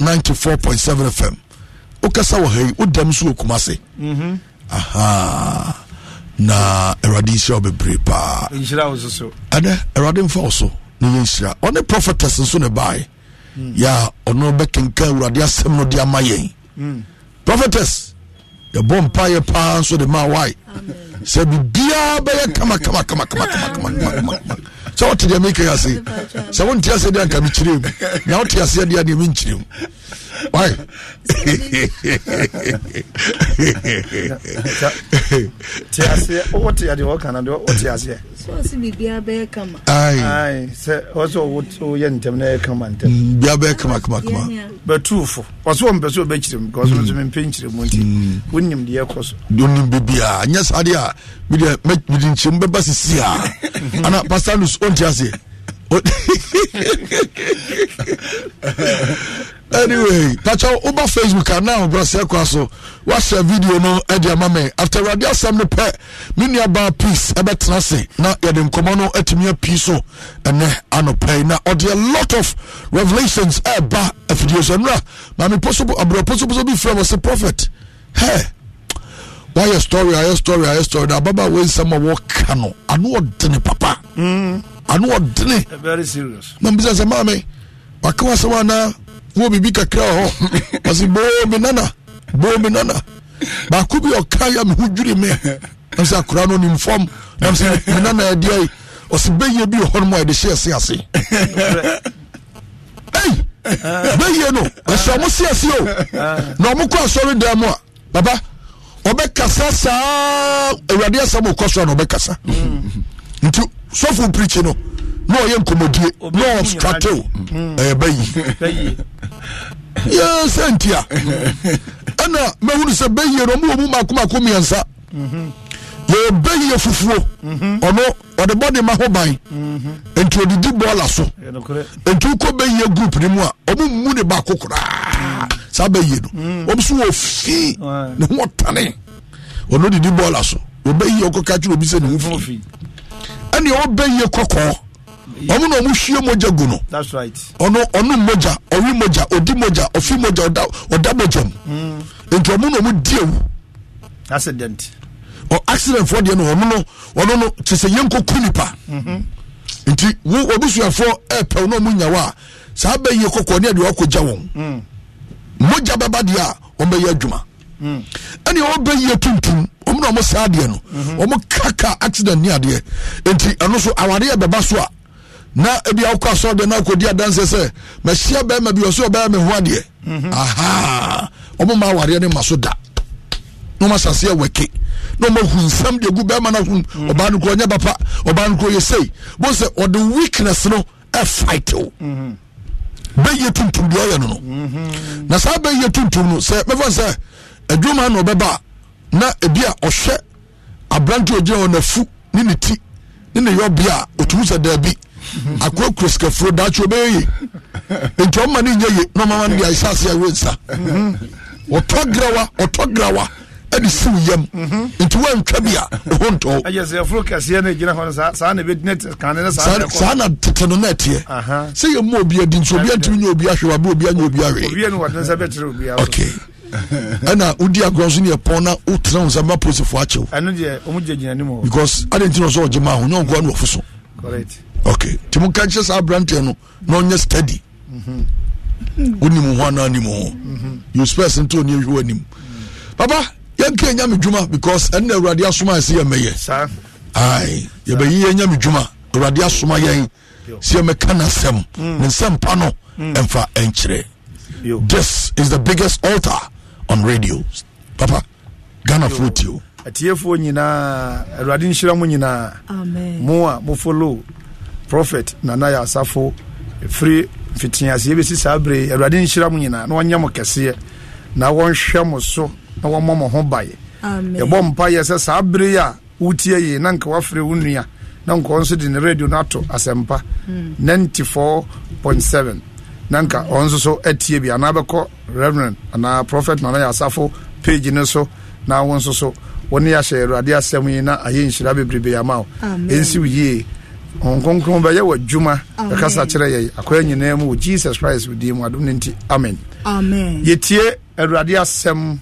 ninety four point seven fm wokasa wɔ ha yi wodam so wɔ kuma se mhm. aha na awurade nhyira wo bebree paa ɛnɛ awurade mfa wo so na yɛnhyira ɔne prophetes nso ne bae mm. yɛ a ɔno bɛkenka awurade asɛm no de ama yɛn mm. prophetes yɛbɔ mpayɛ paa nso de ma wae sɛ biribiaa bɛyɛ kama kama kama kama kama kama kama sɛ wote deɛ meka ase sɛ wonte aseɛ deɛ anka mekyerɛ mu na wote aseɛ deɛ deɛ menkyerɛ mu why. te aseɛ wowɔ te adeɛ wɔkana deɛ wote aseɛ sɛ ɔ sɛ woyɛ ntɛm na ɛyɛ kama ntɛm bia bɛyɛ kama kamakama bɛtuufo ɔsɛ wɔ mpɛ sɛ wobɛkyerɛ mu bcause nso mempɛ nkyerɛ mu nti wonim deɛ ɛkɔ so wonim bibiaa nyɛ saa deɛ a medeɛ mede nkyerɛ mu bɛba sisi a ana pastor nus ɔnte aseɛ anyway pàtó ọba facebook àná àwọn ọ̀bùrọ̀sẹ̀ ẹ̀kọ́ aṣọ wàṣẹ fídíò náà ẹ̀dì àmà mẹ́ after ìwádìí asẹ́m ni pẹ́ mi ní abá peace ẹ̀bẹ̀ tẹ̀lé sè na yẹ̀dì nkọ́mọ́ náà ẹ̀tìmí ẹ̀pì so ẹ̀nẹ́ ànọ̀pẹ́ na ọ̀dì a lot of revelations ẹ̀ eh, ba ẹ̀fìdíò sọ nura maami pọ́sọ́bù àbúrò pọ́sọ́bù bí fúlẹ̀ wọ́n sẹ́ prophet hey wáyẹ story ayẹ story ayẹ story na ababa wẹ́nsẹ́m a wọ́ọ̀ka no àná ọ̀dẹ́ni papa Mm-hmm. ano ɔdene na mbisa sɛ maame wake wasɛm anaa wɔ biribi kakra wɔ hɔ ɔse boo me nana boo me nana baako bi ɔka yɛ meho dwiri me nam sɛ akora no nim fam nam sɛ me nana adiai ɔse bɛyie bi ɔhɔ no mu a yɛde hyɛ ɛse ase ei bɛyie no ɛsɛ ɔmo se ase o ah. na ɔmo kɔ asɔre dan mu a baba ɔbɛkasa saa awurade asɛm ɔkɔ so a na ɔbɛkasa mm nti sɔfo pirikyi no na ɔyɛ nkɔmɔdie na ɔstratew mm. ɛyɛ bɛyi yɛ sɛ nti a ɛna mɛhunu sɛ bɛyie no ɔmo wɔ mu mako mako mmiɛnsa yɛyɛ mhm. bɛyie fufuo mhm. ɔno ɔde bɔde ma ho ban mhm. nti odidi bɔɔla so nti wokɔ bɛyie group ni mu a ɔmo mu ne baako koraa saa bɛyie no ɔmo so wɔ fii ne ho ɔtane ɔno didi bɔɔla so ɔbɛyie ɔkɔ kakyere obi sɛ ne ho fii ɛne ɔwɔ bɛyie kɔkɔɔ ɔmo na ɔmo hwie mogya gu no ɔno ɔno mogya ɔwe mogya odi mogya ɔfi mogya ɔda ɔda mogya mu nti ɔmo na ɔmo di ewu accident ɔ accident fɔ deɛ no ɔmo no ɔno no kye sɛ yɛn ko ku nipa nti wo obusuafoɔ ɛɛpɛw na ɔmo nyawa a saa bɛyie kɔkɔɔ ne ɛde ɔkɔ gya wɔn mogya bɛba deɛ a ɔmo bɛyɛ adwuma. ɛne ɛwɔ bɛ yie tuntum ɔmo na ɔmo saa adeɛ no mhm. kaka accident ni adeɛ nti ɛno so awadeɛ bɛba so a na ebi awokɔ asɔrɔ deɛ na akɔdi adanse sɛ mɛhyia bɛrima bi ɔsɛ ɔbɛyɛ mɛ ho adeɛ mhm. aha ɔmo ma awadeɛ ne ma so da na asase na nsɛm deɛ gu bɛrima na hun mhm. ɔbaa no kuro papa ɔbaa no yɛ sei bó sɛ ɔde weakness no ɛfight o tuntum deɛ ɔyɛ no no na saa tuntum no sɛ mɛfɔ adwuma na ɔbɛba na ebi a ɔhwɛ aberante a ogyina hɔ n'afu ne ne ti ne ne yɔbea a otum sɛ daabi akora sikafuro daakye ɔbɛyɛ ye nti ɔma ne nyɛ ye na ɔma ma no de ayɛ sase awe nsa mhm. ɔtɔ grawa ɔtɔ grawa ɛde siw yam mhm. nti woantwa bi a ɛho ntɔɔ saa na tete no na ɛteɛ sɛ yɛmma obi adi nso obi antimi nya obi ahwe wabe obi anya obi awe ɛna wodi agorɔ so ne yɛpɔn na wotena wo nsɛmba posifoɔ akyɛw because adɛ nti no sɛ ɔgye ma ho nyɛ nkoa ne wɔfo so ok nti moka kyerɛ saa aberanteɛ no na ɔnyɛ study mhm. wonim ho anaa nim ho you nto ɔne ɛhwɛ w'anim mhm. papa yɛnka yɛnya me dwuma because ɛne awurade asoma ɛsɛ yɛmɛyɛ ai yɛbɛyi yɛnya me dwuma awurade asoma yɛn sɛ yɛmɛka nasɛm mm. ne nsɛm no mm. ɛmfa ɛnkyerɛ this is the biggest altar on radio papa ghana fotio atiefoɔ nyinaa awurade nhyira mu nyinaa mo a mofolo prophet nanayɛ asafo ɛfiri mfitiaseɛ bɛsi saa berɛ awurade nhyira mu nyinaa na wɔnyɛ mo kɛseɛ na wɔnhwɛ mo so na wɔmmɔ mɔ ho baeɛ yɛbɔ mpayɛ sɛ saa bere yi a wotie yi na nka woafrɛ wo nua na nka nso de ne radio no ato asɛmpa 94.7 hmm. na nka ɔ nso so atie bi anaa bɛkɔ reverend anaa prophet nana yɛ asafo page no so na wo nso so wo ne yɛahyɛ awurade asɛm yi na ayɛ nhyira bebrebe ama wo ɛnsi wo yie ɔnkronkron bɛyɛ wɔ adwuma ɛkasa kyerɛ yɛ akɔyɛ nyinaa mu wɔ jesus christ wo din mu adom no nti amen yɛtie awurade asɛm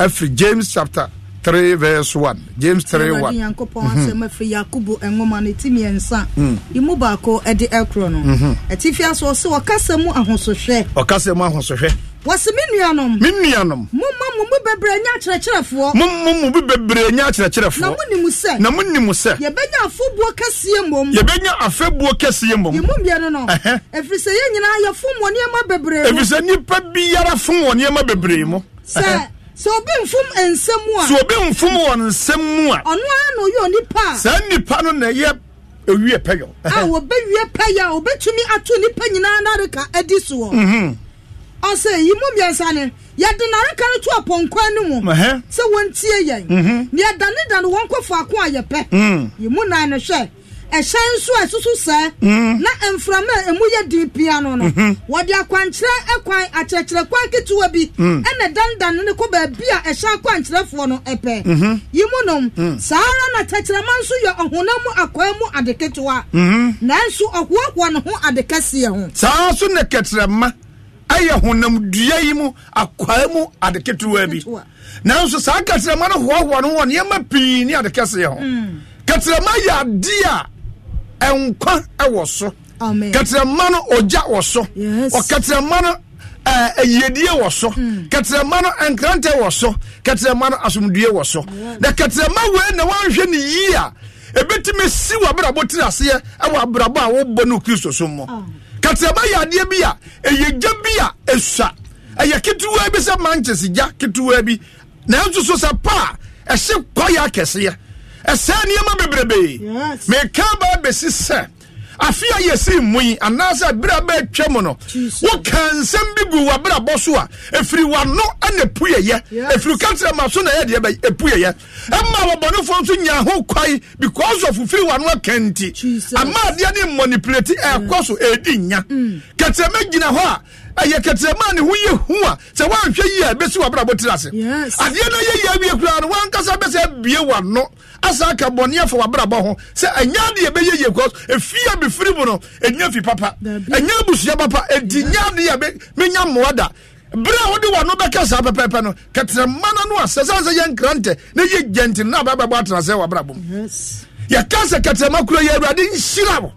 ɛfiri james chapter three verse one james three one. ɛwɛ nyankopɔn asɛm mhm. afiri yakubu nwoma ne ti mmiɛnsa mhm. imu baako ɛde ɛkorɔ no ɛtifi mhm. aso ɔsɛ ɔkasa ahosohwɛ. ɔkasa ahosohwɛ. wɔsi mi nuanom. mi nuanom. mo ma mo mu bebree nya akyerɛkyerɛfoɔ. mo mo mo bi bebree nya akyerɛkyerɛfoɔ. na mo ni mu sɛ. na mo ni mu sɛ. yɛbɛnya afɔbuo kɛseɛ mbom. yɛbɛnya afɔbuo kɛseɛ mbom. yɛ mmienu no. ɛhɛn. efirisɛ nyinaa yɛ fun wɔ nneɛma bebree mu. efirisɛ nipa biara fun wɔ nneɛma bebree mu. sɛ sɛ obi nfum nsɛm mu a sɛ obi nfum wɔ nsɛm mu a ɔno ara na oyɛ onipa a nipa no na yɛ ewie pɛyɔ a wɔbɛwie pɛyɛ a obɛtumi ato nipa nyinaa n'adaka adi soɔ mhm. ɔsɛ yi mu mmiɛnsa ne yɛde n'adaka no to apɔnkɔ no mu sɛ wɔntie yɛn na mhm. yɛdanedane wɔn kɔ faako a yɛpɛ mhm. yi mu nan no hwɛ ɛhyɛn nso a ɛsoso sɛɛ mm. na mframa a emu yɛ din pia no no mhm. wɔde akwankyerɛ ɛkwan akyerɛkyerɛ kwan ketewa bi mm. ɛna dandan ne kɔ baabi a ɛhyɛn akwankyerɛfoɔ no ɛpɛ mhm. yi mu nom mm. saa ara na tɛkyerɛma nso yɛ ɔhonam mu akɔɛ mu ade ketewa mhm. nanso ɔhoahoa ne ho ade kɛseɛ ho. saa nso na kɛkyerɛma ayɛ honam dua yi mu akwae mu ade ketewa bi nanso saa kɛkyerɛma no hoahoa ne ho wɔ nneɛma pii ne ade kɛseɛ ho kɛkyerɛma yɛ adeɛ a nkwa wɔ so katrama no ogya wɔ so ɔkatrama no ayiedie wɔ so hmm. katrama no nkrantɛ wɔ so katrama no asomdue wɔ so na katrama wei na wanhwɛ ne yie a ebetumi si wɔ abrabɔ tiri aseɛ ɛwɔ abrabɔ a wɔbɔ no kristo so mu katrama yɛ adeɛ bi a ɛyɛgya bi a esua ɛyɛ ketewa bi sɛ manchester gya ketewa bi nanso so sɛ paa ɛhyɛ kɔyɛ akɛseɛ ɛsɛ nneɛma bebrebe, meka baa bɛsi sɛ afe a yɛsi mu yi anaasɛ berɛ a bɛatwa mu no woka nsɛm bi gu w'abrabɔ so a ɛfiri w'ano ana puyɛyɛ ɛfiri ka kyerɛ ma so na ɛyɛ deɛ ɛpuyɛyɛ ɛma wɔbɔnefoɔ nso nya ho kwae because of firi w'ano aka nti ama adeɛ ne mmɔnipileti ɛɛkɔ so ɛdi nya mm. kɛtɛmɛ gyina hɔ a ɛyɛ kɛtɛmaa ne ho hu a sɛ woanhwɛ yi a ɛbɛsi wabrabɔ tiri ase adeɛ no yɛ yɛ awie koraa no woankasa bɛsɛ bie w'ano asa aka bɔne afa wabrabɔ ho sɛ ɛnya de yɛbɛyɛ yɛ kɔ ɛfie a mefiri mu no ɛnya fi papa ɛnya abusua papa ɛdi nya de a menya mmoa da berɛ a wode wano bɛka saa pɛpɛpɛ no kɛtɛma no no a sɛ sɛne yɛ nkrantɛ na yɛ gyɛnti no na abɛbɛbɔ atenasɛ wabrabɔ mu yɛka sɛ kɛtɛma kura yɛ awurade nhyira wo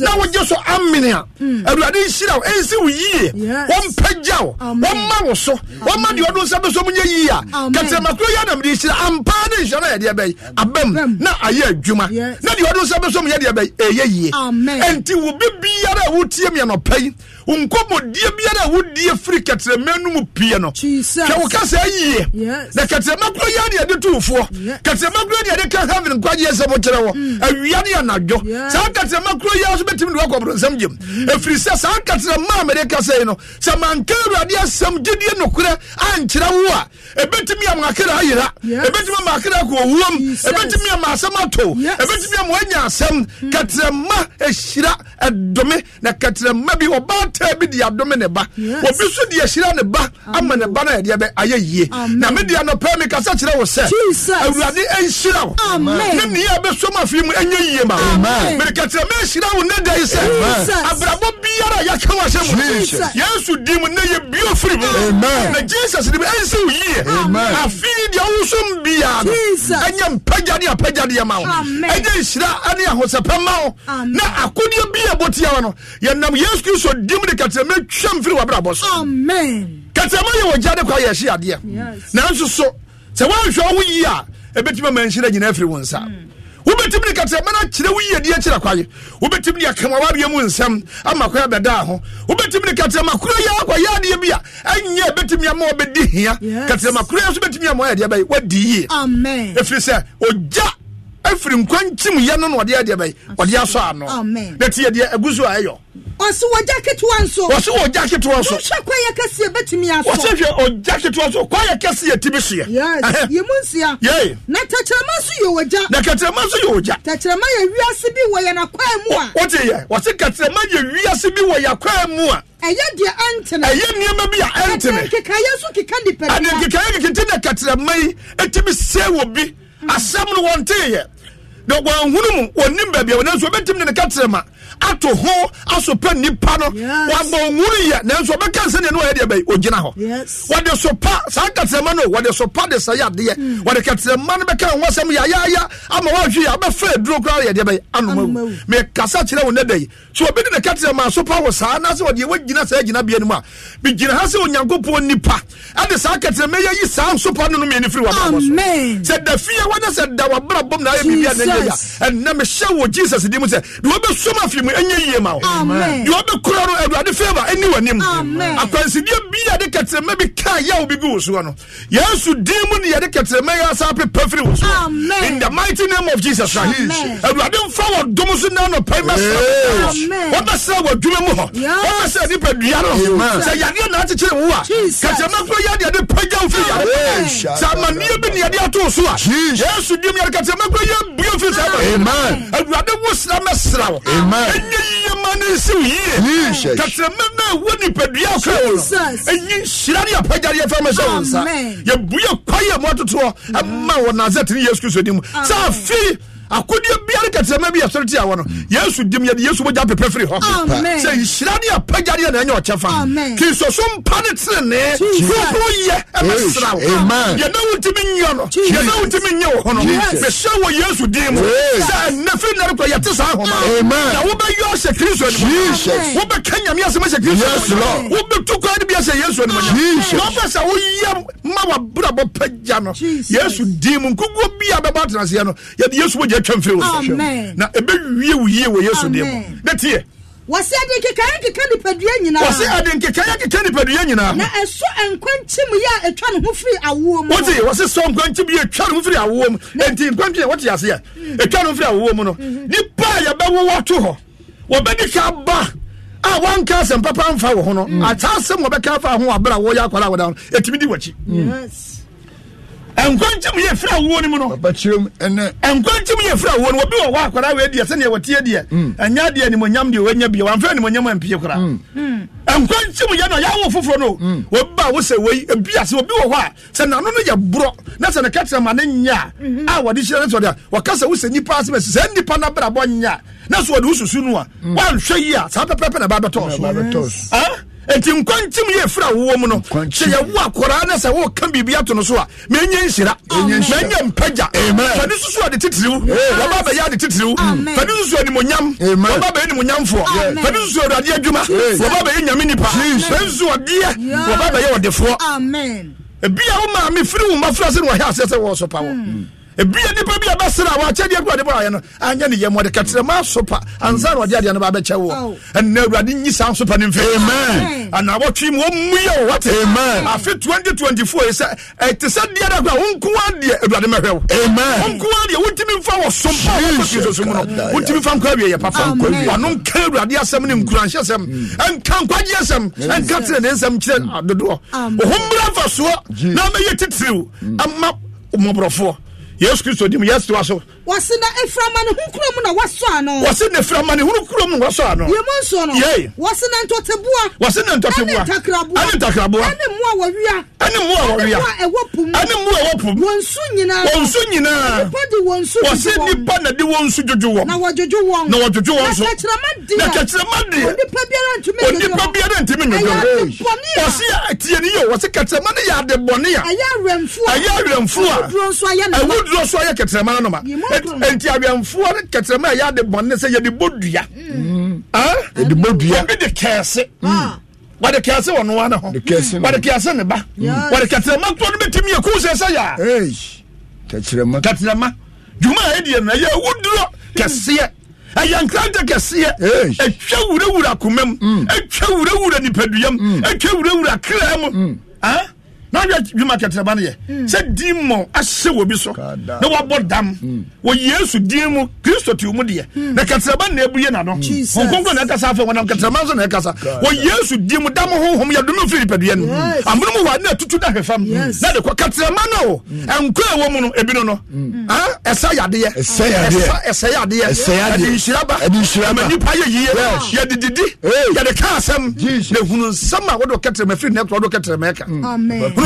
na wogye so amene a mm. awurade nhyira wo ɛnsi wo yie wɔmpagya wo wɔmma wo so wɔmma deɛ ɔdo nsa bɛso monyɛ yie a kɛtɛmakuro yɛ anamde nhyira ampaa ne nhyira no yɛdeɛ bɛyi abam na ayɛ adwuma na deɛ ɔdo nsa bɛso myɛdeɛ bɛyi ɛyɛ yie ɛnti wo bibiara a wotie mi anɔpa yi nkɔmmɔdie biara a wodie firi kɛtrɛma no mu pie no hwɛ wo kasa yie na kɛtrɛma koro yɛ ne yɛde toofoɔ kɛtrɛma koro ne yɛde ka heaven nkwagyeɛ sɛ mo kyerɛ wɔ mm. awia ne anadwo saa kɛtrɛma koro biya so bɛtumi de wakɔ borɔnsɛm gyem ɛfiri sɛ saa nkatera ma a mede ka sɛi no sɛ manka awurade asɛm gyedie nokorɛ ankyerɛ wo a ɛbɛtumi ama akra ayera ɛbɛtumi ama akra akɔ owuam ɛbɛtumi ama asɛm ato ɛbɛtumi ama woanya asɛm katerɛma ahyira ɛdome na katerɛma bi ɔbaa taa bi de adome ne ba obi so de ahyira ne ba ama ne ba no yɛdeɛ bɛ ayɛ yie na mede anɔpɛ mekasa kyerɛ wo sɛ awurade ɛnhyira wo ne nea ɛbɛsom afei mu ɛnyɛ yie ma wo mede katerɛma ahyira wo ne da yi sɛ abrabɔ biara yɛka wɔ ahyɛ mu yesu di mu ne yɛ bio firi mu na jesus de bi ɛnsɛ wo yie afei deɛ wosom biara no ɛnyɛ mpagyadeɛ apagyadeɛ ma wo ɛnyɛ nhyira ne ahosɛpɛ ma wo na akodeɛ bi a ɛbɔtia wo no yɛnam yesu kristo di mu de katrɛma twa mfiri w'abrabɔ so katrɛma yɛ wɔ gya de kɔ a yɛhye adeɛ nanso so sɛ woanhwɛ wo yie a ɛbɛtumi ama nhyira nyinaa afiri wo nsa mm wobɛtumi ne ka sɛ mana kyerɛ wo yiedi akyirɛ kwaye wobɛtumi ne akamawareɛ mu nsɛm ama kwa bɛdaa ho wobɛtumi ne ka sɛ makoro yɛ akɔyɛ adeɛ bi a ɛnyɛ bɛtumi ama wɔbɛdi hia ka sɛ makoro yɛ so bɛtumi ama ɔyɛ deɛ bɛyɛ wadi yie ɛfiri sɛ ogya ɛfiri nkwankyim yɛ no na ɔde adeɛ bɛyi ɔde asɔ ano na tiɛ deɛ agu so a ɛyɔ. ɔsi wɔgya ketewa nso. wɔsi wɔgya ketewa nso. wɔsi kwaya kɛseɛ betumi asɔ. wɔsi hwɛ ɔgya ketewa nso kwaya kɛseɛ ti bi seɛ. yɛs yɛ nsia. yɛɛ. na tɛkyerɛma nso yɛ ɔgya. na kɛtɛrɛma nso yɛ ɔgya. tɛkyerɛma yɛ wiase bi wɔ yɛn akwan mu a. o ti yɛ wɔsi kɛtɛrɛma yɛ wiase bi wɔ yɛn akwan mu a. ɛyɛ deɛ a ɛntene. ɛdɛ nkekayɛ nso keka nipa bi a. ɛdɛ nkekayɛ keke ti na kɛtɛrɛma yi etimi sɛ wɔ na wɔn ahunu mu wɔn nim baabi a wɔn nso ebɛtum ne ne ka kyerɛ ma ato ho asopɛ Nipa no wama ɔwuru yɛ nanso ɔbɛka sɛdeɛ ne wɔyɛ deɛ bɛyi ɔgyina hɔ wɔde sopa saa katrɛma no wɔde sopa de sɛ yɛ adeɛ hmm. wɔde katrɛma no bɛka ho asɛm yɛayaya ama woahwe yɛ wobɛfa aduro koraa yɛ deɛ bɛyi anom awu mekasa kyerɛ wo nɛ da yi sɛ obi de ne katrɛma sopa wɔ saa na sɛ wɔde wɔgyina saa gyinabea no mu a megyina ha sɛ onyankopɔn nnipa ɛde saa katrɛma yɛyi saa nsopa no no mmiɛne firi wabɔ so sɛ da fie wɔne sɛ da wabrabɔm na ayɛ biribia nɛnyɛ yɛ ɛnɛ mehyɛ wɔ jesus di mu sɛ de wɔbɛsom mu ɛnyɛ yie ma wo deɛ wobɛkura no awurade favor ɛni w'anim akwansideɛ bi yɛde kɛtrɛma bi ka yɛ wo bi gu wo soɔ no yesu din mu ne yɛde kɛtrɛma yɛ asa pepa firi wo soɔ in the mighty name of jesus christ awurade mfa wɔ dom so na nɔpɛ mɛsra wɔbɛsra wɔ adwuma mu hɔ wɔbɛsra nipadua no sɛ yadeɛ na akyekyere wo a kɛtrɛma koro yɛ deɛde pagya wo firi yare sɛ amanneɛ bi ne yɛde atoo so a yesu din mu yɛde kɛtrɛma koro yɛ bue firi sɛ awurade wo sra mɛsra wo ɛnyɛ yie ma ne nsiw yie katrɛmɛ no a ɛwɔ nipadua frɛ wo ɛnyi nhyira ne apagyadeɛ fa ma hyɛ wo nsa yɛbue kwayɛ mu atotoɔ ɛma wɔ nasaret ne yesu kristo anim sɛ afei akodeɛ biara kɛtɛma bi yɛsɔre tia wɔ no hmm. yesu dim yɛde yesu mogya pɛpɛ firi hɔ sɛ nhyira ne apagyadeɛ na ɛnyɛ ɔkyɛ fa kisoso mpa ne tenenee foforo yɛ ɛbɛsra wo yɛna wontimi nyɛ no yɛna wontimi nyɛ wo ho no mehyɛ wɔ yesu din mu sɛ ɛnnɛ firi nnare kɔ yɛte saa homa na wobɛyɛ ɔhyɛ kristo anim wobɛka nyame asɛm ahyɛ kristo anim wobɛtu kwan no bi ahyɛ yesu anim na wopɛ sɛ woyɛ ma wabrabɔ pagya no yesu din mu nkoguo bi a bɛbɔ atenaseɛ no yɛde yesu mogya yɛtwa mfiri wo na ɛbɛwie wo yie wɔ yesu deɛ mu na tiɛ wɔsi adi nkekaya nkeka nipadua nyinaa na ɛso nkwankyim yi a etwa ne ho firi awoɔ mu wɔsi wɔsi so nkwankyim yi etwa ne ho firi awoɔ mu nti nkwankyim yɛ wɔte aseɛ etwa mm. ne ho firi awoɔ mu no mhm. nipa a yɛbɛwɔ hɔ wɔbɛdi ka ba a wanka asɛm papa nfa wɔ ho no mm. ataa wɔbɛka afa ho abera wɔyɛ akɔla awɔda no etimi di wɔkyi nkwankyɛm yɛ fira wo ni mu no bakyerɛm ɛnɛ nkwankyɛm yɛ fira wo no obi wɔ hɔ akwadaa wɔ adiɛ sɛnea wɔteɛ deɛ mm. ɛnyɛ adeɛ animonyam deɛ wɔanya bia wɔamfa animonyam ampie kora mm. mm. nkwankyɛm yɛ no yɛawo foforɔ no obi ba wo sɛ wei ebi ase obi wɔ hɔ a sɛ nano no yɛ borɔ na sɛ ne kɛtɛrɛ ma ne nya a mhm. wɔde hyerɛ ne sɔdeɛ wɔka sɛ wo sɛ nipa ase mɛsi sɛ nipa na brabɔ nya na so wɔde wo susu no a yi a saa pɛpɛpɛ na ba bɛtɔɔ so nti nkwantim yɛ fira wowɔ mu no sɛ yɛwo akɔraa na sɛ woka biribi ato no so a mɛnya nhyira mɛnya mpagya fane susu ade titiriw wɔba bɛyɛ ade titiriw fane susu animonyam wɔba bɛyɛ nimonyamfoɔ fane susu awurade adwuma wɔba bɛyɛ nyame nipa fane susu ɔdeɛ wɔba bɛyɛ ɔdefoɔ ebia wo maame firi wo mafra sɛ ne wɔhɛ aseɛ sɛ wɔɔ so pa wɔ ebi yɛ nipa bi a bɛ sere a wakyɛ kura de bɔ ayɛ no anyɛ mm. ne yɛ mɔde katirama sopa ansa na ɔde adeɛ no ba bɛkyɛ wɔ ɛnna awurade nyi saa sopa ne mfɛ amen anabɔtwi mu wɔn mu yɛ wɔ wate amen afe twenty twenty four yi sɛ ɛte sɛ deɛ dɛ kura nkuwa deɛ awurade mɛhwɛ wɔ amen nkuwa deɛ wɔntumi nfa wɔ sompa wɔn kɔ tuntun mu no wɔntumi nfa nkɔ awie yɛ papa wɔn nka awurade asɛm ne nkuranhyɛ sɛm ɛnka nkwagye asɛm ɛnka tiri yesu kristo dim yɛsetewa so wɔsi na efirama ne hunkura mu na wasɔ ano. wɔsi na efirama ne hunkura mu na wasɔ ano. yɛmu nso no. yeye. wɔsi na ntɔtɛbua. wɔsi na ntɔtɛbua. ɛni ntakraboa. ɛni ntakraboa. ɛni mu a wɔwia. ɛni mu a wɔwia. ɛni mu a ɛwɔ pum. ɛni mu a ɛwɔ pum. nyinaa. wɔn nyinaa. nipa di wɔn su jojo wɔn. wɔsi nipa na di wɔn su jojo wɔn. na wɔjojo wɔn. na wɔjojo wɔn so. na kɛkyerɛma di. na kɛkyerɛma di. onipa biara ntumi nti awɛmfoɔ no kɛtɛmɛ a yɛade bɔne sɛ yɛde bɔ dua mm. ah? yɛde bɔ dua obi de kɛɛse mm. mm. wɔde kɛɛse wɔ noa ne ho wɔde kɛɛse ne ba wɔde kɛtɛmɛ toɔ no bɛtumi yɛ kuu sɛ sɛ yɛa kɛtɛmɛ kɛtɛmɛ dwuma a yɛdeɛ no ɛyɛ awuduro kɛseɛ ɛyɛ nkrantɛ kɛseɛ ɛtwa wurawura akoma mu ɛtwa wurawura nipadua mu ɛtwa wurawura kra mu ah? Hmm. Hmm. na yɛ dwuma kɛtɛrɛba no yɛ sɛ din mɔ ahyɛ wɔ bi so na wabɔ dam wɔ yesu din mu kristo ti mu deɛ na kɛtɛrɛba na ebu yɛ na no nkonko na ɛkasa afɛ wɔnam kɛtɛrɛba nso na ɛkasa wɔ yesu din mu dam honhom yɛ dumi firi nipadua no amono mu wɔ ne atutu da hwɛfam na de kɔ kɛtɛrɛba no hmm. nko a ɛwɔ mu no ebi no no ɛsɛ yadeɛ ɛsɛ yadeɛ ɛde nhyira ba ɛma nipa yɛ yie yɛde yɛde ka asɛm na ehunu nsɛm a wɔde kɛtɛrɛma firi nɛtɔ wɔde kɛtɛrɛma ɛka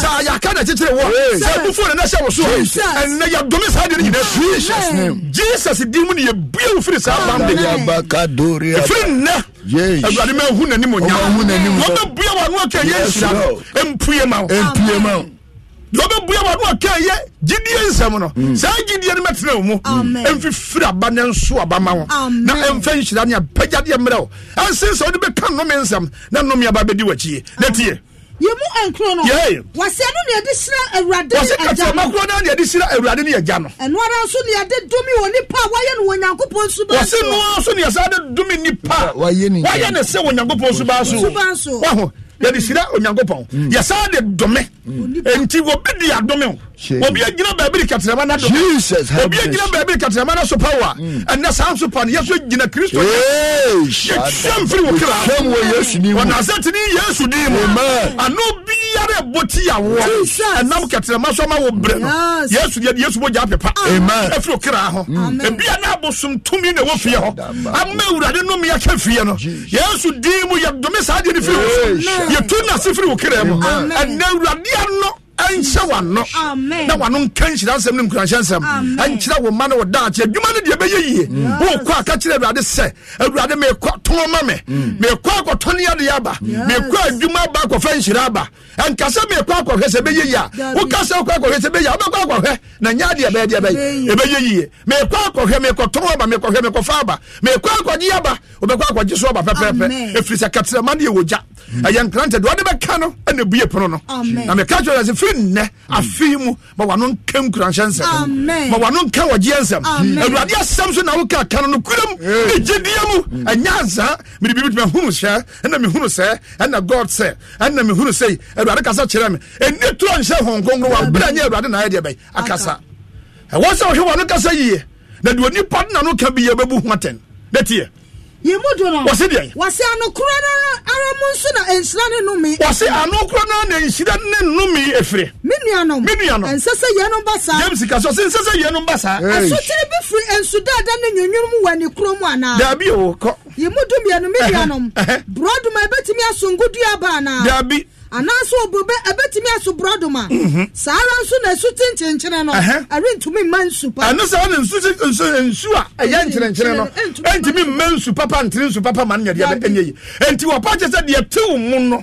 saa yɛaka na kyekyere wo sɛ bufo ne na hyɛ wo so ɛnɛ yɛdome saa deɛ no nyina jesus din mu ne yɛbue wo firi saa bam de nnɛ awurade ma ahu n'anim onyam wɔ ano akɛ yɛ nhyira ma wo lọ́bẹ̀bùyà wà ní ọ̀kẹ́ ẹ̀yẹ jídìí nsẹ̀mu nọ sáà jídìí ẹni mẹ́tẹ̀rẹ̀ mu ẹnfi aba ní nsú aba ma wọn na ẹnfẹ́ nhyira ni apẹ́jáde ẹ̀mẹ́rẹ́ o ẹnsẹ́nsẹ́ ọdún bẹ́ẹ̀ ká nnọ́mí nsẹ̀m na nnọ́mí aba bẹ́ẹ̀ di wọ̀ ẹ̀kyí yɛmu nkron no wɔsɛ no ne yɛde hyira awurade ne agya no wɔsɛ no ne yɛde hyira awurade ne agya no ɛno ara nso ne yɛde domi wɔ nipa a wɔayɛ no wɔ nyankopɔn suban so wɔsɛ no nso ne mm. yɛsa de domi mm. nipa wɔayɛ ne sɛ wɔ nyankopɔn suban so wɔho yɛde hyira onyankopɔn yɛsa de dome enti wɔbi de adome o obi agyina baabi de katenama no dɔ obi agyina baabi de katenama no so pawa hmm. ɛnɛ saa nso pa no yɛso gyina kristo yɛtwa mfiri wo kra ɔnasɛtene yesu din mu ano biara ɛbɔ ti awoɔ ɛnam katenama so ma wo berɛ no yesu deɛ yesu bɔgya pepa ɛfiri wo kra ho ebia na abosom tumi na ɛwɔ fie hɔ ama awurade nom yɛka fie no yesu din mu yɛdome saa deɛ no firi wo yɛtu nase firi wo kra mu ɛnɛ awurade ano ɛnhyɛ w'ano na w'ano nka nhyira nsɛm ne nkuranhyɛ nsɛm ɛnkyerɛ wo ma ne wo daakye adwuma no deɛ bɛyɛ yie wokɔ a ka kyerɛ awurade sɛ awurade meekɔ toɔ ma me mm. meekɔ akɔtɔne adeɛ aba meekɔ adwuma aba akɔfa nhyira aba ɛnka sɛ meekɔ akɔhwɛ sɛ ɛbɛyɛ yie a woka sɛ wokɔ akɔhwɛ sɛ ɛbɛyɛ a wobɛkɔ akɔhwɛ na nyɛ adeɛ bɛyɛ deɛ bɛyɛ ɛbɛyɛ yie meekɔ akɔhwɛ meekɔtɔn aba meekɔhwɛ meekɔfa aba meekɔ akɔgye aba wobɛkɔ akɔgye so aba pɛpɛɛpɛ ɛfiri sɛ katrɛma ne yɛwɔ gya mm. ɛyɛ nkrantɛ de wode bɛka no ɛna bue pono no na meka kyerɛ sɛ firi ɛfiri nnɛ afei mu ma wano nka nkuranhyɛ nsɛm ma wano nka wɔgyeɛ nsɛm awurade asɛm so na woka ka no no kuram ne gyediɛ mu ɛnyɛ ansa mede biribi tumi ahunu hyɛ ɛna mehunu sɛ ɛna god sɛ ɛna mehunu sɛ awurade kasa kyerɛ me ɛni torɔ nhyɛ honkronkro wabrɛ nyɛ awurade na ayɛ deɛ bɛyɛ akasa ɛwɔ sɛ wohwɛ wano kasa yie na deɛ onipa de na no ka bi yɛ bɛbu yɛmudu no wɔsi deɛ wɔsi anokora no ara mu na nhyira ne nnome wɔsi anokora na nhyira ne nnome efiri mi nuanom mi nuanom nsɛ sɛ yɛn no ba saa james kasi ɔsi nsɛ sɛ yɛn ne nyonyonom wɔ ne kuro mu anaa daabi o kɔ yɛmudu mmienu mi nuanom borɔduma ebetumi asungu dua baanaa anaasɛ obube ɛbɛtumi aso borɔdom a mhm. saa ara nso na ɛsu te nkyenkyene no ɛrentumi mma nsu pa ɛno sɛ ɔne nsu nsu a ɛyɛ nkyenenkyene no ɛntumi mma nsu papa ntere nsu papa ma no yɛdeɛ ɛnyɛ yi ɛnti wɔpa kyɛ sɛ deɛ te wo mu no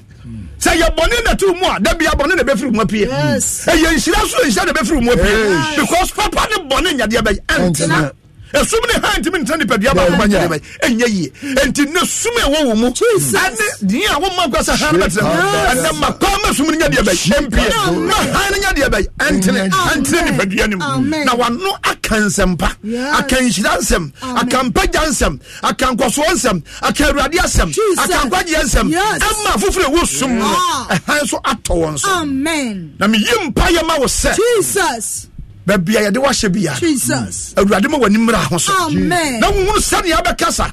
sɛ yɛ bɔne na tew mu a da bia bɔne na bɛfiri mu apie ɛyɛ nhyira so nhyira na bɛfiri mu apie because papa ne bɔne nyadeɛ bɛyɛ ɛntena ɛsum ne ha ntumi ntena nipadua baako ba nyɛ ɛnyɛ yie nti ne sum e a ɛwɔ wɔ mu ɛne deɛ a wɔn mako sɛ ha no bɛtena ɛnɛ ma kɔn ma sum no nya deɛ bɛyɛ mpie na ha no nya deɛ bɛyɛ ɛntene ɛntene nipadua no mu na wano aka nsɛmpa aka nhyira nsɛm aka mpagya nsɛm aka nkɔsoɔ nsɛm aka awurade asɛm aka nkwagyeɛ nsɛm ɛma foforɔ ɛwɔ sum no ah. ɛhan nso atɔ wɔn so na meyi mpa yɛ ma wo sɛ baabi a yɛde wahyɛ bi a awurade ma w'ani mmra ho so na wohunu sɛnea bɛkasa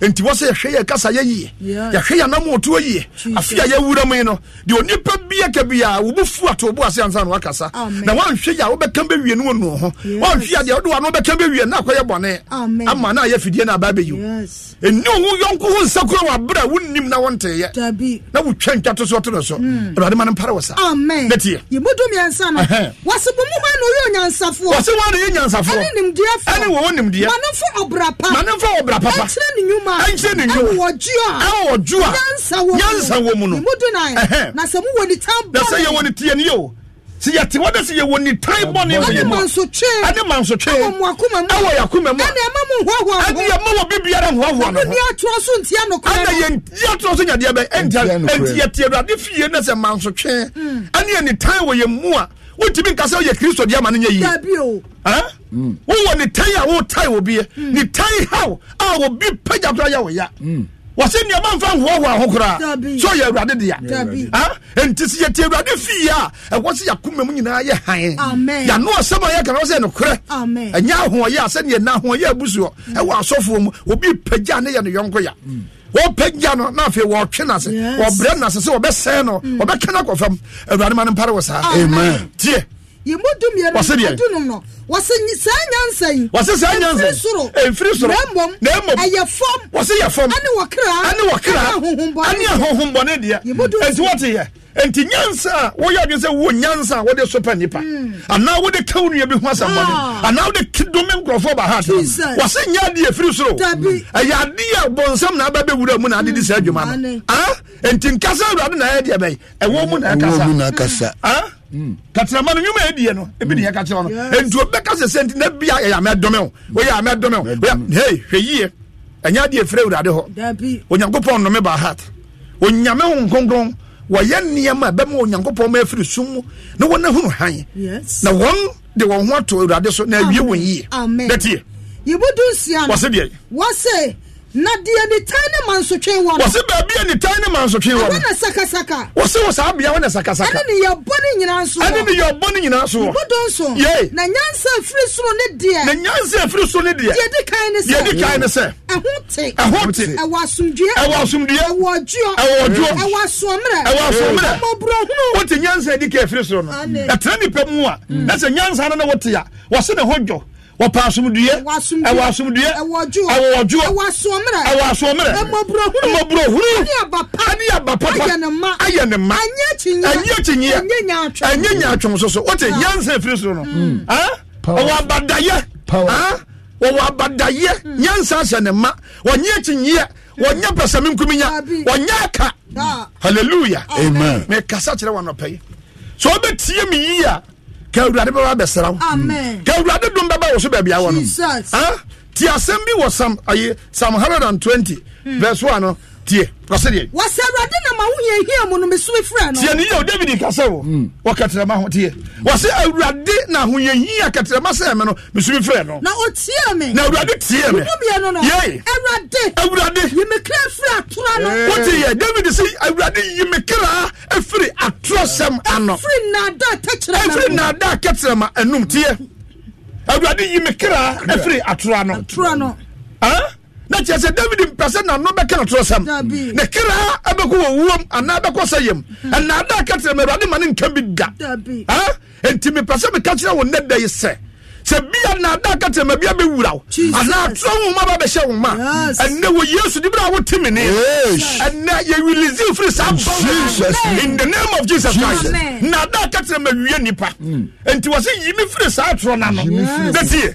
nti wɔ sɛ yɛhwɛ yɛ kasa yɛ yie yɛhwɛ yɛ anamoɔtoɔ yie afe a yɛwura mu yi no deɛ onipa bia ka biaa wo bofu ato bo ase ansa na wakasa na woanhwɛ yɛ a wobɛka bɛwie no wɔnuɔ ho woanhwɛ a deɛ wode wano wobɛka bɛwie na akɔyɛ bɔne ama na ayɛ fidie no abaa bɛyiw ɛni wo yɔnko ho nsa kura wɔ aberɛ a wonnim na wonteyɛ na wotwa ntwa to so ɔto no so awurade ma no mpare wɔ saa na tiɛ wɔse wo na yɛ nyansafoɔ ɛne wɔ wɔ nimdeɛ ma no mfa ɔbra papa ma ɛnkyɛ ne nwo ɛwɔ ju a ɛwɔ ju a yansa wɔ mu yansa wɔ mu no mu dun na yɛ na sɛ mu wɔ ni tan bɔ ne na sɛ yɛ wɔ ni tiɛ ni yɛ o sɛ yɛte hɔ dɛ sɛ yɛwɔ ni tan bɔ ne wɔ yɛ mu ɛne mansotwe ɛwɔ mu akoma mu ɛwɔ yɛ mu ɛne ɛma mu hɔhoɔ ɛne ɛma wɔ bibiara hɔhoɔ no ho ɛne yɛtoɔ so ntia no kora ɛne yɛn yɛtoɔ so nyadeɛ bɛ ɛntia ɛntia tiɛ do ade fie na sɛ mansotwe ɛne mm. yɛ ni tan wɔ yɛ mu a wotumi nkasa woyɛ kristo deɛ ama no nyɛ yie wowɔ ne tae a wotae wɔ biɛ mm. ne tae haw a wɔbi pagya koraa yɛ wo ya mm. wɔsɛ nneɛma mfa nhoahoa ho koraa sɛ ɔyɛ awurade dea enti sɛ yɛte awurade fii a ɛwɔ sɛ yɛakoma mu nyinaa yɛ hae yɛano asɛm a yɛkama sɛ nokorɛ ɛnyɛ ahoɔyɛ a sɛneɛ na ahoɔyɛ abu soɔ mm. ɛwɔ asɔfoɔ mu obi pagya ne yɛ no yɔnko ya mm wɔpagya no na afei wɔtwe nase wɔbrɛ nase sɛ wɔbɛsɛe no mm. wɔbɛka no akɔ fam awurade ma no mpare wɔ saa tie wɔsɛdeɛ wɔsɛ saa nyansa yi wɔsɛ saa nyansa yi ɛnfiri soro na mmom ɛyɛ fam wɔsɛ yɛ fam ɛne wɔkra ɛne ahohombɔne deɛ ɛnti wɔte yɛ nti nyansa a woyɛ adwene sɛ wo nyansa a wode sopa nnipa hmm. anaa wode ka wo nua bi ho asɛmmɔne ah. anaa wode dome nkurɔfoɔ ba ha wɔse nyɛ adeɛ firi soro ɛyɛ adeɛ a bɔnsɛm na aba bɛwura mu na adedi saa adwuma no hmm. ah? nti nkasa awurade na ɛyɛ deɛ bɛyɛ ɛwɔ mu na ɛkasa hmm. Ah? katrama no nwuma ɛdie no ebi ne yɛka kyerɛ no nti obɛka sɛ sɛ nti na bia ɛyɛ amɛ dome o woyɛ amɛ dome o hei hwɛ yie ɛnyɛ adeɛ firi awurade hɔ onyankopɔn nnome ba hat onyame ho nkronkron wɔyɛ nneɛma a bɛma onyankopɔn ma afiri sum mu na wɔn ahunu han na wɔn de wɔn ho ato awurade so na awie wɔn yie dɛteɛ yɛbɛdu nsia no wɔse deɛ wɔse na deɛ ne tan ne mansotwe wɔ no wɔsi baabi a ne tan ne mansotwe wɔ no ɛna sakasaka wɔsi wɔ saa bea wɔna sakasaka ɛne ne yɛ bɔ ne nyinaa so wɔ ɛne ne yɛ bɔ ne nyinaa so wɔ bodon so yee na nyansa efiri soro ne deɛ na nyansa efiri soro ne deɛ deɛ di kan ne sɛ deɛ di kan ne sɛ ɛho te ɛho te ɛwɔ asumdue ɛwɔ asumdue ɛwɔ ɔjuo ɛwɔ ɔjuo ɛwɔ asomrɛ ɛwɔ asomrɛ ɛwɔ burahunu wɔte nyansa edi ka efiri soro no nipa mu a ɛsɛ nyansa no na ne ho dwo wɔpɛ asomdue ɛwɔ asomdue ɛwɔ ɔdwoɔ ɛwɔ asommerɛ ɛwɔ asommerɛ mmɔborɔhuru ɛne aba papa ayɛ ne ma ɛnyɛ kyinyeɛ ɛnyɛ nyaatwom so so wote ah. yɛnsa afiri soro no ɛwɔ abadayɛ wɔwɔ abadayɛ nyansa ahyɛ ne ma wɔnyɛ kyinyeɛ hmm. wɔnyɛ pɛsɛme nkuminya wɔnyɛ aka ah. halleluya mekasa kyerɛ wɔ anɔpɛ yi sɛ wobɛtie me yie ya ka awurade bɛba bɛsra wo ka awurade dom bɛba wo so baabi awɔ no ti asɛm bi wɔ sam ayi sam 120 verse 1 no tie ɔsɛdeɛ wɔsɛ awurade na ma wo yɛ hia mu no mesome frɛ no tie ne yɛ o david nkasɛ wo hmm. wɔkɛtrɛma ho tie wɔsɛ awurade na ho yɛ hia kɛtrɛma sɛ me no mesome frɛ no na ɔtie me na awurade tie me wobiɛ no no yɛ awurade awurade yi me kra firi atora no wote yɛ david sɛ awurade yi me kra afiri atorɔsɛm ano afiri nada kɛtrɛma afiri nada kɛtrɛma anum tie awurade yi me kra afiri atora no atora no ah na kyerɛ sɛ david mpɛ sɛ nano bɛka notorɔsɛm ne kra ɛbɛkɔ wɔ wuom anaa bɛkɔ sɛ yam hmm. ɛnaada ka kyerɛ m awurade ma ne nka bi da enti mepɛ sɛ meka kyerɛ wo nnɛ da yi sɛ sɛ bia naada ka kyerɛ ma bia bɛwura wo anaa torɔ nwoma ba bɛhyɛ wo ma ɛnnɛ wɔ yesu de berɛ a wotimi ne ɛnnɛ yɛwilisi firi saa bɔn in the name of jesus christ naada ka kyerɛ ma wie nnipa hmm. enti wɔ sɛ yi me firi saa torɔ na no na tie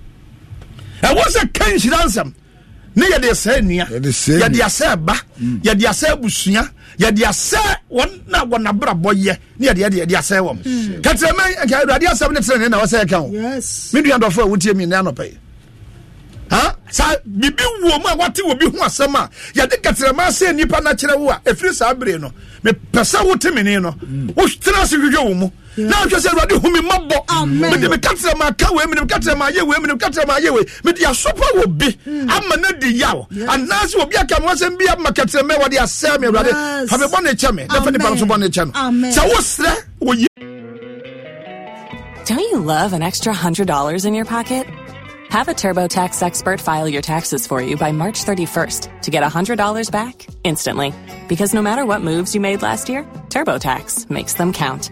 ɛwɔ sɛ ka nhyira nsɛm ne yɛde asɛ nnua yɛde asɛ ba yɛde asɛ abusua mm. yɛde asɛ wɔn na wɔn abrabɔ yɛ ne yɛde yɛde yɛde asɛ wɔn mm. katirama nka awurade asɛm ne tẹnɛn na wɔsɛ ɛka o mi nua dɔfo a wotie mi nan nɔpɛ ha saa bibi wo mu a wate wo bi ho asɛm a yɛde katirama asɛ nipa na kyerɛ wo a efiri saa bere no mɛ pɛsɛ wote mi ni no mm. wotena ase hwehwɛ wo mu. na ahwɛ sɛ awurade hu me mmɔbɔ mede meka terɛ ma aka wei mede meka terɛ ma ayɛ wei mede meka terɛ ma ayɛ wei mede asopɔ wɔ bi hmm. ama no adi yaw anaasɛ obi aka me wasɛm bi ama katerɛmɛ wɔde asɛe me awurade fa me bɔne kyɛ me na fa nipa no so bɔne kyɛ no sɛ woserɛ wɔyi Don't you love an extra $100 in your pocket? Have a TurboTax expert file your taxes for you by March 31st to get $100 back instantly. Because no matter what moves you made last year, TurboTax makes them count.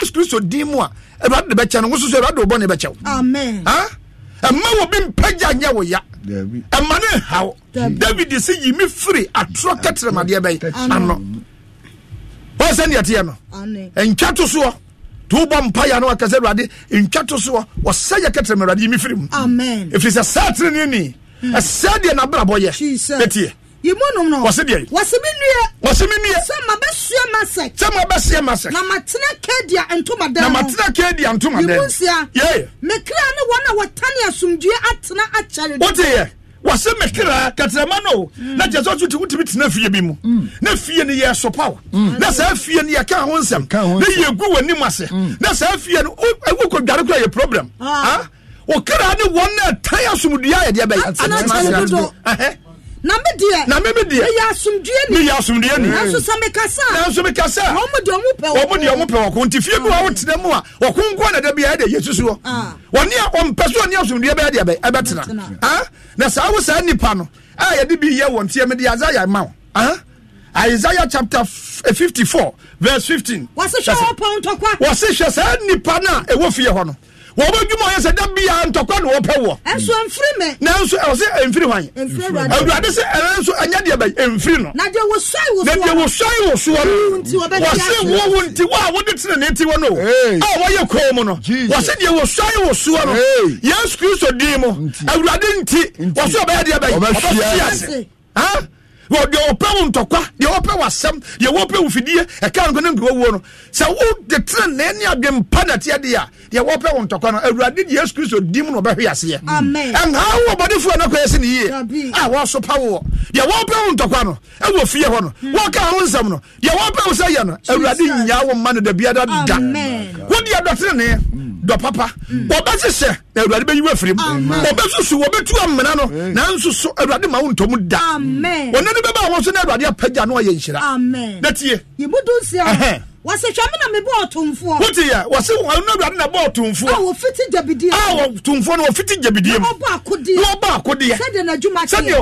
yesu kristo din mu a awurade de bɛkyɛ no wo awurade wobɔ ne bɛkyɛ wo ɛma wo bi mpagya nyɛ wo ya ɛma ne nhaw david sɛ yi me firi atorɔ tɛtrɛmadeɛ bɛyɛ ano wɔn sɛ neɛ no ntwa to soɔ to wobɔ mpaya no wakasɛ awurade ntwa to soɔ wɔsɛ yɛ kɛtrɛma awurade yi me firi mu ɛfiri sɛ saa tene ne ni hmm. ɛsɛ deɛ nabrabɔ yɛ ɛtiɛ yimunum no wɔsi deɛ wɔsi mi nue wɔsi mi nue sɛ ma bɛ sua ma sɛ sɛ ma bɛ sua ma sɛ na ma tena kedia ntoma dan na ma tena kedia ntoma dan yimu nsia yeye mekira ne wɔn a wɔtane asumdue atena akyɛre do o te yɛ wɔsi mekira katarama no na jɛsɛ ɔtún ti wutumi tena fie bi mu mm. na fie ni yɛ sopaw mm. na sɛ fie ni yɛ kan ho nsɛm na yɛ gu wɔ nim ase mm. na sɛ fie no ewu kɔ dware kura yɛ problem ah, ah. wɔkira ne wɔn na tan asumdue ayɛ deɛ bɛyɛ na mi deɛ na mi mi deɛ ni mi yɛ ni nanso sɛ mi kasa nanso mi kasa wɔn mu deɛ ɔmu pɛ wɔn mu deɛ ɔmu pɛ wɔn nti fie bi wa wotena mu a wɔn nko na dabi a yɛ de yɛ susu wɔ wɔn ah. ni wɔn pɛ so wɔn ni asumdue bɛyɛ deɛ ɛbɛtena ah? na saa awo saa nipa no a yɛde bi yɛ wɔn tiɛ mi de azaya ma wɔn ah? Isaiah chapter eh, fifty four verse fifteen. Wọ́n sì hwẹ́ ọ̀pọ̀ ntọ́kwa. Wọ́n sì hwẹ́ sẹ́ nípa hɔ no wɔn bɛ dwuma yɛ sɛ dɛm bi ya ntɔkwa na wɔpɛ wɔ. ɛnso nfiri mi. n'anso ɛwɔ eh, sɛ nfiri hwan. nfiri wade. awurade sɛ ɛnso ɛnyɛ deɛ bɛ nfiri no. na deɛ wosɔe wosoɔ. na deɛ wosɔe wosoɔ no. wɔsi wɔwɔ nti wɔ a wɔde tena ne ti wɔ no. a wɔyɛ kɔn mu no. wɔsi deɛ wosɔe wosoɔ no. yesu kristo dii mu. awurade nti wɔsi ɔbɛyɛ deɛ bɛ deɛ ɔpɛ wo ntɔkwa deɛ ɔpɛ wasɛm deɛ wɔpɛ wo fidie ɛka no ne nkɔwuo no sɛ wode tenenee ne adwempa nateɛ deɛ a deɛ wɔpɛ wo ntɔkwa no awurade de yesu kristo dim no ɔbɛhwe aseɛ ɛnhaa wo ɔbɔdefoɔ no kɔyɛ sɛ ne yie a wɔso pa wowɔ deɛ wɔpɛ wo ntɔkwa no ɛwɔ fie hɔ no hmm. wɔka ho nsɛm no deɛ wɔpɛ wo sɛ yɛ no awurade nyaa wo ma no da biada da wodeɛ dɔ tenenee dɔpapa wɔbɛhyehyɛ mm. na awurade bɛyi wo afiri mu wɔbɛsusu wɔbɛtu amena no nanso so awurade ma wo ntɔm da ɔno ne bɛba wo so na awurade apagya na ɔyɛ nhyira na tie wɔsi twɛ na mi bɔ ɔtumfoɔ. wotu yɛ wɔsi wɔn awurade na bɔ ɔtumfoɔ. a wɔfiti jabidiɛ. a wɔtumfoɔ no wɔfiti jabidiɛ mu. na wɔbɔ akodiɛ. na wɔbɔ akodiɛ. sɛdeɛ na adwuma tiɛ. sɛdeɛ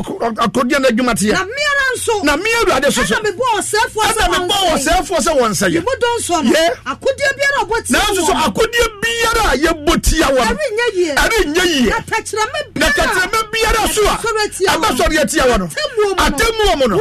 akodiɛ na adwuma tiɛ. na miara nso. na miara awurade soso. ɛna mi bɔ ɔsɛɛfoɔ sɛ wɔn nsɛyɛ. ɛna mi bɔ ɔsɛɛfoɔ sɛ wɔn nsɛyɛ. ibu dɔn sɔ no. yɛ akodiɛ biara ɔbɔ tia wɔn. nanso akodiɛ biara a yɛ bɔ tia wɔn. ɛri nyɛ yie. ɛri nyɛ na tɛkyerɛmɛ biara. na tɛkyerɛmɛ biara so a. abasɔre tia wɔn. no. atemu wɔn no.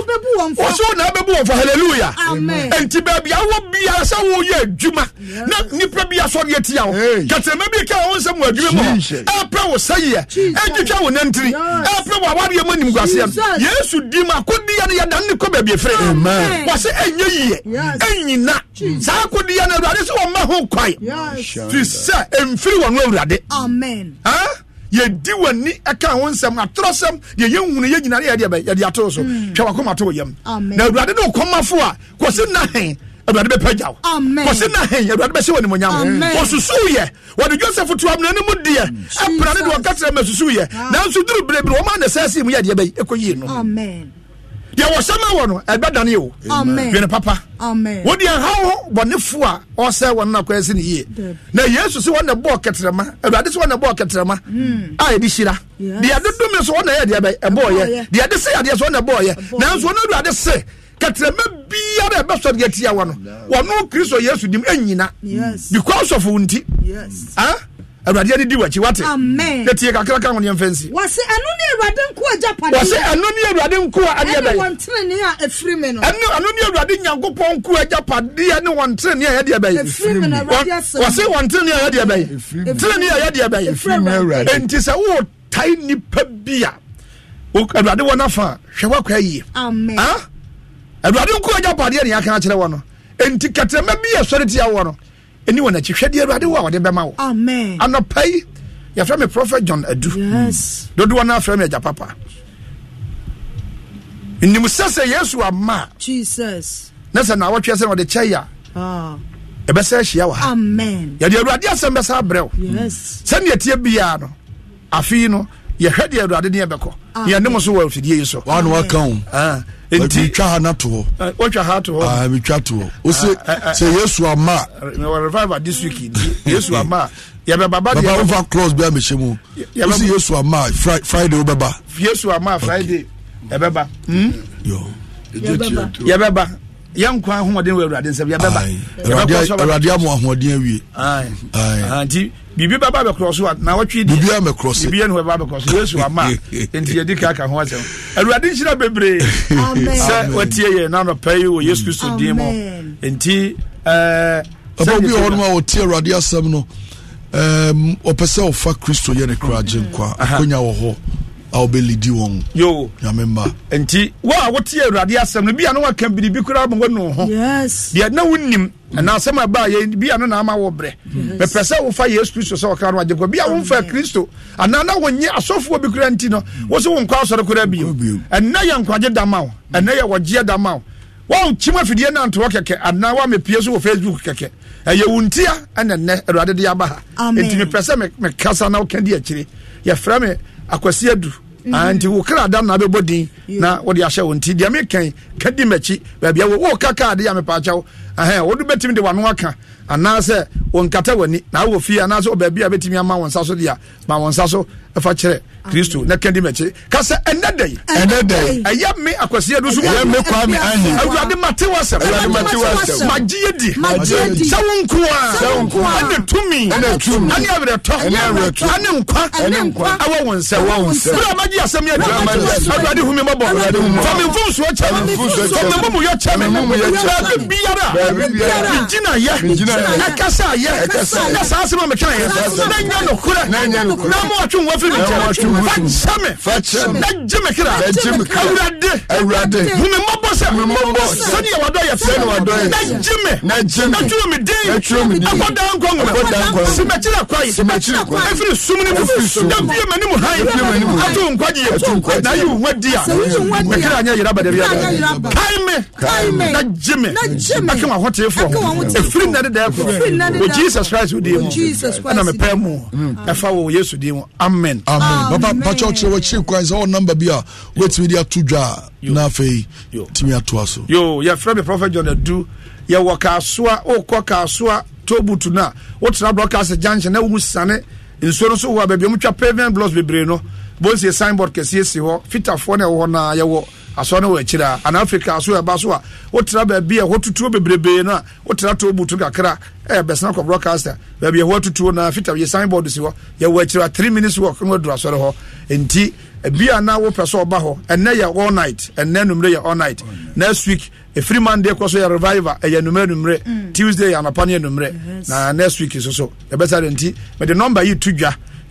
wɔsɔ na abɛbu wɔn hallelujah. amen. nti baabi awɔ bia ɛsɛ sɛ woyɛ adwuma na nnipa bi asɔre ati a wo kɛtɛma bi ka wo nsɛm wɔ adwuma mu hɔ ɛprɛ wo sɛyeɛ ɛgyitwa wo nantiri ɛprɛ wo awareɛ mu animguaseɛ no yesu di mu akodeɛ no yɛdane ne kɔ baabi afirɛ wɔ sɛ ɛnyɛ yie ɛnyina saa akodeɛ no awurade sɛ wɔma ho kwae fi sɛ ɛmfiri wɔ no awurade amen yɛdi w'ani ɛka ho nsɛm atorɔ sɛm deɛ yɛhunu yɛ nyinare yɛde atoo so twɛ hmm. wakoma to yam na awurade ne wokɔmafo a kɔsi nahe awurade bɛpagya wo kɔse na hen awurade bɛhyɛ wɔ nimonyam ɔsusuyɛ wɔde joseph toamnane mu deɛ ɛpra ne de ɔka kyerɛ ma susuyɛ ah. nanso duru berebere wɔma ne sɛ sei mu yɛdeɛ bɛyi ɛkɔyie no deɛ wɔhyɛ ma wɔ no ɛbɛdane o dwene papa wode ɛhaw bɔnefo a ɔsɛ wɔno no akɔɛ se ne yie na yesu sɛ wɔne bɔɔ kɛtrɛma awurade sɛ wɔne bɔɔ kɛtrɛma hmm. a ɛde hyira deɛ ɛde dome so wɔne ɛyɛ deɛ ɛbɛyɛ ɛbɔɔyɛ deɛ ɛde se adeɛ so wɔne bɔɔyɛ nanso wɔne awurade se tɛtɛrɛmɛ biara ɛbɛ sɔrɔ yɛ tia wa no wɔn kristo yesu dim ɛnyina because of wɔn ah, awurade yɛ didi wɔkyi wate ne tie kakra ka wɔn yɛn fɛnsi. wɔsi ɛnu ni awurade nko ɛja padi. wɔsi ɛnu ni awurade nko adeɛ bɛyɛ. ɛni wɔn tirinni a efiri mi no. ɛnu ɛnu ni awurade nyanko pɔn nko ɛja padi ɛni wɔn tirinni a yɛdeɛ bɛyɛ. efiri mi na awurade asɛm. wɔsi wɔn tirinni a yɛdeɛ bɛyɛ. tirinni a yɛdeɛ bɛyɛ. efiri mi awurade. nti sɛ wo tae nipa bi a awurade wɔ nafa hwɛ wakɔ yie. amen. Ah? awurade nko agya padeɛ ne yɛaka akyerɛ wɔ no enti kɛtɛma bi yɛsɔre tia wɔ no ɛni wɔ n'akyi hwɛdeɛ awurade wo a wɔde bɛma wo anɔpa yi yɛfrɛ me prophet john adu dodoɔ no afrɛ me agya papa nnim sɛ yesu ama na sɛ nawɔtwe sɛ ɔde kyɛe a ah. ɛbɛsɛ ahyia wɔ ha yɛde awurade asɛm bɛsa abrɛ wo sɛneɛ tie biaa no afei no yɛhwɛ deɛ awurade ne yɛbɛkɔ ah. yɛne mo so wɔ afidie yi so nti twa ha na to hɔ eh, wɔtwa ha to hɔ metwa ah, to hɔ ɔsɛ sɛ yesu ama eh, revival this week yesu ama yɛbɛbaba deɛ wofa clos bia mehyɛ mu wosɛ yesu ama friday wobɛba oh, yesu ama friday ba. ɛbɛba ba yɛnkwa ahoɔden wɔ awurade nsɛm yɛbɛbaawurade ama ahoɔden awie nti biribi bɛba bɛkorɔ so na wɔtwedibia mɛkorɔ so biribi ɛne bɛba bɛkorɔ so yesu ama enti yɛdi ka ka ho asɛm awurade nhyira bebree sɛ watie yɛ na nɔpɛ yi wɔ yesu kristo din mu enti eh, ɛba obi hɔ nom a wɔtie awurade asɛm no ɔpɛ sɛ ɔfa kristo yɛ ne kra gye nkwa akonya wɔ hɔ a wobɛlidi wɔn yo nyamemba nti wo a wote awurade asɛm no bia no waka biribi koraa ma wanu Yes. deɛ na wonim ɛnaasɛm ɛbaa yɛ bia no naama wɔ berɛ mepɛ sɛ wofa yesu kristo sɛ wɔka no agye kɔ bia womfa kristo anaa na wonyɛ asɔfoɔ bi koraa nti no mm. wo sɛ wonkɔ asɔre koraa bio ɛnɛ yɛ nkwagye da ma wo ɛnɛ yɛ wɔgyeɛ da ma wo wɔnkyim afidie nantoɔ kɛkɛ anaa woamepie so wɔ facebook kɛkɛ ɛyɛ wo ntia ɛnɛ nnɛ awurade de aba ha enti mepɛ sɛ mekasa na woka di akyire yɛfrɛ me akwasi adu mhm. ah, nti wo kra da na bɛbɔ din na wode ahyɛ wo nti deɛ mekan kadi m'akyi baabi a wo wo ka kaadeɛ a mepaakyɛw ɛhɛn wɔde bɛtumi de wɔn aka anaasɛ wɔn nkata wɔn ani na awɔ fie anaasɛ wɔ baabi a bɛtumi ama wɔn nsa so deɛ ma wɔn nsa so ɛfa kyerɛ kristo na kɛndi mɛkyi kasa ɛnɛ dɛyi ɛnɛ dɛyi ɛyɛ mi akwasi ɛdu so ɛyɛ mi kwame anyi awurade ma te wasɛm awurade ma te wasɛm ma gyiye di ma gyiye di sɛwo nkuwa sɛwo nkuwa ɛna tumi ɛna tumi ɛna awuratɔ ɛna awuratɔ ɛna nkwa ɛna nkwa ɛwɔ wɔn nsɛm ɛwɔ wɔn nsɛm bura ma gyi asɛm yɛ di awurade humi ma bɔ fɔmi nfunsuo kyɛmi fɔmi mumu yɛ kyɛmi baabi biara gyina yɛ ɛkasa yɛ na saa asɛm a metwa yɛ na nya nokorɛ na ma wɔtwe wo afiri nkyɛn fakyɛ me na gye me kra awurade hu me mmɔbɔ sɛ sɛdeɛ wadɔ yɛ fɛ na gye me na twuro me din akɔdaa nkɔnwona simakyira kwae ɛfiri sum ne mu na bie m'anim han ato nkwagyeɛ na yi wo ho adi a mekra anyɛ yera badabiada kae me na gye me ahotefoɔ ɛfiri nnɛ deda ɛkɔ jesus christ wodie mu ɛna mepɛ mu mm. ɛfa wɔ yesu din mu amen papa pakyɛ wokyerɛ wakyiri kwan sɛ wɔnamba bi a wobɛtumi de ato dwa a na afei tumi atoa so yo yɛfrɛ me prophet john adu yɛwɔ kaasoa wokɔ kaasoa tobutu no a wotena broadcast junction na wohu sane nsuo no so wɔ a baabi ɔmtwa pavement blocks bebree no bonsie signboard kɛseɛ si hɔ fitafoɔ no ɛwɔ hɔ naa yɛwɔ asɔ ne wɔ akyire a ana africa aso ɛba so a wotena baabi a hɔtutuo bebrebee no a wotena to butu kakra ɛyɛ bɛsena kɔ broadcaster baabi a hɔtutuo na fita yɛ sign board si hɔ yɛwɔ akyire a three minutes walk ne waduru asɔre hɔ nti ebi a na wopɛ sɛ ɔba hɔ ɛnɛ yɛ all night ɛnɛ numre yɛ all night next week efiri monday kɔ so yɛ revival ɛyɛ numre numre mm. tuesday yɛ anapa ne yɛ numre na next week soso yɛbɛsa de nti mɛde number yi tu dwa.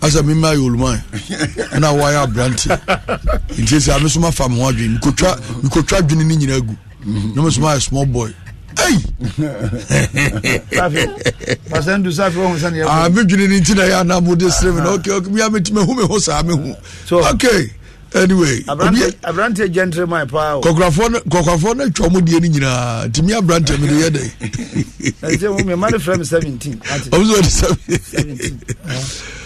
asɛ mema yɛ oluma ɛna woayɛ abrante nti sɛ me soma fa me ho adwene mekɔtwa adwene no nyinaa gu na mesoma ayɛ small boy ah, medwene no nti na yɛ anamode serɛ me na ok mia metumi hu me ho saa me hu okay anyway aberanteɛ gentleman paa kɔkɔrafoɔ no atwa mu deɛ no nyinaa ntimi aberanteɛ mede yɛ dɛn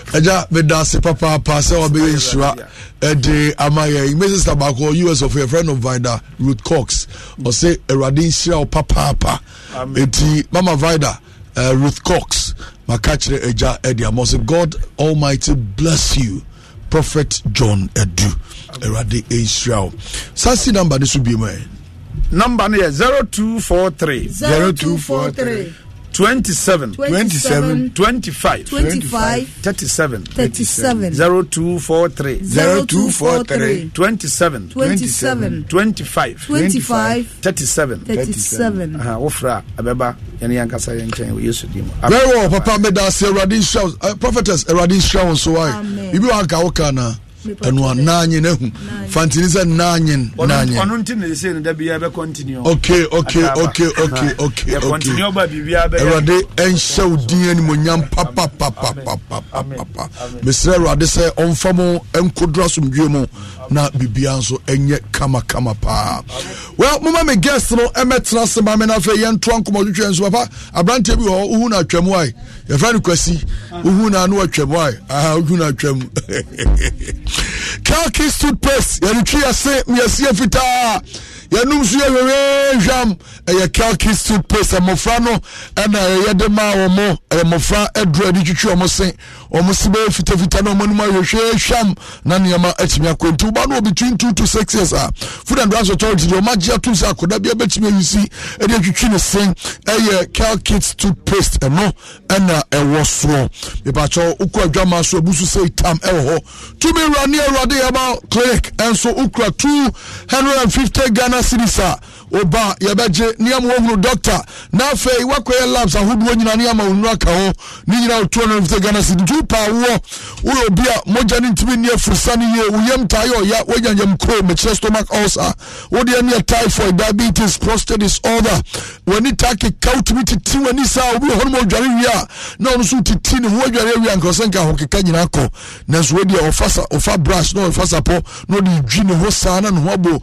agya meda ase papaapa sɛ wabɛyɛ nhyira ɛde ama yɛ me sister baako us of yɛfrɛ no vida ruth cox ɔsɛ awurade nhyira wo papaapa ɛnti mama vida uh, ruth cox maka kyerɛ agya ɛde ama ɔsɛ god almighty bless you prophet john adu awurade ɛnhyira wo saa si namba no so bio mu ɛ number no yɛ 0243 0243 27 27 Zero two four three. 0243 0243 27 27 Twenty 25 Twenty 37 wofrɛ a ɛbɛba yɛne yɛnkasa yɛ nkyɛn wɔ yesu din mu very well papa meda ase awurade nhyira wo eh, prophetess awurade nhyira wo nso wae biribi wanka woka anaa ɛno a nanyen fantini sɛ nanyen nanyenawurade ɛnhyɛ wo din animonyam papapapapapapa mesrɛ awurade sɛ ɔmfa mo ɛnkodoro mu na biribiaa nso ɛnyɛ kamakama paa well moma me guest no ɛmɛtena se ma me no afei yɛntoa nkɔmmɔtwetwɛ nso papa aberanteɛ bi wɔ hɔ uhu na atwam ae yɛfrɛ no kwasi wohu ah. no a ne watwam ae wohu no atwam calkis toothpaste yɛretwi yɛse yɛseɛ fitaa yɛnum so yɛ wewee hwam ɛyɛ e calkis toothpaste e mmɔfra no ɛna ɛyɛ maa wɔn e mo ɛyɛ mmɔfra aduru adi twitwi wɔn se ɔmo si bɛyɛ fitafita na ɔmo anim ayɛ hwɛhwɛm na nneɛma atumi akɔ nti woba no wɔ between two to six years a ah. food and drugs authority deɛ ɔmo agye ato sɛ akɔda bi abɛtumi ayi si ɛde atwitwi ne sen ɛyɛ cal kits toothpaste ɛno eh, ɛna ɛwɔ eh, soɔ mipakyɛ wokɔ adwama so abu so sɛ itam. ɛwɔ hɔ tumi wura ne awurade yɛba clinic ɛnso wokura two hundred and fifty ghana cities a ah. oba yɛbɛgye ne ama wɔhunu dɔkta na afei woakɔyɛ labs ahodoɔ nyina ne ama onunu aka ho ne nyina wo 250 ghana cedi tu pa woɔ woyɛ obi a mogya no ntumi nni afurisa no yie wo yam taa yɛ ɔya woanyanyam kuro mekyerɛ stomach ulsa wodeɛ ne yɛ typhoid diabetes prostate disorder w'ani taa keka wotumi tete w'ani saa obi hɔ no ma odware wie a na ɔno nso wotete ne ho adware awie a nka ɔsɛ nka ho keka nyina kɔ nanso wodeɛ ɔfa brush na ɔfa sapɔ na ɔde dwi ne ho saa na ne ho abɔ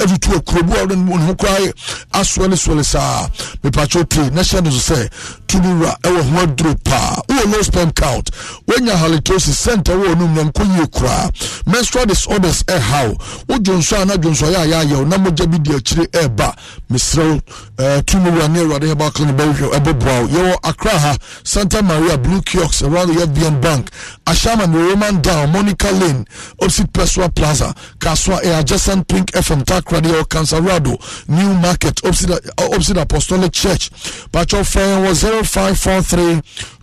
atutu akurobu a wode ne ho koraa asoɛlesoɛle saa mepatwɛ tiri na hyɛ no so sɛ tumi wura ɛwɔ ho aduro paa wowɔ low sperm count woanya halitosis center wowɔ no nnam kɔyie koraa menstrual disorders ɛhaw wo dwonso a na dwonso ayɛ ayɛayɛw na mogya bi di akyire ɛɛba mesrɛ wo eh, tumi wura ne awurade herbal clinic bɛwohwɛ ɛbɛboa wo yɛwɔ accra ha santa maria blue kiosk around the fbn bank ashaman roman down monica lane opposite pessoa plaza kasoa ɛyɛ adjacent pink fm takrade ɛwɔ cancerado New Market, opposite Apostolic Church. Patrol phone was 0543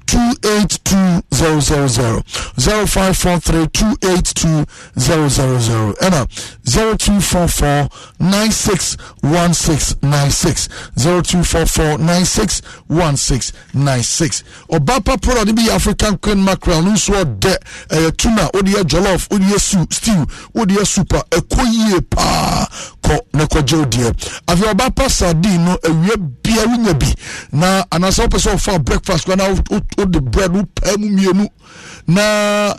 282000 0543282000 ɛna 0244961696 0244961696 ɔbaa pa product bi yɛ african queen mackerel no nso ɔdɛ ɛyɛ tuna wodeɛ jollof odia stew odia super ɛkɔ yie paa kɔ ne kɔgye odeɛ afei ɔba pa sardine no awia bia wonya bi na anaasɛ wopɛ sɛ wɔfa breakfast kora na wode bread wopaa mu mmienu na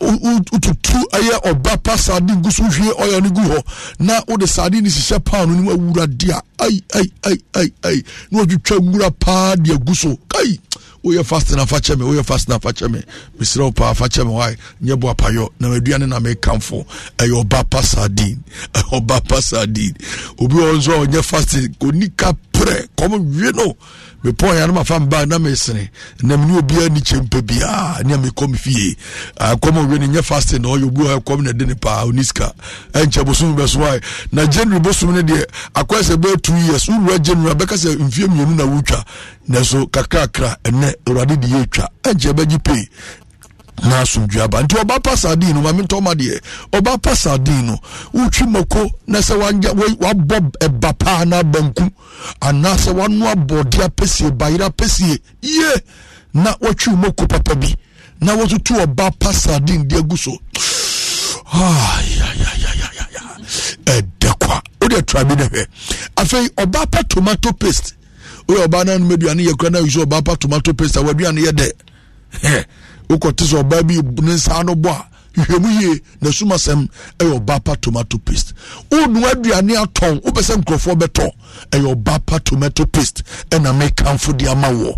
wotutu ɛyɛ ɔba pa sardine gu so hwie ɔyɛ no gu hɔ na wode sardine hyehyɛ paa no nim di a ai ai ai ai ai na wɔdwitwa nwura paa de agu so kai woyɛ fasting afakyɛ me woyɛ fasting afakyɛ me mesrɛ pa paa afakyɛ me wae nyɛ bo apayɔ na maduane na mekamfo ɛyɛ e ɔba pa sardin ɛyɛ e ɔba pa sardin obi wɔ nso a ɔnyɛ fasting kɔni ka prɛ kɔm wie no mepɔ ya no mafa mba na mesene na ne obiaa ni kyɛ mpa biaa ne a mekɔ me fie akɔm ɔwie no nyɛ fasting na ɔyɛ obi ɔyɛkɔm na ɛde ne paa ɔni sika ɛnkyɛ bosom bɛsoa na january bosom no deɛ akɔɛ sɛ bɛyɛ two years wowura january bɛka sɛ mfie mmienu na wotwa nanso kakrakra ɛnɛ awurade de yɛ twa ɛnkyɛ bɛgye pei na asomdwe aba nti ɔba pa sardine no maame ntɔma deɛ ɔba pa sardine no wotwi mako na sɛ wabɔ ɛba paa na banku anaasɛ wano abɔde apɛsie bayerɛ apɛsie yie na watwi mako papa bi na watutu ɔba pa sardine de agu so ɛdɛ kwa wode atra bi no hwɛ afei ɔba pa tomato paste woyɛ ɔba no anomaduane yɛ kora na use ɔba pa tomato paste a waduane yɛ dɛ wokɔte sɛ ɔbaa bi ne nsa no bɔ a hwehwɛmu yie na sumasɛm ɛyɛ ɔbaa pa tomato paste wonua aduane atɔn wopɛ sɛ nkurɔfoɔ bɛtɔ ɛyɛ ɔbaa pa tomato paste ɛna mekamfo de ama wɔ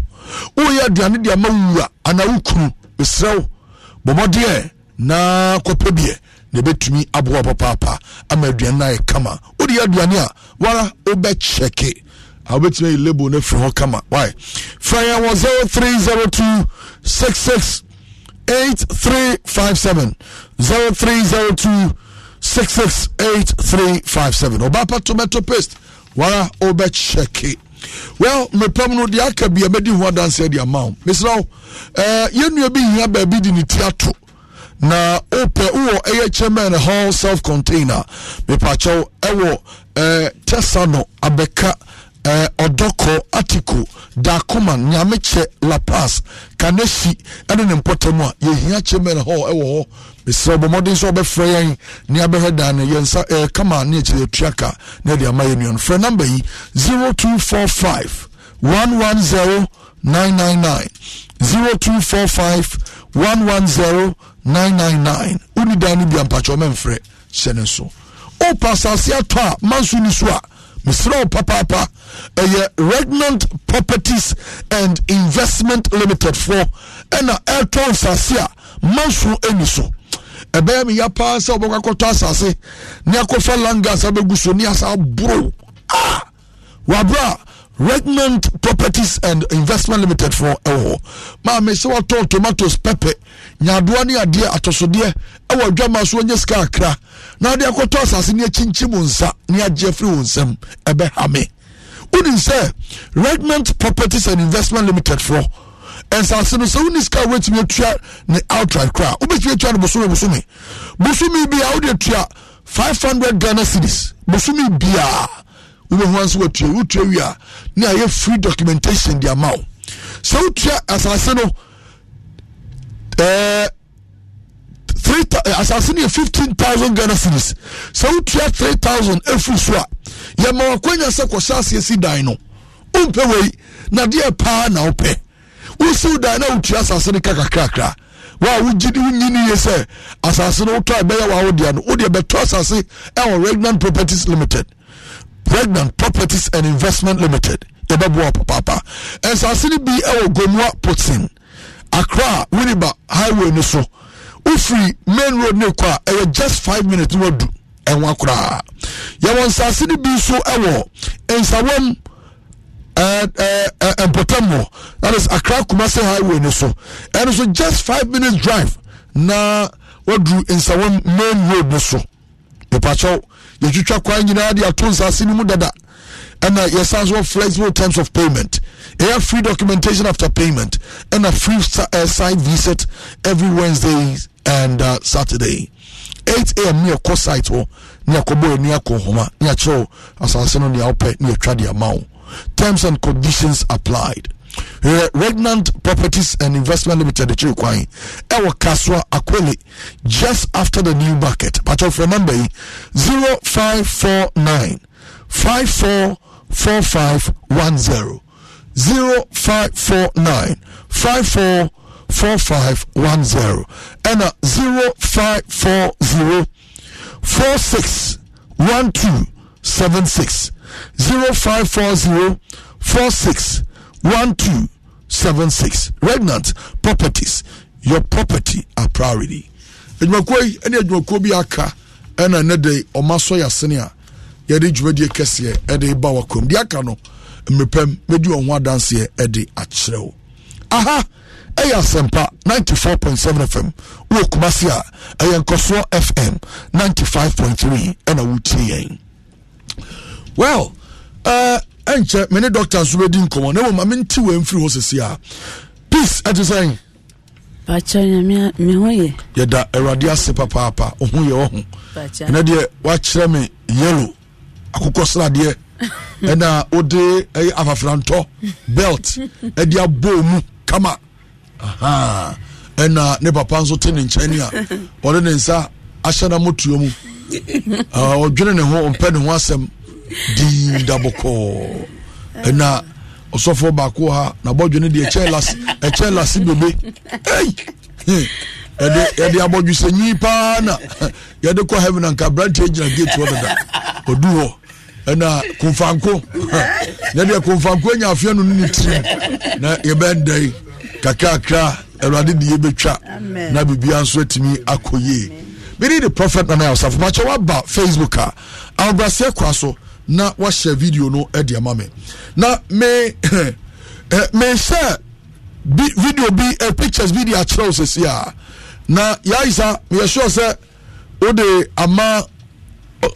woyɛ aduane de ama wura anaa wo kunu mesrɛ wo bɔmmɔdeɛ na kɔpɛ biɛ na ɛbɛtumi aboa papaapa ama aduane no ayɛ kama wode yɛ aduane a wara wobɛkyɛke a wobɛtumi ayi label no afiri hɔ kama wae fra yɛ wɔ 0302 66 8357 0302 668357 ɔbapa tomato paste wara wobɛkyɛke well me no deɛ aka bia mɛdi ya adanseɛ de ama wo mesrɛ eh, wo yɛnnua bi hia baabi de ne na wopɛ wowɔ ehm chairman hall self container mepakyɛw ɛwɔ eh, tesano abɛka ɛɛ eh, ɔdɔkɔ atiko dakoma nyamekyɛ lapas kanesi ɛne ne mpɔtam a yɛhia chairman hall ɛwɔ hɔ mesrɛ bɔ mmɔden sɛ wɔbɛfrɛ yɛn ne abɛhwɛ dan no yɛnsa ɛɛ eh, kama ne akyire atua ka na ɛde ama yɛn nuano frɛ namba yi 0245 110 999 0245 110 999 woni dan no bi ampakyɛ ɔmɛmfrɛ hyɛ ne so wopa asase atɔ a manso ni so a mesrɛ wo papaapa ɛyɛ regnant properties and investment limited foɔ ɛna ɛtɔ nsase a manso ani so ɛbɛyɛ me ya paa sɛ wobɛkɔ akɔtɔ asase ne akɔfa langas abɛgu so ne asa aboro a ah! wabrɛ a Regnant Properties and Investment Limited for ɛwɔ hɔ maame sɛ wɔtɔn tomatoes pɛpɛ nyadoa ne adeɛ atɔsodeɛ ɛwɔ adwama so onye sika akra na ɔde akɔtɔ asase ne akyinkyim nsa ne agye afiri wɔn nsam ɛbɛhame wonim sɛ Regnant Properties and Investment Limited for nsase no sɛ wone sika a wobɛtumi atua ne outright koraa wobɛtumi atua no bosome bosome bosome bi a wode atua 500 Ghana cedis bosome biaa wobɛhu nso watua wotua wie a ne ayɛ free documentation de ama wo sɛ wotua asase no eh, eh, asase no yɛ fifteen thousand ghana cedis sɛ wotua three thousand afiri so a yɛma wakwanya sɛ kɔhyɛ aseɛ si dan no wompɛ wei nadeɛ paa na wopɛ wosiw dan na wotua asase no kakrakrakra wa wogyini wonyini yie sɛ asase no wotɔ a ɛbɛyɛ wa wodeɛ no wodeɛ bɛtɔ asase ɛwɔ regnant properties limited pregnant properties and investment limited yɛbɛboa papaapa nsase no bi wɔ gomua potin accra winiba highway no so wofiri main road no kɔ a ɛyɛ just five minutes no wadu ɛnwa koraa yɛwɔ nsase no bi nso wɔ nsawam eh, eh, eh, mpɔtam hɔ that is accra kumase highway no so ɛno so just five minutes drive na waduru nsawam main road no so nipakyɛw yɛtwitwa kwan nyinaa de ato nsase no mu dada ɛna yɛsan so wɔ flexible terms of payment ɛyɛ free documentation after payment ɛna free uh, site visit every wednesday and uh, saturday 8 am ne yɛkɔ site hɔ ne yɛkɔbɔ ani akɔ nhoma ne yɛkyerɛw asase no nea wopɛ ne yɛtwa de ama wo terms and conditions applied regnant properties and investment limited ɛkyiri kwan ɛwɔ kasoa akwele just after the new market zero zero zero zero zero five five five five five five five four four four four four four four nine nine one one zero four six one two seven six zero five four zero four six. 1276 regnant properties your property a priority adwumakuo yi ne adwumakuo bi aka ɛna ne de ɔma sɔ yasene a yɛde dwumadie kɛseɛ ɛde ba wakom deɛ aka no mmepɛm mɛdi wɔn ho adanseɛ ɛde akyerɛ wo aha ɛyɛ asɛmpa 94.7 fm wɔ kumase a ɛyɛ nkɔsoɔ fm 95.3 ɛna wotie yɛn well uh, ɛnkyɛ me ne doctor nso bɛdi nkɔmmɔ na mmom mente wɔ mfiri hɔ sesi a peace ɛte sɛn yɛda awurade ase papaapa wo ho yɛ wɔ ho ɛnɛ deɛ woakyerɛ me yellow akokɔ sradeɛ ɛna wode ɛyɛ e, afafrantɔ belt ɛde abɔɔ mu kama aha ɛna ne papa nso te ne nkyɛn a ɔde ne nsa ahyɛ na motuo mu ah, ɔdwene ne ho ɔmpɛ ne ho asɛm dii da bɔkɔɔ ɛna ɔsɔfoɔ baako ha na bɔdwe no deɛ ɛkyɛ lase ɛkyɛ lase bebe ɛyi yɛde yɛde abɔdwesɛnyi paa na yɛde kɔ heaven anka aberanteɛ gyina gate hɔ dada ɔdu hɔ ɛna kumfanko yɛdeɛ kumfanko anya afia no no ne tirim na yɛbɛnda yi kakrakra awurade de yɛbɛtwa na biribia nso atumi akɔ yie mede the prophet nana ɔsafo makyɛ woaba facebook a awobraseɛ kwa so na wahyɛ video no de ama me na me eh, mehyɛ bi video bi uh, pictures bi de akyerɛw sɛsi a na yɛayi sa meyɛ sure sɛ wode ama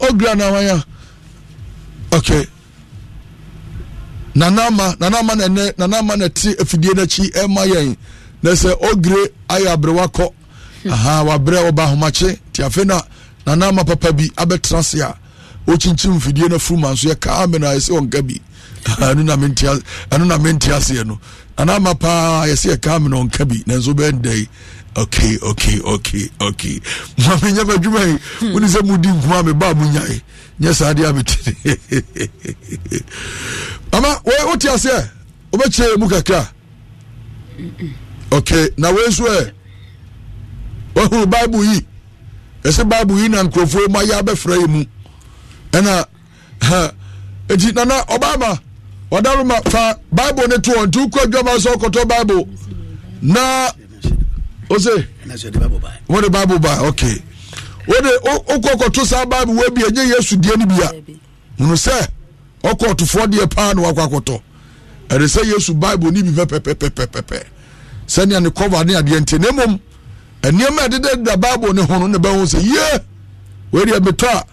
ogra na amanya okay nanama nanama na ɛnɛ nanama na ɛte afidie n'akyi ɛma yɛn na sɛ ogre ayɛ aberewa kɔ hmm. aha wabrɛ ɔba ahomakye tiafe na nanama papa bi abɛtena se a wokyinkyin mfidie no furuma nso yɛ kaa me na ɛsɛ ɔnka bi ɛno na mente aseɛ no anaa ma paa yɛsɛ yɛ kaa me na ɔnka bi nanso bɛɛ ndɛ okay okay okay okay maame nyɛ ma adwuma yi wone hmm. sɛ mudi nkuma me baa mu nyae nyɛ saa deɛ a metiri ama wote aseɛ wobɛkyerɛ mu kakra okay na wei nso ɛ wahunu bible yi ɛsɛ bible yi na nkurɔfoɔ mu ayɛ abɛfrɛ yi mu ɛna eti nana ɔbaaba ɔdaroma fa bible ne toɔ nti wokɔ adwama sɛ ɔkɔtɔ bible na ose wode bible ba ok wode wokɔ kɔto saa bible wabi nye yesu die no bia hunu sɛ ɔkɔ ɔtofoɔ deɛ paa na wakɔ akɔtɔ ɛde sɛ yesu bible ne bi pɛpɛpɛpɛpɛ sɛnea ne kɔva ne adeɛ nti na mmom nneɛma ɛdedadeda bible ne ho no ne bɛho sɛ yie wedeɛ metɔ a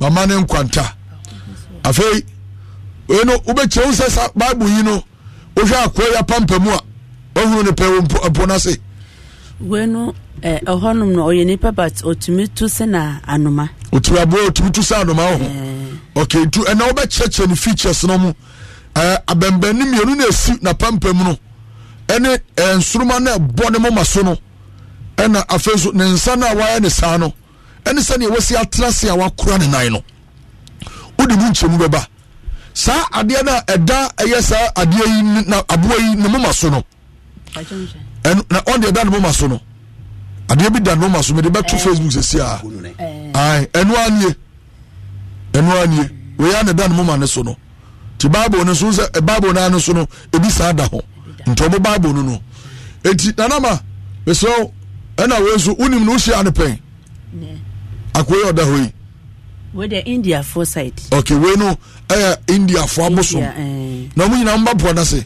mama ne nkwanta afei oye no wobɛkyerɛ wo sɛ sa bible yi no wohwɛ akoa yɛ pampa mu a wahunu ne pɛ wo mpo no ase wei no ɛhɔnom no ɔyɛ nipa but ɔtumi tu se na anoma ɔtumi aboa ɔtumi tu se anoma wɔ ho ok ntu ɛna wobɛkyerɛkyerɛ ne features no mu eh, abɛnbɛni mmienu na esi na pampa mu no ɛne eh, nsoroma na ɛbɔ ne moma so no ɛna afei so ne nsa no a wayɛ ne saa no ɛne sɛdeɛ wɔsi atena se a wakora ne nan no wode mu nkyɛmu bɛba saa adeɛ no a ɛda ɛyɛ saa adeɛ yi na aboa yi ne moma so no na ɔde ɛda ne moma so no adeɛ bi da ne moma so mede bɛto facebook sɛsi a ɛno anie ɛno anie wɔyɛ a ne da ne moma ne so no nti bible no so sɛ bible no ano so no ebi saa da hɔ nti ɔmo bible no no enti nanama mesɛw ɛna wei so wonim no wohyia ne pɛn akoe ɔda hụ yi wede indiafoɔ side ok wei no ɛyɛ indiafoɔ abosom eh. na ɔmo nyinaa mba poɔ nase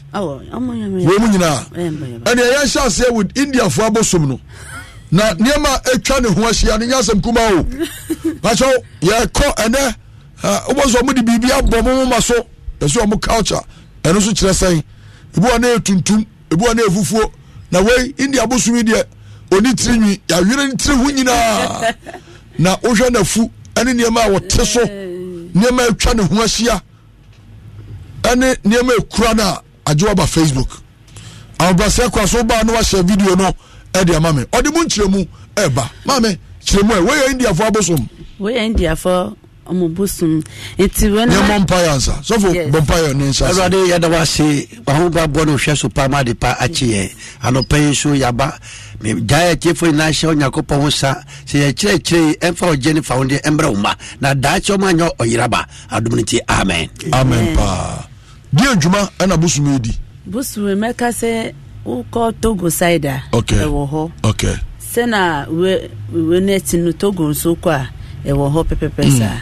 wei mu nyinaa ɛne ɛyɛ nhyɛ aseɛ with indiafoɔ abosom no na nneema atwa ne ho ahyia no nyɛ asɛm kuma o bakyɛw yɛkɔ ɛnɛ wobɔ sɛ ɔmode biribi abɔ mo moma so ɛsɛ ɔmo culture ɛno nso kyerɛ sɛn ebi wɔ ne yɛ tuntum ebi wɔ ne yɛ fufuo na wei india abosom yi deɛ oni tiri nwi yɛawerɛ ne tiri ho nyinaa na wohwɛ nafu ɛne nneɛma a wɔte so nneɛma atwa ne ho ahyia ɛne nneɛma ekura no a agye waba facebook ahobrasɛ kora so wobaa no wahyɛ video no ɛde ama me ɔde mu nkyerɛmu ɛba ma me kyerɛmu ɛ woyɛ indiafoɔ abosom woyɛ indiafoɔ ɔmo bosom nti wɛn na. yɛmɔ mpaeɛ ansa sɔfo bɔ mpaeɛ ne nsa. awurade yɛda wa se wahodoɔ aboɔ no hwɛ so paa ma de pa akyi yɛ anɔpɛ yi so yaba gyae atiefoɔ nyinaa hyɛ onyankopɔn ho sa sɛ yɛkyerɛkyerɛ ɛmfa ɔgye ne fa wo ma na daakyɛ ɔma anyɛ ɔyeraba adom no nti amen amen paa deɛ adwuma ɛna bosom di. bosom mɛka sɛ wokɔ togo side a ɛwɔ hɔ sɛna we no akyi no togo nso kɔ a ɛwɔ hɔ pẹpẹpẹ saa mm.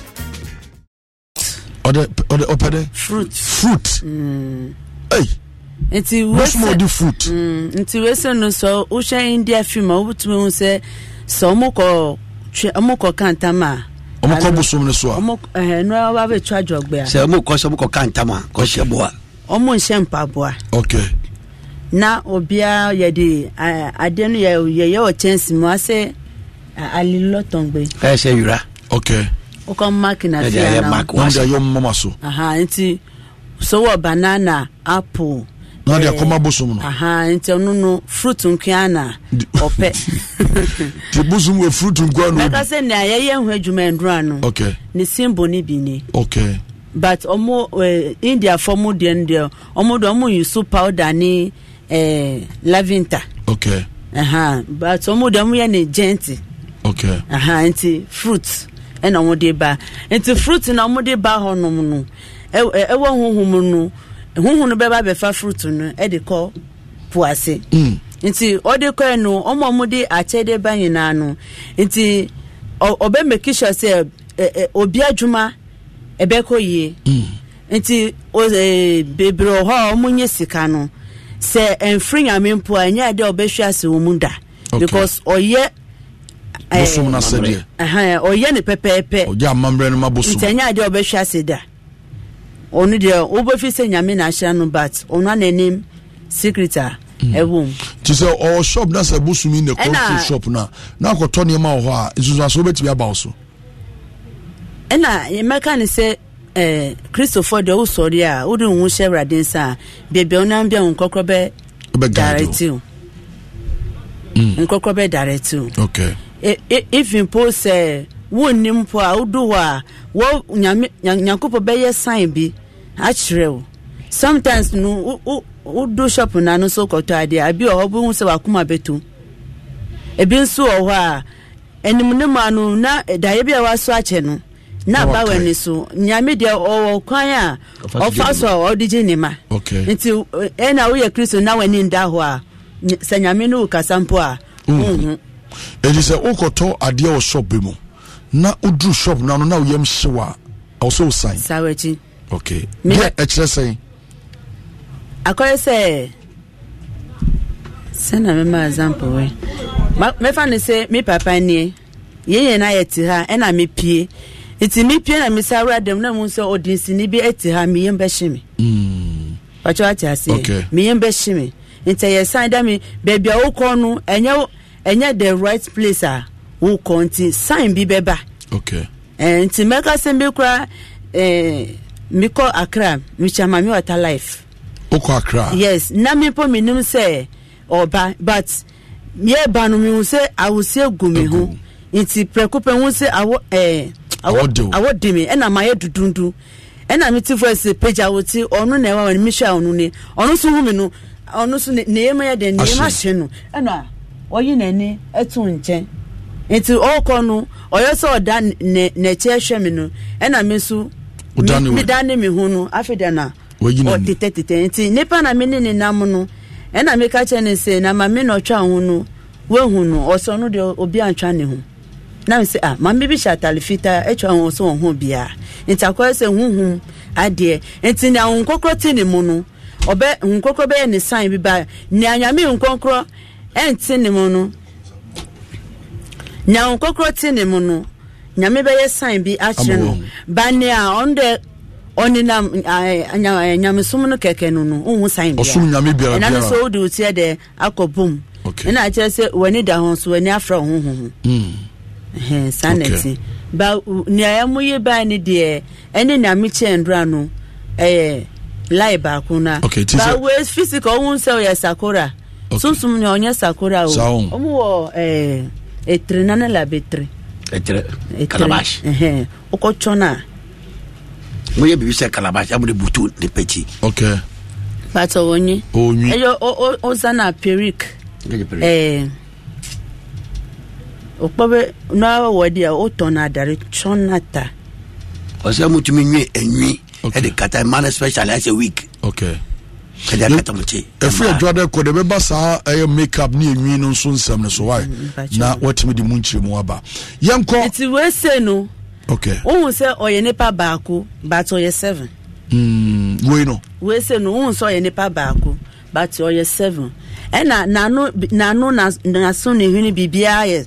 ɔde ɔde fruit fruit. Mm. Hey. nti wese Mm. nti wese no india film a hu sɛ sɛ ɔmo kɔ twɛ ɔmo kɔ ɔmo kɔ so a. ɔmo ɛɛ nua wa bɛ twa jɔgbe a. sɛ ɔmo kɔ sɛ ɔmo kɔ na obiara yɛde adeɛ no yɛ yɛ yɛ yura. okay. wokɔ mark na fianayɛmama so nti so wɔ banana apple eh, na de akɔma bosom no nti ɔno no fruit nkoa na ɔpɛ nti bosom wɔ fruit nkoa no bɛka sɛ nea yɛyɛ ho adwuma ndura no okay. ne symbol no bi ni okay. but ɔmo uh, eh, indiafoɔ mu deɛ no deɛ ɔmo deɛ ɔmo yusu powder ne eh, laventa okay. uh -huh. but ɔmo deɛ ɔmo yɛ ne genti okay. uh -huh. nti fruit ɛna wɔde ba nti frut na wɔde ba hɔnom no ɛwɔ huhum no huhum no bɛba bɛfa fruit no ɛde kɔ po ase mm. nti ọ ɔde kɔɛ no ɔmo a wɔde akyɛde ba nyinaa no nti ɔbɛmɛki sure sɛ obi adwuma ɛbɛkɔ yie mm. nti bebree hɔ a ɔmo nye sika no sɛ mfiri nyame mpụ a ɛnyɛ adeɛ a ɔbɛhwɛ ase wɔn mu da because ɔyɛ. bosom no asɛdeɛ ɔyɛ ne pɛpɛɛpɛ ɔgye amammerɛ no ma bosom nti ɛnyɛ adeɛ ɔbɛhwɛ ase da ɔno deɛ wobɛfi sɛ nyame na ahyɛ no but ɔno ananim secret a hmm. ɛwom nti sɛ ɔwɔ shop na sɛ bosom shop no a na akɔtɔ nneɛma wɔ hɔ a nsusuaso wobɛtumi aba wo so ɛna mɛka ne sɛ eh, deɛ wosɔre a wode wo hyɛ awurade nsa a wo even po sɛ wonni mpo a wodu hɔ a wɔ nyame bɛyɛ sign bi akyerɛ wo sometimes no wodu shop na no so kɔtɔ adeɛ abi wɔ hɔ bohu sɛ wakoma bɛtu ebi nso wɔ hɔ a anim ne mu ano na daeɛ bi a waso akyɛ no na aba wɔ ani so nyame deɛ ɔwɔ kwan a ɔfa so a ɔde gye ne ma nti ɛna woyɛ kristo na w'ani nda hɔ a sɛ nyame no wo kasa mpo a mm. wohu ɛnti sɛ wokɔtɔ adeɛ wɔ shop bi mu na woduru shop no ano na woyam hyew a ɛwɔ sɛ wo san sawakyi ok deɛ ɛkyerɛ sɛn akɔyɛ sɛ sɛna mema example wɛ mɛfa no sɛ me papa nnie yɛyɛ no ayɛ te ha ɛna mepie nti mepie na mesa wura dɛm na mu sɛ ɔdensini bi ate ha meyam bɛhye me wakyɛ hmm. wate aseɛ meyam bɛhye me nti ɛyɛ san da me baabi a wokɔ no ɛnyɛ ɛnyɛ the right place a ah, wokɔ nti sign bi bɛba okay. eh, nti mɛka sɛm bi kora eh, mekɔ akra mekyama me water life wokɔ akra yes na mepɔ menim sɛ ɔba but yɛba no mehu sɛ awosie gu me ho nti prɛko hu sɛ awɔ eh, awɔ de me ɛna mayɛ dudundu ɛna mete fo ɛsɛ pagya wote ɔno na ɛwa wɔ ne mehwɛ a ɔno ne ɔno so hu me no ɔno so ne yɛma yɛ dɛn ne yɛma no ɛno ɔyi n'ani ɛto nkyɛn nti ɔkɔ no ɔyɛ sɛ ɔda n'akyi ɛhwɛ mi no ɛna mi nso mi da ne mi ho no afei da na ɔtetɛ tetɛ nti nipa na mi ne ne nam no ɛna mi ka kyɛ ne sɛ na maame na ɔtwa ho no wehu no ɔsɔ no deɛ obi antwa ne ho na mi sɛ ah maame bi hyɛ atare fitaa atwa e ho so wɔn ho biara nti akɔyɛ sɛ huhum adeɛ nti na nkokoro ti ne mu no ɔbɛ ahonkɔkorɔ bɛyɛ ne sign bi ba nea nyame ahonkɔkorɔ. ɛnte ne mu no nyawo nkokoro te ne mu no nyame bɛyɛ sign bi akyerɛ no bane a ɔno dɛ ɔnenam nyamesom no kɛkɛ no no wohu sign biaɛnano so de wo tiɛ dɛ akɔ bom ɛna akyerɛ sɛ da ho so w'ani afra wo hoho ho hmm. saa na ti ba nea ɛmo yi baa ne deɛ ɛne nyame kyɛn ndora no ɛyɛ lai baako ba wo physical sɛ sakora sunsun ni ɔnyɛ sakora o ɔmu wɔ ɛɛ etire nane la bɛ tire. etire calabash. ɔkɔ tsɔna. mo ye bibi sɛ kalabash, amu de butu de pɛti. ok. pàtó o nyi. o ɛyɛ o o o zana perik. ɛɛ o kpɔ bɛ n'a wɔ di yan o tɔna dari tsɔna ta. ɔsɛ mu tun bɛ nwi ɛnwi ɛdi kata mana special ɛsɛ week. okay. okay ɛde anata mo kye ɛfiri adwade kɔ de bɛba saa ɛyɛ makeup ne ɛnwi no nso nsɛm no so wae mm, na watumi de mu nkyerɛ mu aba yɛnkɔ nti wɔse no okay wohu sɛ ɔyɛ nipa baako but ɔyɛ seven mm, wei no wɔse no wohu sɛ ɔyɛ nipa baako but ɔyɛ seven ɛna nano nano naso ne hwene biribiaa yɛ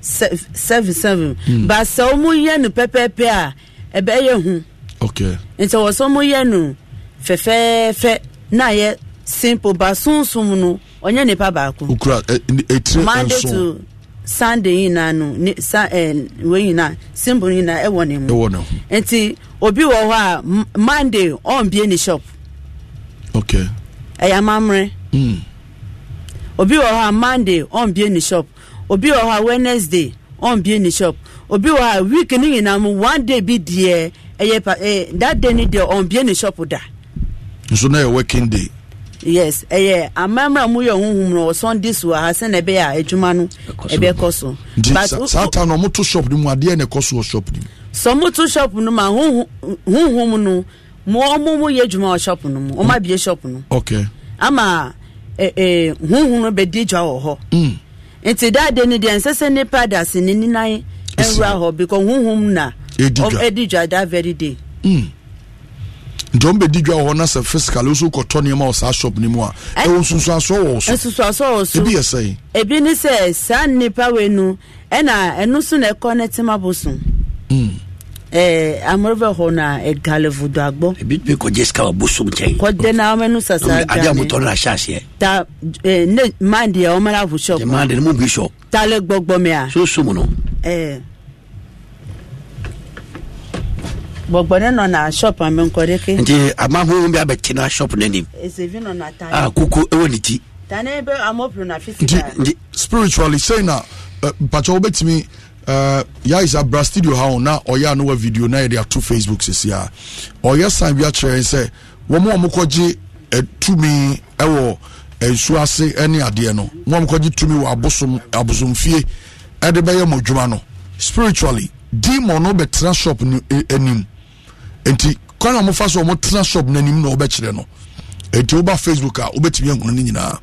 seven seven mm. but sɛ wɔn yɛ no pɛpɛɛpɛ a ɛbɛyɛ hu okay nti wɔ sɛ wɔn yɛ no na yɛ simple ba sunsun no ɔnyɛ nipa baako. okura etire eh, eh, nson monday to sunday nyinaa no ne sa ɛɛ wɔn nyinaa simple nyinaa ɛwɔ ne mu. ɛwɔ ne ho nti obi wɔ hɔ a monday ɔnbie ne shop. okay. ɛyɛ amammerɛ. Mm. obi wɔ hɔ a monday ɔnbie ne shop obi wɔ hɔ a wednesday ɔnbie ne shop obi wɔ hɔ a week ne nyinaa mu one day bi deɛ ɛyɛ pa ɛɛ eh, that day ni deɛ ɔnbie ne shop da nso na yɛ working day yes ɛyɛ amamra mu yɛ huhum no wɔ sunday so aha sɛ na ɛbɛyɛ a adwuma no ɛbɛkɔ so nti saa ta no ɔmoto shop no mu adeɛ na ɛkɔ so wɔ shop no mu sɛ ɔmoto shop no ma huhum no mo ɔmo mo yɛ adwuma wɔ shop no mu ɔmo abie shop no okay ama ɛɛ huhum no bɛdi dwa wɔ hɔ mm. nti daade no deɛ nsɛ sɛ nipa daase ne ninan ɛwura hɔ because huhum na ɛdi dwa that very day. Mm nti wɔn bɛdi dwa wɔ hɔ na sɛ physical nso kɔtɔ nneɛma wɔ saa shop ne mu a ɛwɔ nsunsuasoɔ wɔ so nsunsuasoɔ wɔ so ebi yɛ sɛn. ebi ni sɛ saa nipa wei no ɛna ɛno so na ɛkɔ ne tema bo so. Hmm. ɛɛ amoro bɛ hɔ na ɛgale vudu agbɔ. ebi tun bɛ kɔ jessica wa bosom cɛ ye. kɔdɛ na ɔmɛ nu sasa gane. adi a mutɔ la saseɛ. ta ɛɛ ne mandi di yɛ ɔmɛ la bu shop. man di ni mun bi sɔn. taale gbɔgbɔ mi a. so so mun na. ɛɛ. bɔgbɔne nɔ na shop a me ke nti amahoho bi abɛkye na shop no anim ɛsɛvi nɔ no atare a koko ɛwɔ ne ti tane bɛ amɔpro na fisica nti spiritually sei na mpakyɛ wobɛtumi Uh, yaisa bra studio ha na ɔyɛ a wa video na yɛde ato facebook sisi a ɔyɛ san bi akyerɛ sɛ wɔn a wɔkɔgye tumi wɔ nsuo ase ne adeɛ no wɔn a wɔkɔgye tumi wɔ abosom abosomfie de bɛyɛ mo dwuma no spiritually demon no bɛtena shop anim nti kwan a wɔfa so wɔn tena shop n'anim na wɔbɛkyerɛ no nti woba facebook a wobɛtumi ahunu no nyinaa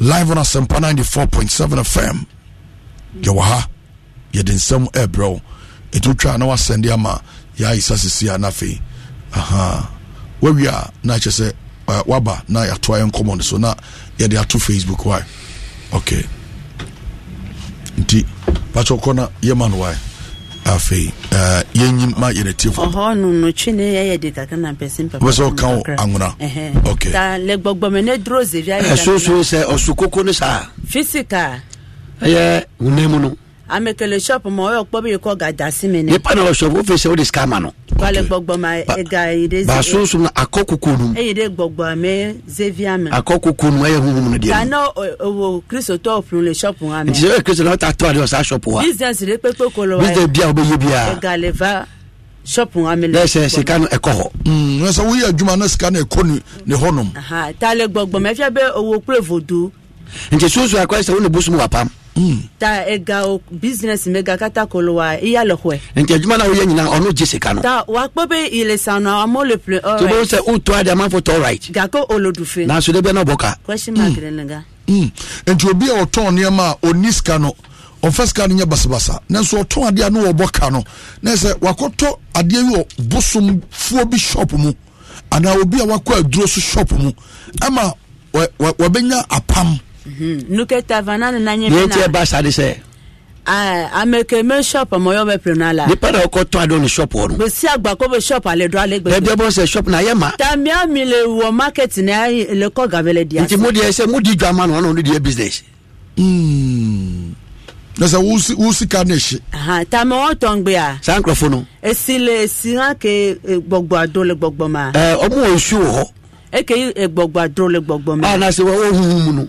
live on asɛmpa 94.7 fm yɛwɔ ha yɛde nsɛm ɛbrɛ wo ɛti wotwa na woasɛnde ama yɛayisa sisi a na afei aha wawie a na kyerɛ sɛ waba na yɛatoa yɛ nkɔmmɔ no so na yɛde ato facebook wae okay nti pakyɛ kɔ na yɛma no wae afei uh, yɛnyim ma yɛne tiefowobɛ sɛ ɔka wo anwonaɛsoso sɛ ɔsokoko no saa ɛyɛ wona no amekele shop ma ɔyɛ ɔkpɔ bi yɛkɔ gadase me ne nipa na ɔshop wofei sɛ wode sika ma no wale gbɔgbɔ ma ega yi de zevi ba sunsun na akɔ koko nu eye de gbɔgbɔ mɛ zevia mɛ akɔ koko nu eye huhun ne deɛ kana owo kristotɔ fun le shop wa mɛ nti sɛ kristo n'aw ta tɔ a de ɔsa shop wa business de pepe kolo wa business bia o bɛ ye bia ega le va shop wa mɛ le ɛsɛ sika no ɛkɔ hɔ ɛsɛ wo adwuma na sika ne ne hɔ nom ta le gbɔgbɔ mɛ e fia bɛ owo kure vodu nti sunsun akɔ ɛsɛ wo ne wa pam ta ɛga e o business mega ga kata kolo wa i e y'a lɔ kɔɛ. nti juma na o ye ɲinan ɔno ji se kan ta wa kpɔ bɛ yɛlɛ san na a m'o le pile. to sɛ u tɔ a di a m'a fɔ tɔ right. nka ko olodufe. n'a sɔrɔ e bɛ n'a bɔ kan. question mark de mm. ne ka. Mm. nti obi a ɔtɔn nneɛma o ni sika no ɔfa sika no nyɛ basabasa nanso ɔtɔn adeɛ a no wɔbɔ ka no na sɛ wakɔtɔ adeɛ yi wɔ bosomfoɔ bi shop mu anaa obi a wakɔ aduro so shop mu ama wɔbɛnya apam nuketa vana nana nye bena n'e tɛ ba sa de sɛ. amekeme shop mɔyɔ bɛ pere n'ala. nipa dɔ kɔ tɔn a dɔn ni shop wɔɔrɔ. bɛsi agbako bɛ shop ale dɔn ale gbɛ. bɛɛ bɔ sɛ shop na a ma. tamiya mi le wɔ market na le kɔ gabele di. nti mu di ɛsɛ mu di jɔ a ma nɔ ɔnɔ olu de ye business. nɛsɛ w'u sika ne si. tami wɔn euh, tɔn gbe a. san kura funu. esi le esi hã ke gbɔgbɔ ado le gbɔgbɔ ma. ɛɛ ɔmu wo su wɔ. eke yi gbɔgbɔ ado le ma. a na se wa o hun hun munu.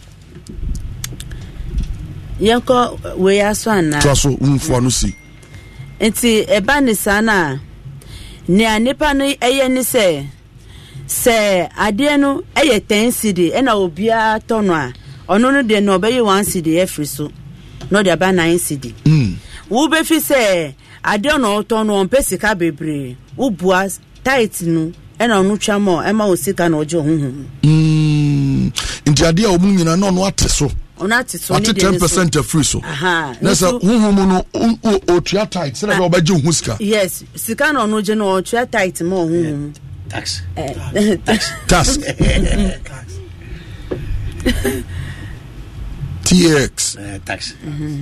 yɛnkɔ wei aso anaa toa so womfoa no si nti ɛba ne saa no a nea nnipa no ɛyɛ ne sɛ sɛ adeɛ no ɛyɛ ten cd ɛna obiara tɔ no a ɔno no deɛ no ɔbɛyɛ one cd afiri so na ɔde aba si cd hmm. wobɛfi sɛ adeɛ na ɔtɔ no ɔmpɛ sika bebree wobua tight no ɛna ɔno twa ma ɛma wɔ sika na ɔgye ɔhohom hmm. nti adeɛ a ɔmu nyina na ɔno ate so ɔno atete ate ten percent afiri so na sɛ honhom no ɔtua tight sɛdɛ bɛ ɔbɛgye ho sika yes sika na ɔno gye no ɔtua tight ma ɔhohom eh, tax eh. tax tx tax eh, mm-hmm.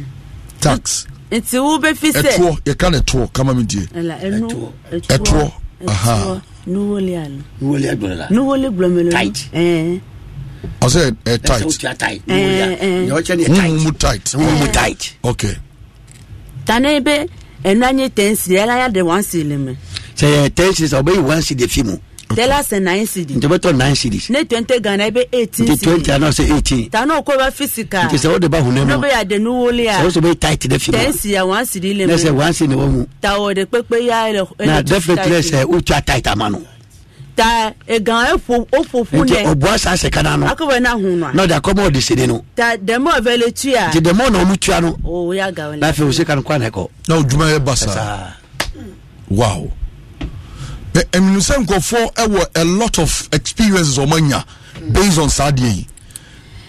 tax nti wobɛfi sɛ ɛtoɔ yɛka no ɛtoɔ kama me die ɛtoɔ aha nuwole alo nuwole gbɔmelo tight ɔsɛ ɛ tightmu tightmu tight okay tane bɛ ɛnu anyi tɛnsi ɛla ya de one cd mi. sɛ tɛnsi sɛ one cd fi mu. tẹ́lá sẹ̀ nine cd. n tẹ́ nine cd. ne twenty ghana i bɛ eighteen cd. n tɛ twenty anaa sɛ eighteen. tanu ko bɛ fisika. n o de b'a hun n'o be ade de nu wuli ya. sɛ o tight de fi ma. tɛnsi ya one cd le mi. ne sɛ one cd ne bɔ mu. tawɔ de kpekpe ya yɛlɛ. na definitely sɛ o tight a ta egan efo ofofu nɛ. nti ɔbua san seka no. akɔbɔ na hun na. n'ɔdi akɔmɔ ɔdi sede no. ta dɛmɔ vɛlɛ tuya. nti dɛmɔ na ɔmu tuya no. o y'a gawo la. n'afɛ o se ka no kɔ anɛ kɔ. juma yɛ basa wow ɛminisɛn nkɔfɔ ɛwɔ a lot of experiences ɔmɔ based on saa deɛ yi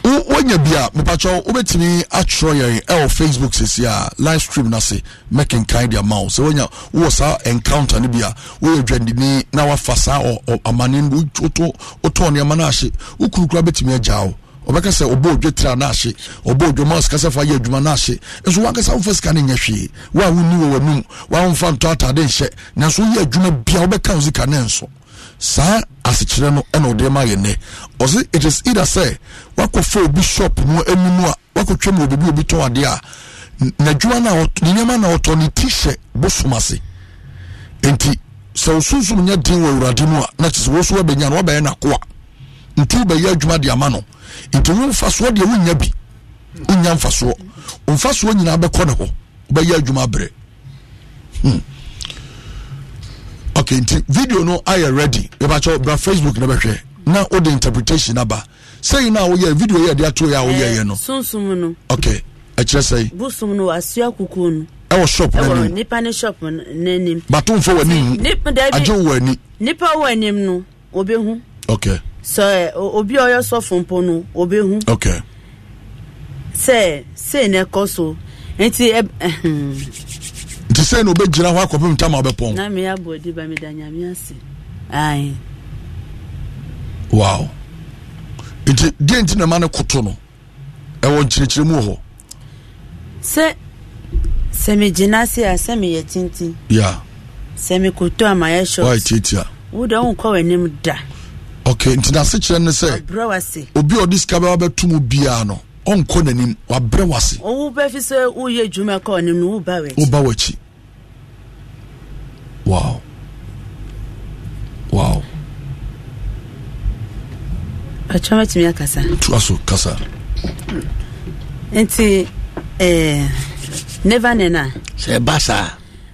wonya bi a mepakyɛw wobɛtumi atwerɛ yɛn ɛwɔ facebook sesi a live stream no ase mɛkenkan de ama wo sɛ wonya wowɔ saa encounter no bi a woyɛ dwandini na wafa saa amane no wotɔ nneɛma no ahye wo kurukura bɛtumi agyaa wo ɔbɛka sɛ ɔbɔ odwe tira no ahye ɔbɔ odwe ma sika sɛ fa yɛ adwuma no ahye nso wankasa wofa sika no nyɛ hwee wo a wonni wɔ w'anum woa womfa ntɔ atade nhyɛ nanso woyɛ adwuma bia wobɛka wo sika no nso saa asekyerɛ no ɛna ɔde ma yɛ it is either sɛ obi shop mu a wakɔtwa mu obibi obi tɔn adeɛ a n'adwuma na ɔtɔ ne nneɛma na ɔtɔ ne ti hyɛ bosom ase nti sɛ osunsun nyɛ den wɔ awurade mu a na sɛ no wabɛyɛ n'akoa nti adwuma de ama okay nti video no ayɛ ready yɛbakyɛ bra facebook na bɛhwɛ na wode interpretation aba sɛyi no a woyɛ video yɛ de ato yɛ a woyɛyɛ eh, no sonsom no okay ɛkyerɛ sɛi bosom no asua kukuo no ɛwɔ shop no anim nipa ne shop n'anim batomfo wɔ anim agye wɔ ani nipa wɔ anim no obɛhu okay sɛ obi a ɔyɛ sɔfo mpo no obɛhu okay sɛ sei na ɛkɔ so nti nti sɛ na obɛgyina hɔ akɔpem tam a wobɛpɔn na meyɛ abɔdi ba meda nyame ase ae wow nti deɛ nti na ma no koto no ɛwɔ nkyerɛkyerɛ mu wɔ hɔ sɛ sɛ megyina ase a sɛ meyɛ tintin ya sɛ mekoto a mayɛ shɔtiatia wode wonkɔ w'anim da ok nti na asekyerɛ ne sɛ obi a ɔde sika bɛwa bɛto mu biara no ɔnkɔ n'anim wabrɛ wase ɔwo bɛfi sɛ woyɛ adwuma kɔ ɔnim no woba w'akyi woba w'akyi Wow. Wow. Ɔtwa bɛtumi akasa. Toa so kasa. Nti ɛɛ neva nena. Sɛ ba saa.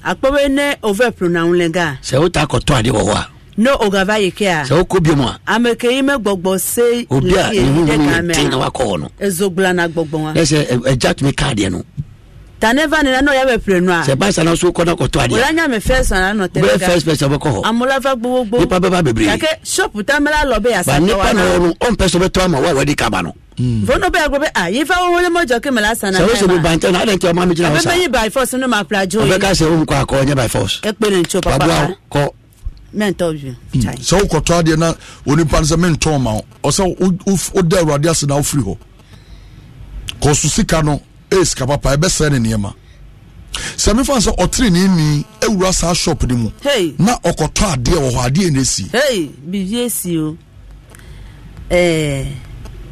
Akpɔbɛ ne ova pronaunlɛnga. Sɛ o ta kɔtɔ adi wɔ hɔ a. ne no, ogava yi kea sɛ wokɔ bio mu a ameke yi mɛgbɔgbɔ se obi a ɛhuhu ten na wakɔ hɔ no ɛzogbla na gbɔgbɔ wa ɛ sɛ ɛgya tumi kaa deɛ no taneva nina n'o y'a mɛ pere nua. sɛba sanna so kɔnɔ kɔtɔ adi. wòlá ɲàmɛ fɛn sanna nɔ tɛlɛ kan. bɛɛ fɛn fɛn sɛbɛ kɔ. amulafa gbogbogbo. nipa bɛɛ b'a bebere. kakɛ sɔpu tanbɛla lɔ bɛ yan sa. ba nipa nɔ yɔrɔ ɔn pɛ sɔbɛ tɔ ma wa wɛdi kaba nɔ. fono bɛ agobe a yi fa wolo mo jɔ kemela sanna fɛn ma. sɛwosobo bantɛ na ale tɛ ɔmɔ mi jira o sa. a bɛ bɛ yi by force n'o ma fila jo ye. a bɛ ka force. ɛ e kpele nco papa kɔ. sɛ wokɔtɔ adeɛ na onipa no sɛ mentɔn ma ɔsɛ wodɛ awurade na wofiri hɔ kɔ ɛyɛ sika papa ɛbɛsɛ ne nneɛma sɛ mefa sɛ ɔtere ne ni awura saa shop no mu na ɔkɔtɔ adeɛ wɔ hɔ adeɛ na ɛsi biribia si o ɔtere eh,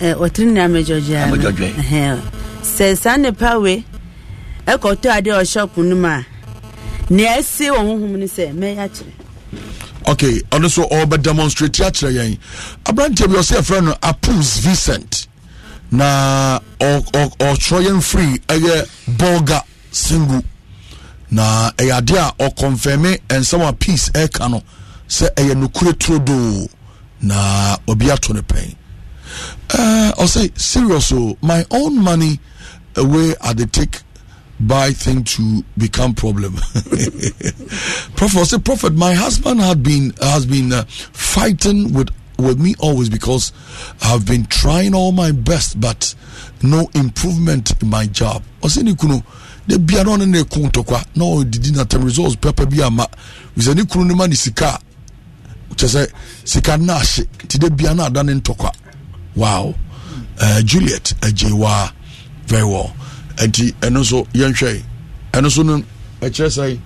eh, ne amegyɔgyaa sɛ saa nnipa we ɛkɔtɔ adeɛ wɔ shop no mu a nea ɛsi wɔ honhom no sɛ mɛyɛ akyerɛ okay ɔno so ɔbɛdemonstrate akyerɛ yɛn aberanteɛ bi ɔsɛ ɛfrɛ no apus vicent na ɔtwerɛ yɛn firi ɛyɛ bolga single na ɛyɛ adeɛ a ɔkɔnfɛme nsɛm a peace ɛka no se ɛyɛ nokure turodoo na obi ato ne pɛn ɔsɛ uh, serious o my own money away at the take buy thing to become problem prophet say prophet my husband had been has been uh, fighting with with me always because I've been trying all my best, but no improvement in my job. Ɔsɛ kunu de bia na ɔne ne kun tɔkwa na didi, na tam results pɛpɛ bi ama ɔsɛ ne kunu ne ma ne sika kyɛ sɛ sika na ahye nti de bia na ada ne ntɔkwa wow uh, Juliet agyewa uh, very well nti ɛno nso yɛnhwɛ ɛno nso no ɛkyerɛ sɛ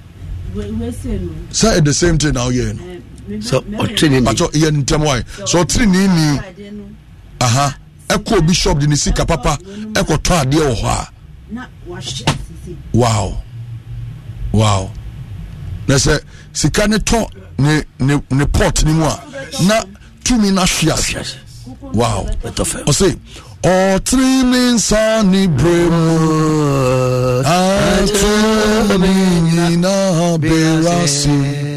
say the same thing now woyɛ no um, sɛ ɔtiri ni yɛ ntɛm wa sɛ ɔtiri ni ni aha ɛkɔ bishop shop de ne sika papa ɛkɔ tɔ adeɛ wɔ hɔ a wow wow na sɛ sika ne tɔ ne ne ne pot ne mu a na tumi na hwi ase wow ɔse ɔtiri ne nsa ne bere mu atiri ne nyinaa bere ase.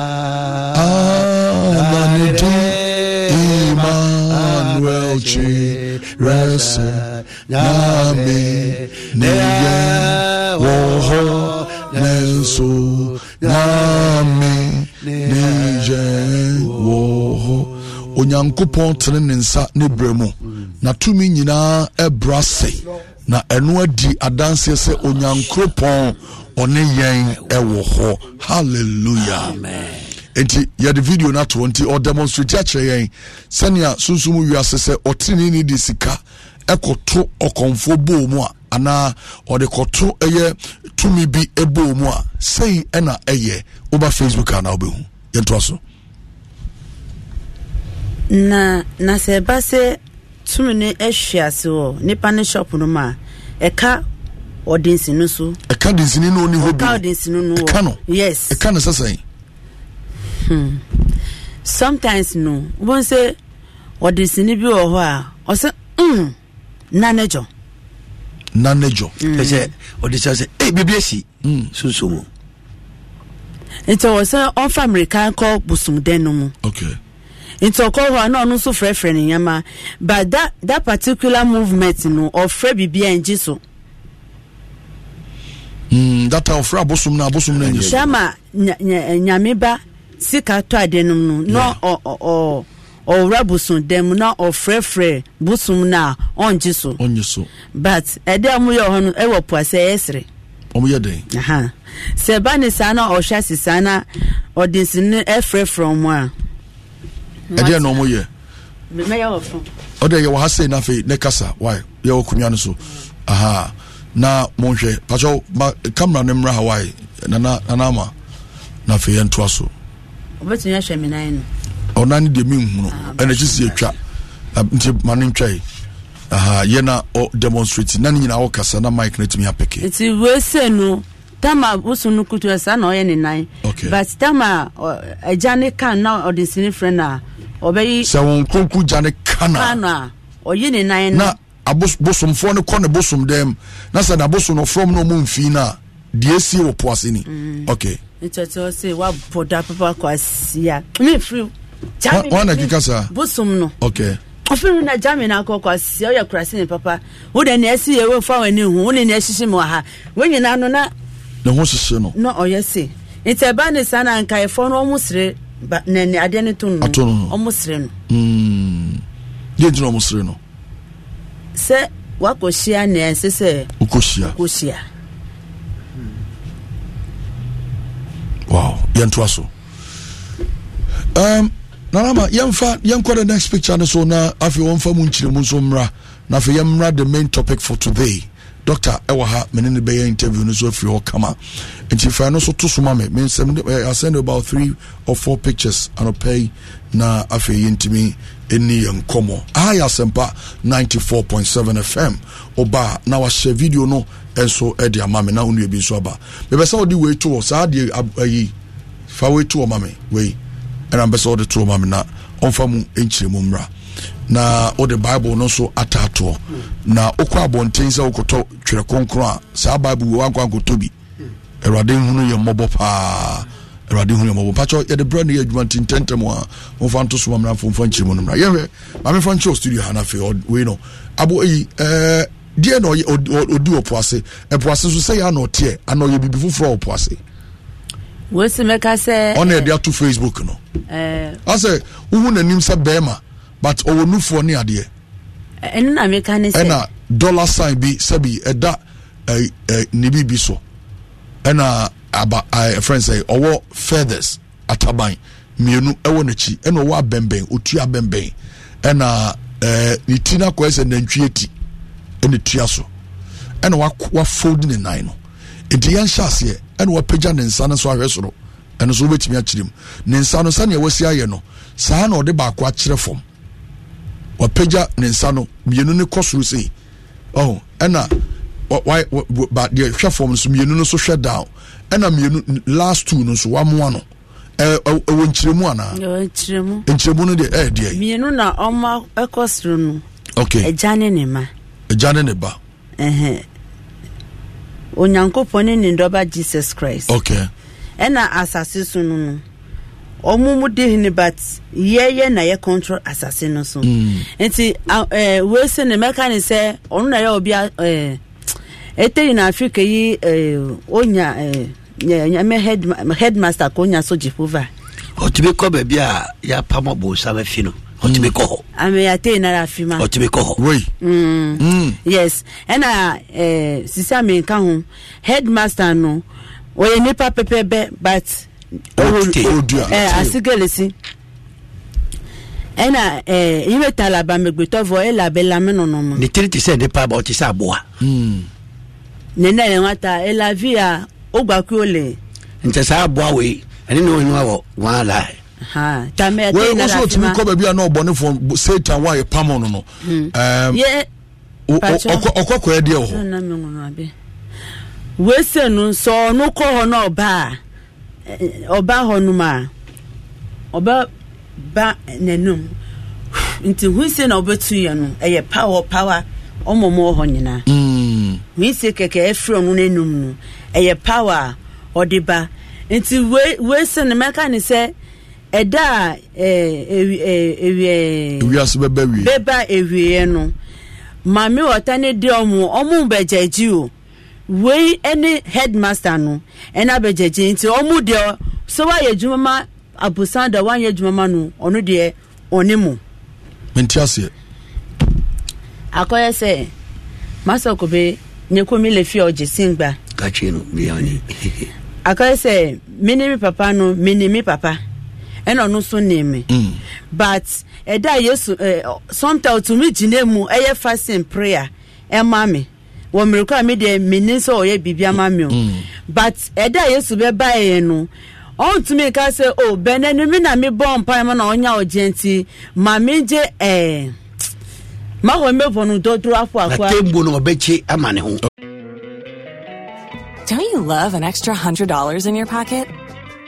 amanidun Emmanuel kyerɛsɛ nyame ne yɛ wɔ hɔ ne nso nyame ne yɛ wɔ hɔ onyankopɔn tene ne nsa ne berɛ mu na tumi nyinaa ɛbra se na ɛno adi adanseɛ sɛ onyankoropɔn ɔne yɛn ɛwɔ hɔ halleluya Amen. nti yɛde video no atoɔ nti ɔdemonstrate akyerɛ yɛn sɛnea sunsum wiase sɛ ɔtene ne de sika ɛkɔto ɔkɔmfoɔ boo mu a anaa ɔde kɔto ɛyɛ tumi bi ɛboo mu a sei ɛna ɛyɛ woba facebook anaa wobɛhu yɛntoa so na na sɛ ɛba sɛ tumi no ahwi ase wɔ nipa ne shop no mu a ɛka ɔdensini so ɛka densini no ɔni hɔ bi ɛka ɔdensini no wɔ ɛka no yes ɛka no sɛ sɛn Hmm. sometimes no wọn sɛ ɔde sini bi wɔ hɔ a ɔsɛ mm, nanejɔ. nanejɔ ɛsɛ ɔde sɛ sɛ ee bibi esi mm, soso wo. nti wɔ sɛ ɔfa mmirika kɔ bosomden no mu. Okay. nti ɔkɔ hɔ a na nso frɛfrɛ ne nneɛma but that that particular movement no ɔfrɛ bibi a ngye so. Mm, data ɔfrɛ abosom na abosom na ngye so. sɛma nyameba. nya, nya, sika tɔ ade no mu no na ɔ ɔwura bosom dan mu na ɔfrɛfrɛ bosom no ɔngye so ɔngye so but ɛdɛ a ya yɛ hɔ no ɛwɔ po ase ɛyɛ sere ɔmo yɛ dɛn sɛ ɛba ne saa na ɔhwɛ ase saa na ɔde nsi no ɛfrɛfrɛ ɔmo a na ɔmo yɛ mɛyɛ wɔ ha sei na afei ne kasa wae yɛwɔ konwa no so aha na ma camera no mmra hawaii nana nana ama so obetumi ahwɛ mi nan no. ɔnan deɛ mi nhunu ɛna ah, akyi si atwa nti ma ne ntwae yɛ na ɔ demonstrate na ne nyinaa ɔkasa na mic na tumi apɛke. nti wese no tama wosu no kutu ɛsa na ɔyɛ ne nan. okay but tama ɛgya ne kan na ɔde sini frɛ na ɔbɛyi. sɛ wɔn nkonko gya ne kan na. kan na ɔyɛ ne nan na. abosomfoɔ no kɔ ne bosom dɛm na sɛ na bosom no fɔm na ɔmo nfin na. deɛ esi wɔ poase ni. Mm. ok. ntɔtɔ ɔsè wa mi firi. wọn na kika sa. ok. ɔfiri na jami na akɔ kɔ asi ɔyɛ kurasi ni papa wo de nea esi yɛ wo nfa wɔn ni hu wo ne nea esisi mu ha wo nyinaa no na. ne ho sisi no. na ɔyɛ se nti ɛba ne sa na nkaeɛfoɔ no ɔmo sere ba na ne adeɛ ne to no. ato no ɔmo sere no. Mm. yéé ntina ɔmo sere no. sɛ wakɔ hyia nea sɛ sɛ. okɔ hyia okɔ hyia. wow yɛntoa so um, nanama yɛmfa yɛnkɔ the next picture no so na afei wɔmfa mu nkyerɛmu nso mmra na afei yɛmmra the main topic for today doctor ɛwɔ ha mene ne bɛyɛ interview no so afiri hɔ kama nti fa no so to soma me mensɛm asɛnd eh, about three or four pictures anɔpɛ na afei yɛntumi ɛni yɛ nkɔmmɔ aha yɛ asɛmpa 94.7 fm ɔbaa na wahyɛ video no nso de ama me na wonua bi nso aba mepɛ sɛ wode wei to saa deɛ ayi fa wei to wɔ ma me wei ɛna mpɛ sɛ wode ma me na ɔmfa mu nkyerɛ mu mmra na wode bible no nso ataatoɔ na wokɔ abɔnten sɛ wokɔtɔ twerɛ kronkron a saa bible wei wankɔ ankɔtɔ bi awurade hunu yɛ mmɔbɔ paa awurade hunu yɛ mmɔbɔ pakyɛ yɛde berɛ no yɛ adwuma ntintɛntɛm a momfa nto so ma mmra mfomfa nkyerɛ mu no mmra yɛhwɛ ma memfa nkyerɛ studio ha no afei wei eh, deɛ na ɔdi ɔpo ase ɛpo ase so sɛ yɛ ana ɔteɛ ana ɔyɛ biribi foforɔ ɔpo ase wosi mɛka sɛ ɔna ɛde ato facebook no eh. asɛ wohu n'anim sɛ bɛrima but ɔwɔ nufoɔ ne adeɛ ɛno eh, na meka ne sɛ ɛna dollar sign bi sɛbi ɛda eh, ne biribi so ɛna aba ɛfrɛ sɛ ɔwɔ feathers ataban mmienu ɛwɔ n'akyi ɛna ɔwɔ abɛnbɛn otu abɛnbɛn ɛna ɛɛ ne ti n'akɔyɛ sɛ nantwie ti ɛne tua so ɛna wafold ne nan no nti yɛnhyɛ aseɛ ɛna wapagya ne nsa no nso ahwɛ soro ɛno nso wobɛtumi akyerɛ mu ne nsa no sɛneɛ wasi ayɛ no saa na ɔde baako akyerɛ fam wapagya ne nsa no mmienu ne kɔ soro sei ɔho ɛna deɛ hwɛ fam nso mmienu no nso hwɛ down ɛna mmienu last two no nso wamoa no ɛwɔ nkyerɛmu anaa nkyerɛmu nkyerɛmu no deɛ ɛyɛ deɛ mmienu na ɔmo ɛkɔ soro no okay ɛgya ne ne ma agya ne ne ba onyankopɔn ne ne dɔba jesus christ okay. ɛna asase so no no ɔmo mu di hene but yɛyɛ na yɛ control asase no so mm. nti wei se ne mɛka ne sɛ ɔno na yɛ obi ɛtɛyi na africa yi onya nyame headmaster ka onya so jehova ɔtumi kɔ baabi a yɛapam ɔbonsam afi no ɔtumi mm. kɔ hɔ ameate nara afima ɔtumi kɔ hɔ wei mm. mm. yes ɛna eh, sisa menka ho headmaster no ɔyɛ nipa pɛpɛbɛ but eh, asigelesi ɛna yibe eh, ta laba megbetɔfɔ ela bɛ lami nɔnɔ ma. ne tiri ti sɛ nipa ba o ti sɛ a bɔ wa. Mm. nenɛ yɛn wa ta ela via o gba kuyo le. n tɛ sɛ a bɔ awo ye ani n'o ye ɲɔgɔn wɔ wɔn a la wọ́n tún mi kọ́ bẹ̀bí àná ọ̀bọ̀nìfọ̀ satan wáyé pamọ́ nù nù ọkọ kọ ẹ díẹ wọ. wese no sọ ọnu kọ họ na ọba ọba eh, họ nom a ọba ba n'anum nti wese na ọbẹtu yẹ no ɛyɛ power power ɔmo ɔmo wɔ hɔ nyinaa hmm. efiri ɔno n'anum no ɛyɛ power a ba nti wese no mɛka ne sɛ. ɛda a ewiase bɛba ewie bɛba ewieɛ no maame wɔta ne deɛ ɔmo ɔmo bɛgyɛgye o wei ɛne headmaster no ɛna bɛgyɛgye nti ɔmo deɛ sɛ wayɛ adwuma ma abosan da wanyɛ adwuma ma no ɔno deɛ ɔne mu. menti aseɛ. akɔyɛ sɛ masa kobe nye ko mi le fi ɔgye singba. kakyɛ no bi yanni. akɔyɛ sɛ mini mi papa no mini mi papa. ɛna ɔno nso ne me but ɛda yesu sometime ɔtumi gyina mu ɛyɛ eh, fasting prayer ɛma eh, me wɔ mmirika a medeɛ menni sɛ ɔyɛ biribi ama me o mm. but ɛda eh, yesu bɛbaeɛ no ɔntumi ka sɛ o bɛnɛ no me na mebɔ mpae ma na ɔnya ɔgye nti ma megye ɛɛ ma hɔ mbɛbɔ no dɔdoro afɔ akɔ na tembo no ɔbɛkye ama ne ho don't you love an extra hundred dollars in your pocket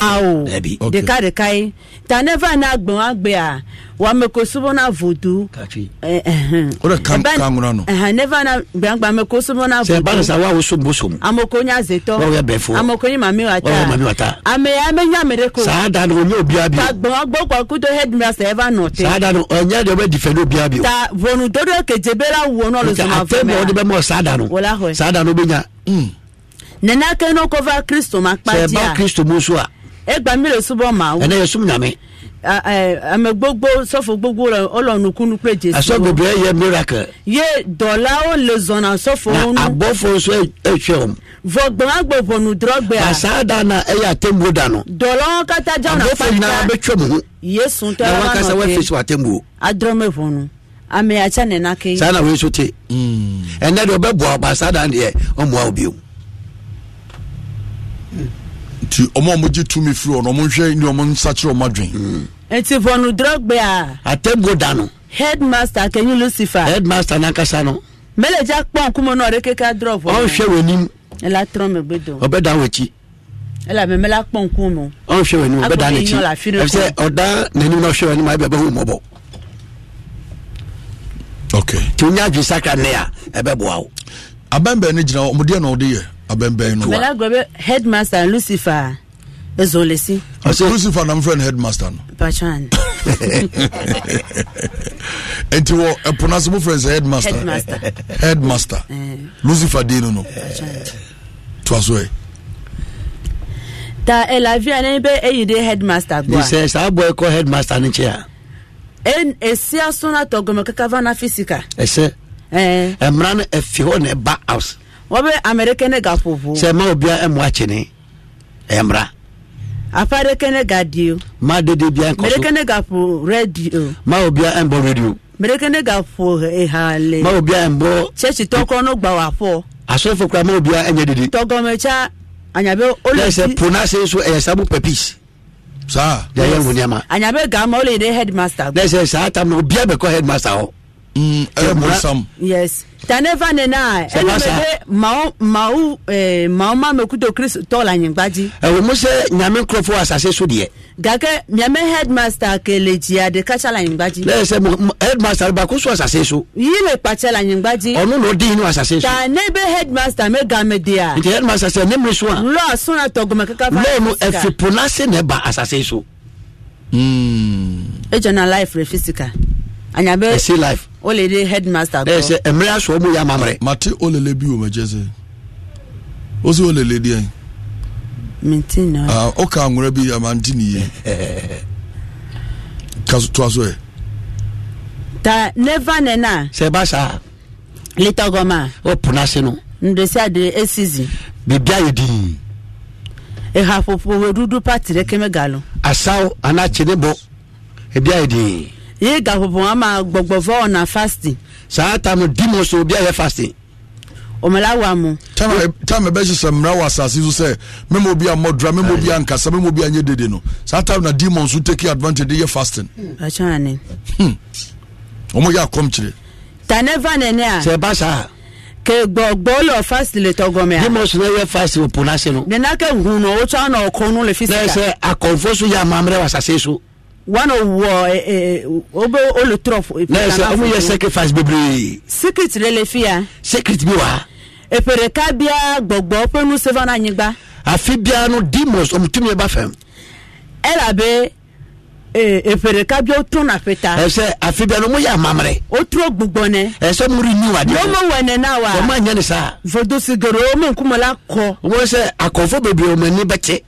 awo deka deka ye ta ne fa n'a gbɔn agbe gbɛ a wa mɛ ko subana vodu. o de kan kan kunna nɔ. ne fa n'a gbɛn gbɛn mɛ ko subana vodu. sɛ barisa wa woso bosom. amoko n y'a ze tɔ. bɛn fo. amoko n mami wa ta. wawu mami wa ta. ame ame n y'a mɛ de ko. saa da nɔgɔ n y'o biya bi. ka gbɔn gbɔ kɔ kuto headmaster eva nɔ tɛ. saa da nɔgɔ ɛ n y'a de bɛ difɛn n'o biya bi. ta vonu dodo keje bɛ la wɔ n'olu sɔn ma fɛn mɛ. a tɛ mɔgɔ de bɛ mɔgɔ saa da nɔ. wala kɔni. saa da nɔ bɛ ɲa. nana kɛ n'o kɔfɛ kristu ma kpa diya. sɛ ba kristu musu wa egba mmiri esubọ ma awụ. ɛnna yasum nyame. ame gbogbo sɔfo gbogbo la ɔlɔ nukunu kple jesu. asɔ bebree yɛ miracle. ye dɔlawo le zɔna sɔfo. na abɔfo nso etwe e wɔm. vɔgbɔnagbɔ ʋɔnudrɔgbɛ. asa da na eya tembo da no. dɔlawo kata jɔn na farika. abɔfo nyinaa bɛ twɛ mu ho. yesu tɛ ɛwà nɔfɛ. na wakasa wɛfɛ sɔ atembo. adrɔmɛ ʋɔnu ame nena ke. saa na wei so te. ɛnɛ hmm. de ɔbɛ bɔ aba saa da deɛ ɔmɔ awo bio. Mm nti ɔmo a ɔmogye tumi firi ɔno ɔmo nhwɛ ne ɔmo nsa kyerɛ ɔmo adwen. nti fɔnu drɔgbe a. atɛbo da no. headmaster akanyi lucifer. headmaster n'ankasa no. mẹlẹjà kpọ nkumu náà ọdẹ kékeré drop. ɔnhwɛ wɔ anim. ɛla trɔm ɛgbɛ dɔn. ɔbɛ da wɔ akyi. ɛla mɛmɛla kpɔ nkumu. ɔnhwɛ wɔ anim ɔbɛ da n'akyi ɛfisɛ ɔda n'anim na ɔhwɛ wɔ anim ayɛbɛ bɛhu mɔbɔ. ok. tí o nyɛ adwi sakra ne abɛnbɛn no wa belagro bɛ headmaster lucifer ezolesi. ɔsɛ lucifer na n fɛ ni headmaster no. patron. nti wɔ ɛponase mo fɛ sɛ headmaster headmaster, headmaster. Eh. lucifer den no no to a so yɛ. ta ɛlaviya ne bɛ eyi de headmaster gbɔ a. nisɛn saa bɔ ekɔ headmaster ni kyea. esi asunatɔ gɔmɔ kakava na fisika. ɛsɛ eh. ɛmira ni efi hɔ na ɛba house wɔbɛ amerika ne ga ƒoƒo. sɛ ma obia ɛmu akyini ɛmra. afa amerika ne ga dio. ma dede bia nkɔso. amerika ne ga ƒo rɛdio. ma obia ɛnbɔ rɛdio. amerika ne ga ƒo ehale. ma obia ɛnbɔ. chɛchi tɔkɔ no gba wa fɔ. asɔfo kura ma obia ɛnyɛ dede. tɔgɔmɛkya anyabe olu ti. ɛsɛ so ɛyɛ eh, sabu pɛpis. saa. yɛ yɛ wuli a ma. anyabe gama olu ye headmaster. ɛsɛ eh, saa tam na obia bɛ kɔ headmaster hɔ. Mm, eh, ɛbusam. yes taneva nena ɛnumede maaw maaw ɛɛ eh, maaw maa mi kuto kristu tɔ la yin gbaji. ɛwɔ eh, musa asase so deɛ. gake ɲame headmaster kelejiya de kasa la ne yɛrɛ sɛ headmaster ba so asase so. yi le kpatsɛ la yin gbaji. ɔnu n'o asase so. ta ne headmaster mi game de ya. nti headmaster sɛ ne mi sun a. lɔ sunna tɔgɔmɛ kaka fa. lɔɔnu efipunase ne ba asase so. Mm. e life re physical anyabe ɛsi life olede headmaster kɔ ɛsɛ ɛmɛrɛ asɔ ɔmu yɛ amamrɛ. mate olele bi o ma jɛ sɛ o si olele di yan. minti na. aa ah, o ka anwura bi a ma n ti nin ye kaso to aso yɛ. E. ta neva nena. sɛba sa. litɔgɔma. o puna sinu. ndosi adi esizi. bibi a ye dii. eha popo wedudu pati rɛ kɛmɛ galo. asaw an'a tsi bɔ ebi a ye dii yìí ga pọpọ ama gbọgbọfọ ọna fasting. saa tam dimos obi a yɛ fasting. ɔmɛlawa mu. tam ɛbɛ hyehyɛ mmara wɔ asase so sɛ mɛmɛ obi a mɔdura mɛmɛ obi a nkasa mɛmɛ obi a nyɛ dede no saa tam na demons so take advantage de yɛ fasting. ɛkyɛnni. Hmm, wɔn hmm. yɛ akɔmkyerɛ. taneva nene a. sɛ ɛba saa. ke gbɔgbɔ le fasi le tɔgɔmɛ. demons na yɛ fasi o ponase no. nena ke na o tɔ na ɔkɔnu le fisika. n'ɛsɛ akɔnfɔ so yɛ amamrɛ wɔ asase so wọn wɔ ɛɛ o bɛ olu tɔrɔ fo. n'a yɛ sacrifice bebree. secret de le fi ya. secret bi wa. epereka bia gbɔgbɔ penu sefa na anyigba. afi bia no demons ɔmu tumi ba fɛm. ɛla be ee epereka bia o tún na peta. ɛsɛ afi bia no mo yɛ amamirɛ. o tún ɛsɛ mo ri ni wa de. n'o na wa. o ma ɲɛ nin sa. vodosigoro o mo nkumola kɔ. o mo sɛ akɔfo bebree o ma ni bɛ tiɲɛ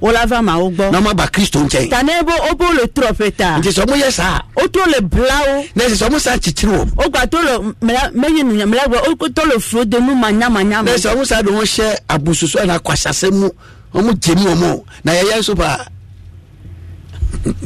wolafa ma wo gbɔ. n'aw ma ba kristo nkyɛn. tani bo o b'o le trɔpeta. nti sɔmu yɛ sa. o t'o le bila o. ne ti sɔmu sa titiri o. o gba t'o le mɛlɛ mɛyi nuya mɛlɛ gbɔ o t'o le furo denu ma ɲama ɲama. ne sɔmu sa don sɛ abususu ɛna kwasase mu ɔmu jɛmi ɔmu na yɛ yɛn so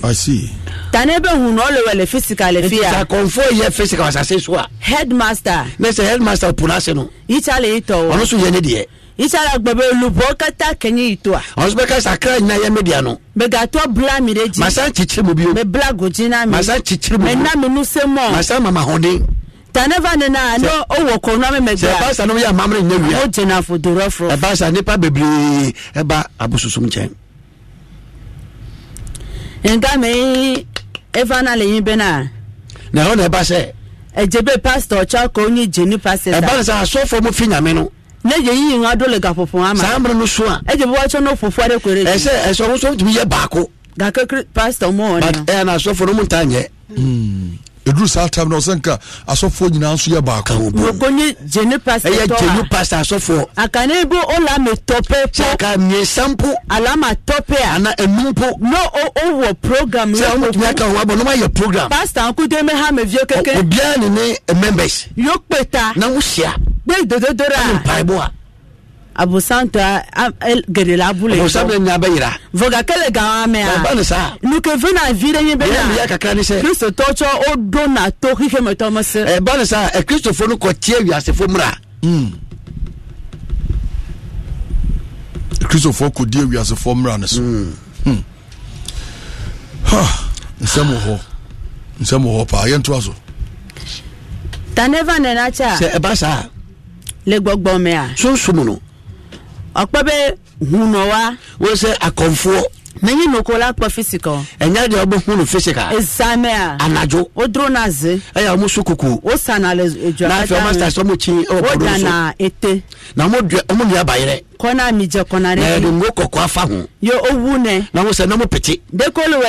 ɔsi. tani bɛ hun n'o le wɛlɛ fisika le fi ya. sakɔnfo yɛ fisika wasase so a. headmaster. ne sɛ headmaster o punna senu. i ca le i tɔ o. ɔno sun yɛ ne de yɛ isara gbɛbɛ lubɔ kata kɛnyɛ ito a. ɔn bɛ ka sakira ɲinan ye media no. mɛ ka tɔ bila mi de jɛ. masa ciciri mu bi o. mɛ bila gojina mi. masa ciciri mu bi o. mɛ na mi nusɛmɔ. masa mama hɔnden. taneva nina ne owó kɔnɔ mi mɛ gbà. sɛ baasa n'o y'a mamuru ɲɛ wuya. o jɛnna fotoro fɔlɔ. ɛ baasa nipa bebree ɛ ba a bɛ susu cɛ. nka mɛ efana le yin bɛ na. na yɔrɔ ɛ ba e pastor ɔtsɔ ko n ye jeni pastor. ɛ e ba sɛ asɔfo mo fi ɲami no ne yɛ yiyi ŋa do le gaƒoƒo ama saa mmerɛ no so a egye bi wɔatsɔ no fofoa de kore ɛsɛ ɛsɛ ɔmo so tumi yɛ baako gakekere pastor mo wɔn eh, no ɛna asɔfo no mo ntaa nyɛ. Hmm ɛduru saa time na ɔsɛ nka asɔfoɔ nyinaa nso yɛ baakoɛyɛ gyenu pastor asɔfoɔ akane bi ola me tɔpɛ po ka mmiɛnsa mpo alama tɔpɛ a ana ɛnu mpo na ɔwɔ program sɛ ɔmotumi aka ho abɔ na mayɛ program pastor ankude me ha mevio keke obiara ne ne members yokpeta na wohyia gbɛ dododora ne mpaebɔ a abosanto gɛnɛla abule yɔ abosanto nya bɛ yira vɔgakɛlɛ gawa mɛ a bani sa nukevi na vi de bɛ na yɛrɛ kakra ni sɛ kristu tɔtsɔ o don na to hiheme tɔmɔ se. ɛ eh, bani sa ɛ eh, kristu fo ni kɔ tiɛ wiase fo mura. Hmm. kristu fo ko die wiase fo mura ni so. nsɛm wɔ hɔ nsɛm wɔ hɔ paa yɛn to a so. taneva nana ca. sɛ ɛ ba sa. le gbɔgbɔ mɛ a. sunsun mun no ɔkpɔ bɛ hun nɔ wa. wọ́n sẹ́ akɔnfọ́. mɛnyi noko la kpɔ fisika. ɛnyɛ de ɔbɛ hun no fisika. ezame a. anadzo. o duro na ze. ɛyà ɔmu su kuku. o sanna le jɔ ɛdá mi. n'afɛ ɔmu sase ɔmu tsi ɔmu kɔdu nso. o dana ete. na ɔmu dua ɔmu nua ba yɛrɛ. kɔna mi jɛ kɔna de. ɛɛ ngo kɔkɔ afa ho. yo o wu nɛ. n'amu sɛ n'amu pete. dekolo wa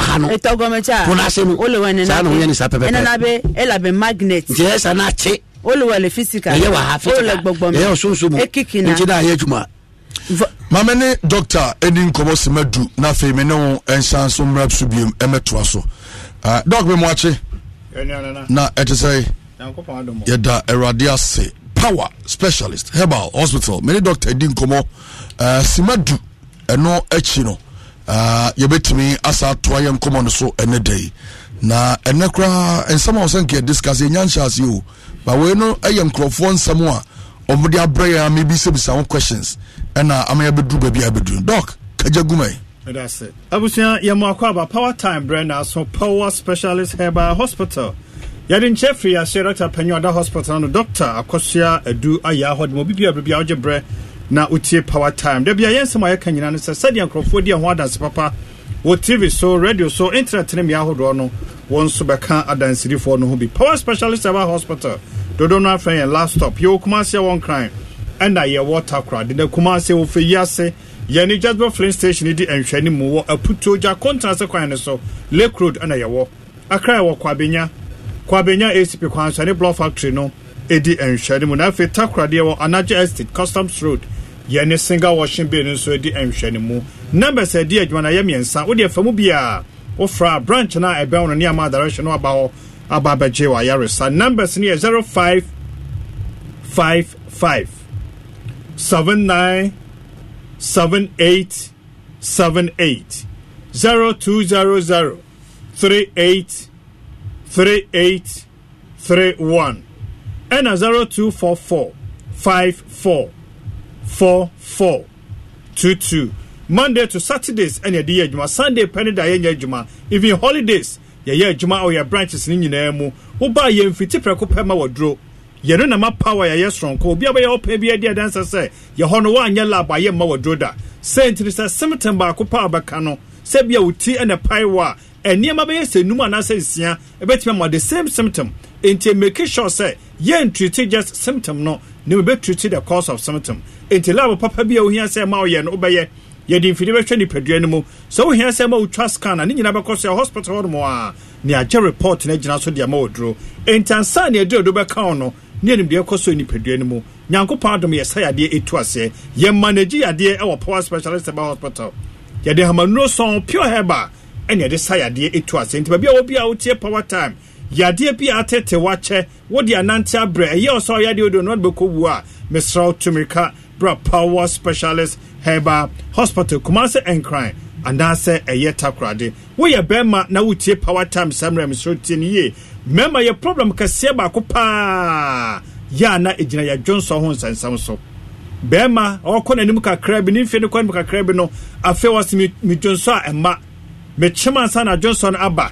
ha no. etɔgɔmɛtsa. kunase nu. o le wɛ nena be. sa nana ye nin sa magnet. nti ɛsa olùwẹ̀lẹ̀ fisika, ẹ̀yẹ wà á físíkà olùwẹ̀ gbọ̀gbọ̀mù ẹ̀yẹ ọ̀ṣunṣun mu ekikina ntina ayé juma. maame ne dɔkta ɛni nkɔmɔ sima du n'afɛ mi ne ho nsa nso mmira so biem ɛmɛtoa so dɔk mi mu akyi na ɛte sɛ yɛda awurade ase power specialist herbal hospital mene dɔkta ɛdi nkɔmɔ sima du ɛno akyi no yɛbɛtumi asa atoa yɛ nkɔmɔ no so ɛne da yi na ɛnɛ koraa nsɛm a wɔsɛ nkeɛ discuss ɛnya nhyɛ o ba wei no ɛyɛ nkurɔfoɔ nsɛm a ɔmode abrɛ yɛ a mebisabisa ho questions ɛna ama yɛbɛduru baabi a yɛbɛduru dɔk kagya gu mai abusua yɛmu akɔ aba power time brɛ na so power specialist herbal hospital yɛde nkyɛ firi ahyɛ dr panyi ɔda hospital no doctor akɔsoa edu ayɛ hɔ de ma obi bia berɛ bia wogye berɛ na wotie power time da bia yɛnsɛm a yɛka nyina no sɛ sɛdeɛ nkurɔfoɔ di ɛho adanse papa wɔ tv so radio so internet ne mmea ahodoɔ no wɔn nso bɛka adansirifoɔ no ho bi power specialist aba hospital dodo no afɛn yɛn last stop yɛwɔ kumase wɔn kran ɛna yɛwɔ takora deda kumase wɔ fɛ yi ase yɛne jasper filling station di nhwɛni mu wɔ aputuo gya kɔntanase kwan ne so lake road ɛna yɛwɔ akra yɛwɔ kwabenya kwabenya acp kwansane block factory no ɛdi nhwɛni mu na afei takora deɛ wɔ anagye estate customs road yɛne single washing bay no nso ɛdi nhwɛni mu numbers ɛdi adwuma na ɛyɛ mmiɛnsa wodeɛ fa mu bi a wofra branch no a ɛbɛn no ne ama direction no aba hɔ aba abɛgye wɔ ayaresa numbers no yɛ 0555 79 78 78 0200 38 38 31 ɛna 0244 54 44 22 monday to saturdays ɛna yɛde yɛ adwuma sunday pɛ ne da adwuma even holidays yɛyɛ adwuma a ɔyɛ branches ne nyinaa mu wobaa yɛn mfiti prɛko pɛ ma wɔduro yɛno nama power yɛyɛ soronko obi a bɛyɛ ɔpɛ bi adi adansa sɛ yɛhɔ no woanyɛ lab ayɛ ma wɔduro da sɛntiri sɛ semtem baako pa a bɛka no sɛ bia wo ti ɛna pae wɔ a nneɛma bɛyɛ sɛ num anaasɛ nsia ɛbɛtumi ama the same symptom nti make sure sɛ yɛn treat just symptom no na mebɛtreat the cause of symptom nti lab papa bi a wohia sɛ ma woyɛ no wobɛyɛ yɛde mfiri bɛhwɛ nipadua no mu sɛ wohia sɛ ma wotwa scan a ne nyinaa bɛkɔ so a hospital hɔ nom a ne agye report no agyina so de ama wɔduro enti ansa ne adurodo bɛka wo no ne animdeɛ kɔ so nipadua no mu nyankopɔn adom yɛsa yadeɛ ɛtu aseɛ yɛma n'agyi yadeɛ ɛwɔ power specialist ba hospital yɛde hamanuro sɔn pure herba ɛne yɛde sa yadeɛ ɛtu aseɛ nti baabi a wɔ a wotie power time yadeɛ bi a atete wakyɛ wode anante abrɛ ɛyɛ ɔsɛ ɔyɛ adeɛ wode no wode bɛkɔwu a mesrɛ wo tumi bra power specialist herba hospital kumase nkran anaasɛ ɛyɛ takoradi woyɛ bɛrima na wotie power time samra mesoro tie no yie mmarima yɛ problem kɛseɛ baako paa yɛ a na ɛgyina yɛdwonsɔ ho nsɛnsɛm so bɛrima ɔkɔ n'anim kakra bi ne mfie no kɔ anim kakra bi no afei wɔse medwonsɔ a ɛma mekyema ansa na adwonsɔ no aba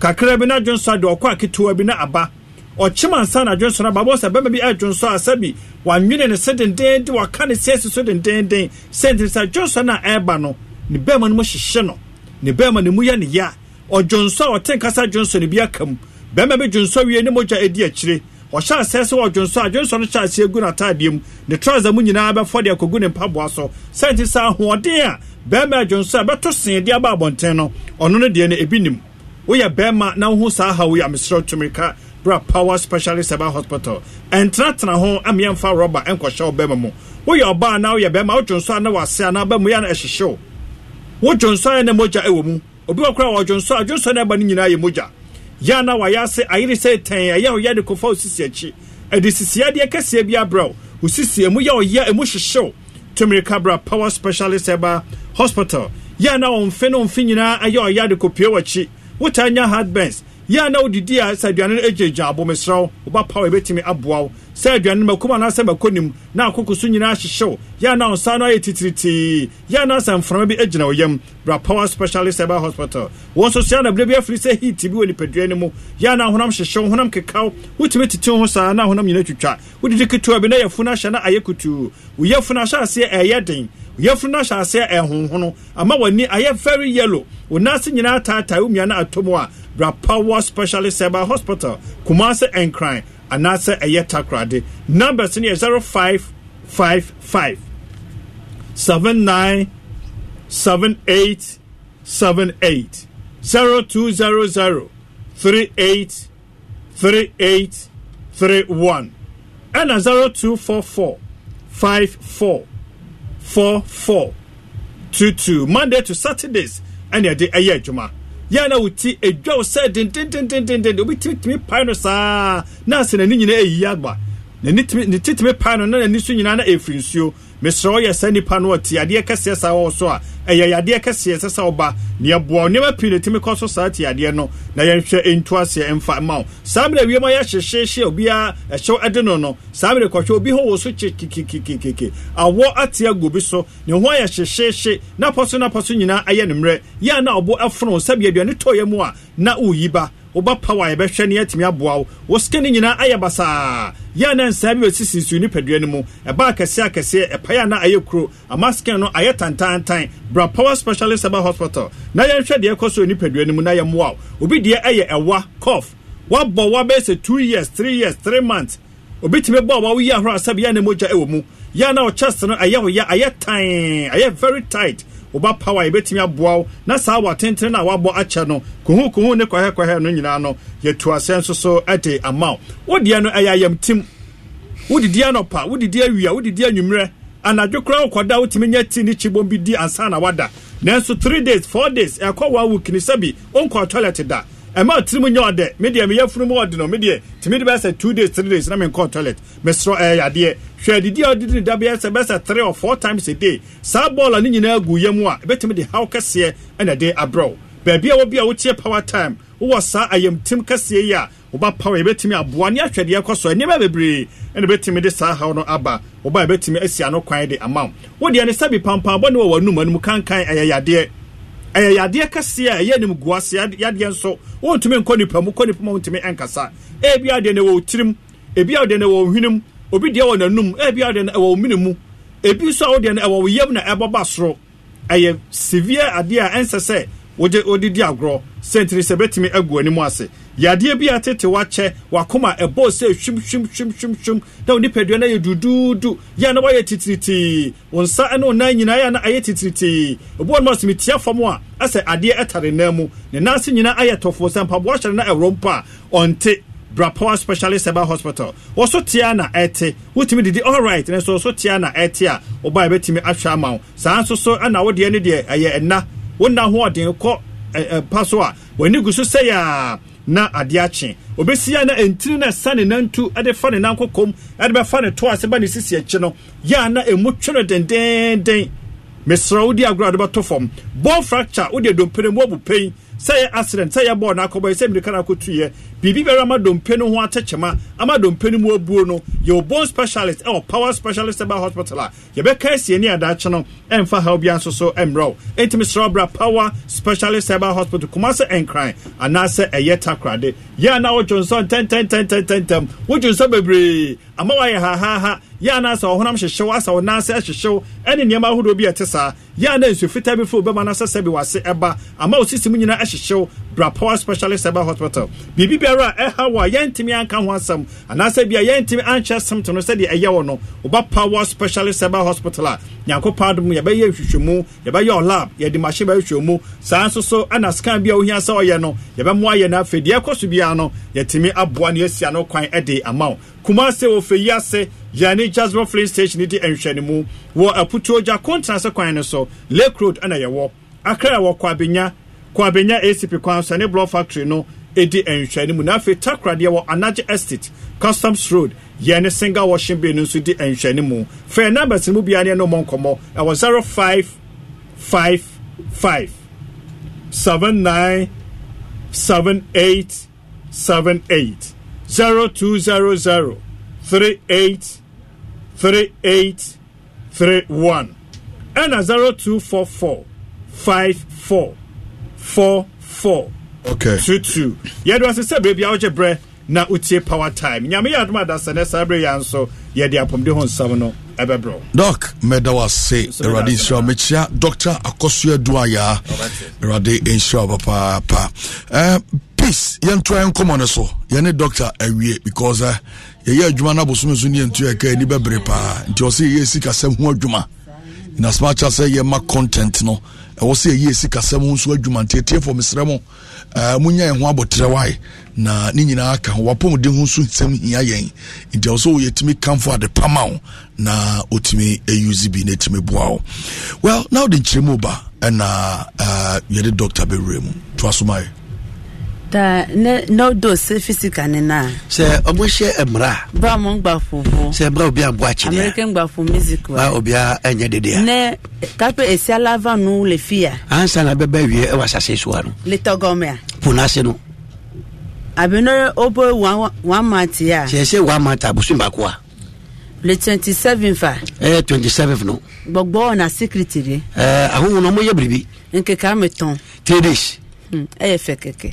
kakra bi na adwonsɔ de ɔkɔ aketewa bi na aba ɔkyema nsa na adwene so no babɔ sɛ bɛma bi adwene so a sɛbi wadwene ne se dendenden waka ne seesi so dendenden sɛntiri sɛ adwene so no a ɛreba no ne bɛrima no mu hyehyɛ no ne bɛrima no mu yɛ ne ya ɔdwene so a ɔte nkasa adwene so no bi aka mu bɛrima bi dwene so wie ne mogya adi akyire ɔhyɛ asɛ sɛ wɔ dwonsɔ a dwonsɔ no hyɛ aseɛ gu n'ataadeɛ mu ne trɔsa mu nyinaa bɛfɔ de akɔgu ne mpaboa so sɛnti sɛ ahoɔden a bɛrima dwonsɔ a bɛto see aba abɔnten no ɔno no deɛ no ebi woyɛ bɛrima na wohu saa ha woyɛ amesrɛ tumika bra power specialist ɛba hospital ɛntenatena ho amiɛmfa rɔba ɛnkɔhyɛ wo bɛma mu woyɛ ɔbaa na woyɛ bɛma wodwo nso a na wase anaa bɛmu yɛ na ɛhyehyew wodwo nso a na mogya ɛwɔ mu obi wɔ kora wɔdwo nso a dwo nso na ɛba no nyinaa yɛ mogya yɛ na wayɛ ase ayere sɛ tɛn ɛyɛ woyɛ de kɔfa wo e sisi akyi ɛde sisiadeɛ kɛseɛ bi abrɛ wo wo sisi ɛmu yɛ ɔyɛ ɛmu hyehyew tumirika bra power specialist ɛba hospital yɛ na wɔmfe no mfe nyinaa ɛyɛ ɔyɛ de kɔpue w'akyi wotaa nya heartburns yɛ a na wodidi a sɛ aduane no agyagya abomesrɛw woba pa wo ɛbɛtumi aboa wo sɛ aduane no makum anaasɛ makɔnim na akoko so nyinaa hyehyew yɛ a na wo nsa no ayɛ titiritii yɛ na sɛ mframa bi agyina wo yam bra power specialist ɛbɛ hospital wɔn nso soa na berɛ bi afiri sɛ heat bi wɔ nipadua no mu yɛ na honam hyehyew honam kekaw wotumi tete ho saa na honam nyina twitwa wodidi ketewa bi na yɛfunu ahyɛ na ayɛ kutuu woyɛ funu ahyɛ aseɛ ɛyɛ den yɛfunu no ahyɛ aseɛ ɛhonhono ama w'ani ayɛ very yellow wo nase nyinaa taataa wo mmiana atɔ mu a Rapawa specialist herbal hospital kumase nkran anaasɛ ɛyɛ takoradi numbers no yɛ zero five five five seven nine seven eight seven eight zero two zero zero three eight three eight three one ɛna zero two four four five four four four two two monday to saturdays ɛna yɛde ɛyɛ adwuma yɛn na wòti edwa sɛ dendendendenden obi tìmí pae no saa naase n'ani nyinaa eyi agba n'ani tìmí ne tìmí pae no na n'ani so nyinaa na efiri nsuo mesrɛ woyɛ sɛ nnipa no ɔte adeɛ kɛseɛ saa wɔ so a ɛyɛ yadeɛ kɛseɛ sɛ sɛ ɔba neɛ boa nneɛma pii ne tumi kɔ so saa te adeɛ no na yɛnhwɛ ɛntu aseɛ ɛmfa ma wo saa mmerɛ wiem ayɛ hyehyehye a obiaa ɛhyɛw de no no saa mmerɛ kɔhwɛ obi ho wo so kye kikikikikiki awɔ ate agu bi so ne ho ayɛ hyehyehye napɔ so napɔ so nyinaa ayɛ ne mmerɛ yɛ a na ɔbo ɛfono sɛbi aduane tɔeɛ mu a na woyi ba woba power yɛbɛhwɛ ne yɛatumi aboa wo wo sika no nyinaa ayɛ basaa yɛ na nsaa bi wɔsi sinsiw nipadua no mu ɛba akɛseɛ akɛseɛ ɛpaeɛ a na ɛyɛ kuro ama scan no ayɛ tantantan bra power specialist ɛba hospital na yɛnhwɛ deɛ ɛkɔ so nipadua no mu na yɛmmoa wo obi deɛ ɛyɛ ɛwa cough wabɔ wabɛyɛ sɛ two years three years three months obi tumi bɔ a wawoyi ahorow asɛbe yɛ na mogya ɛwɔ mu yɛ na ɔkyɛse no ɛyɛ ho yɛ ayɛ very tight woba power yɛbɛtumi aboa wo na saa watentene no a wabɔ akyɛ no kohukohu ne kɔhɛkɔhɛ no nyinaa no yɛtu asɛ nso so ɛde ama wo wodeɛ no ɛyɛ ayamtim wodidi anɔpa wodidi awia wodidi anwummerɛ anadwo koraa wokɔda wotumi nyɛ ti ne kyibɔm bi di ansa na wada nanso 3 days four days ɛkɔ wa wo kini sɛbi ɔnkɔ toilet da ɛma tiri mu nyɛ ɔdɛ mi deɛ mi yɛ funu mu ɔdi no mi deɛ tìmi de bɛ sɛ two days three days na mi nkɔ toilet mi srɔ ɛɛ eh, yadeɛ hwɛ didi a ɔdidi ni da bi ɛsɛ bɛ sɛ three or four times a day saa bɔɔl a ne nyinaa gu yɛ mu a ebɛtumi de haw kɛseɛ ɛna de abrɛw baabi a wɔ bi a wotie power time wowɔ saa ayamtim kɛseɛ yi a woba power yɛbɛtumi aboa ne ahwɛdeɛ kɔ so nneɛma bebree ɛna bɛtumi de saa haw no aba woba yɛbɛtumi asi ano kwan de ama wo wodeɛ ne sɛbi pampaabɔ ne wɔ w'anum anum kankan ɛyɛ yadeɛ ɛyɛ yadeɛ kɛseɛ a ɛyɛ nim guase yadeɛ nso wɔntumi nkɔ nipa mu kɔ nipa mu ntumi nkasa ebi adeɛ na ɛwɔ tirim ebi adeɛ na ɛwɔ hwenem obi deɛ wɔ n'anum ebi adeɛ na ɛwɔ mene mu ebi nso a wɔdeɛ na ɛwɔ yam na ɛbɔ ba soro ɛyɛ severe adeɛ a ɛnsɛ wogye odidi agorɔ sentiri sɛ bɛtumi agu anim ase yadeɛ bi atete wakyɛ wakoma ɛbɔ sɛ hwim hwim hwim hwim hwim na wo nipadua no yɛ duduudu yɛ na wayɛ titiritii wo nsa ne wo nan nyinaa yɛ na ayɛ titiritii obi wɔ no ma sometia fam a ɛsɛ adeɛ ɛtare nan mu ne nanse nyinaa ayɛ tɔfoɔ sɛ mpaboa hyɛre no ɛworɔ mpo a ɔnte brapower specialist herbal hospital wɔso tea na ɛte wotumi didi alright nanso wɔso tea na ɛte a woba yɛbɛtumi ahwɛ ama wo saa nso so ɛna wodeɛ no deɛ ɛyɛ ɛna wonna ho ɔden kɔ pa so a w'ani gu so sɛe a na adeɛ akye obɛsi na ɛntini no ɛsa ne nantu de fa ne nankɔkɔm de bɛfa ne to ase ba ne sisi akyi no yɛ a na ɛmu twe no dendenden mesrɛ wodi agorɔ a de bɛto fam bɔn fracture wode adompene mu abu pɛn sɛ yɛ accident sɛ yɛbɔɔ no akɔbɔyɛ sɛ mmirika no akɔtuyɛ biribi bɛrɛ ama dompe no ho atɛkyɛma ama dompe no mu abuo no yɛwɔ bone specialist ɛwɔ power specialist ɛba hospital a yɛbɛka asie ne adakye no ɛmfa haw bia nso so mmerɛw ɛntimi serɛ bra power specialist ɛba hospital kuma sɛ ɛnkran anaasɛ ɛyɛ takorade yɛ ana wodwo nsɔ ntɛntɛntɛntɛntɛm wodwo nsɔ bebree ama wayɛ hahaha yɛ anaasɛ ɔhonam hyehyew asa wo nanse ahyehyew ɛne nneɛma ahodoɔ bi ɛte saa yɛ ana nsuo fitaa bi fo wobɛma no sɛ sɛ bi wase ɛba ama wo sisim nyinaa ɛhyehyew brapoa specialist herbal hospital biribi biara a ɛha wɔ a yɛntumi anka ho asɛm anaasɛ bi a yɛntumi ankyɛ asɛm to no sɛdeɛ ɛyɛ wɔ no woba power specialist herbal hospital a nyankopɔn adom yɛbɛyɛ nhwehwɛmu yɛbɛyɛ ɔlab yɛde mahye bɛhwehwɛmu saa nso so ana scan bi a wohia sɛ ɔyɛ no yɛbɛmmoa yɛ no afei deɛ ɛkɔ so biara no yɛtumi aboa no yɛasia no kwan de ama wo kumase wɔ fɛ ase yɛne jasbo flin station di nhwɛne mu wɔ aputuo gya kontenase kwan no so lake road ana yɛwɔ akra a wɔkɔ abenya kwabenya acp kwan so ne block factory no edi nhwɛanimu na afei takradeɛ wɔ anagye estate customs road yɛn ne single washing bay no nso di nhwɛanimu fɛn numbers no mu biara ne no mɔ nkɔmɔ ɛwɔ zero five five five seven nine seven eight seven eight zero two zero zero three eight three eight three one ɛna zero two four four five four four four. okay two two. yɛde ɔsɛ sɛ beebi a ɔgye brɛ na wotie power time nyame yɛ adom adasa ne saa berɛ yɛ nso yɛde apɔmde ho nsɛm no ɛbɛbrɛ dok mɛda wo ase awurade nhyira mekyia dɔctor akɔsoa du ayaa awurade nhyira wo papaapa eh, peace yɛntoa yɛ nkɔmmɔ no so yɛne dɔctor awie because uh, yɛyɛ adwuma no abosome so ne yɛntu yɛka ani bɛbere paa nti ɔsɛ yɛyɛ sikasɛm ho adwuma in as much as sɛ yɛma content no ɛwɔ sɛ ɛyɛ ɛsi kasɛm ho nso adwuma ntiatiefoɔ mesrɛ mo munya yɛn ho abɔtrɛwae na ne nyinaa ka ho wapɔmden ho nso nsɛm hia yɛn nti ɛwɔ sɛ wɔyɛtumi kamfo ade pama wo na ɔtumi ɛuse bi na ɛtumi boa wo well now wode nkyerɛ mu ba ɛna yɛde doctor bɛwerɛ mu toa so da ne no do se fisika ne na. sɛ ɔmo hyɛ mmerɛ. bá mo ń gbà fòfò. sɛ mmerɛ obi àbọ̀ àkyìnìyà. american gbà fò music wa. bá obi a ɛnyɛ dede a. ne kape esi alava nu le fi ya. ansa na bɛ bɛ wie ɛwɔ asase so ano. le tɔgɔmɛ a. punase no. àbí ne o bɔ wan mati ya sɛ ɛsɛ wan mati abusun baako a. le twenty seven fa. ɛɛ twenty seven no. gbɔgbɔ na secretary. ɛɛ ahohun na ɔmo yɛ biribi. nkeka mi tɔn. three days. Hmm, ɛyɛ fɛ kɛkɛ.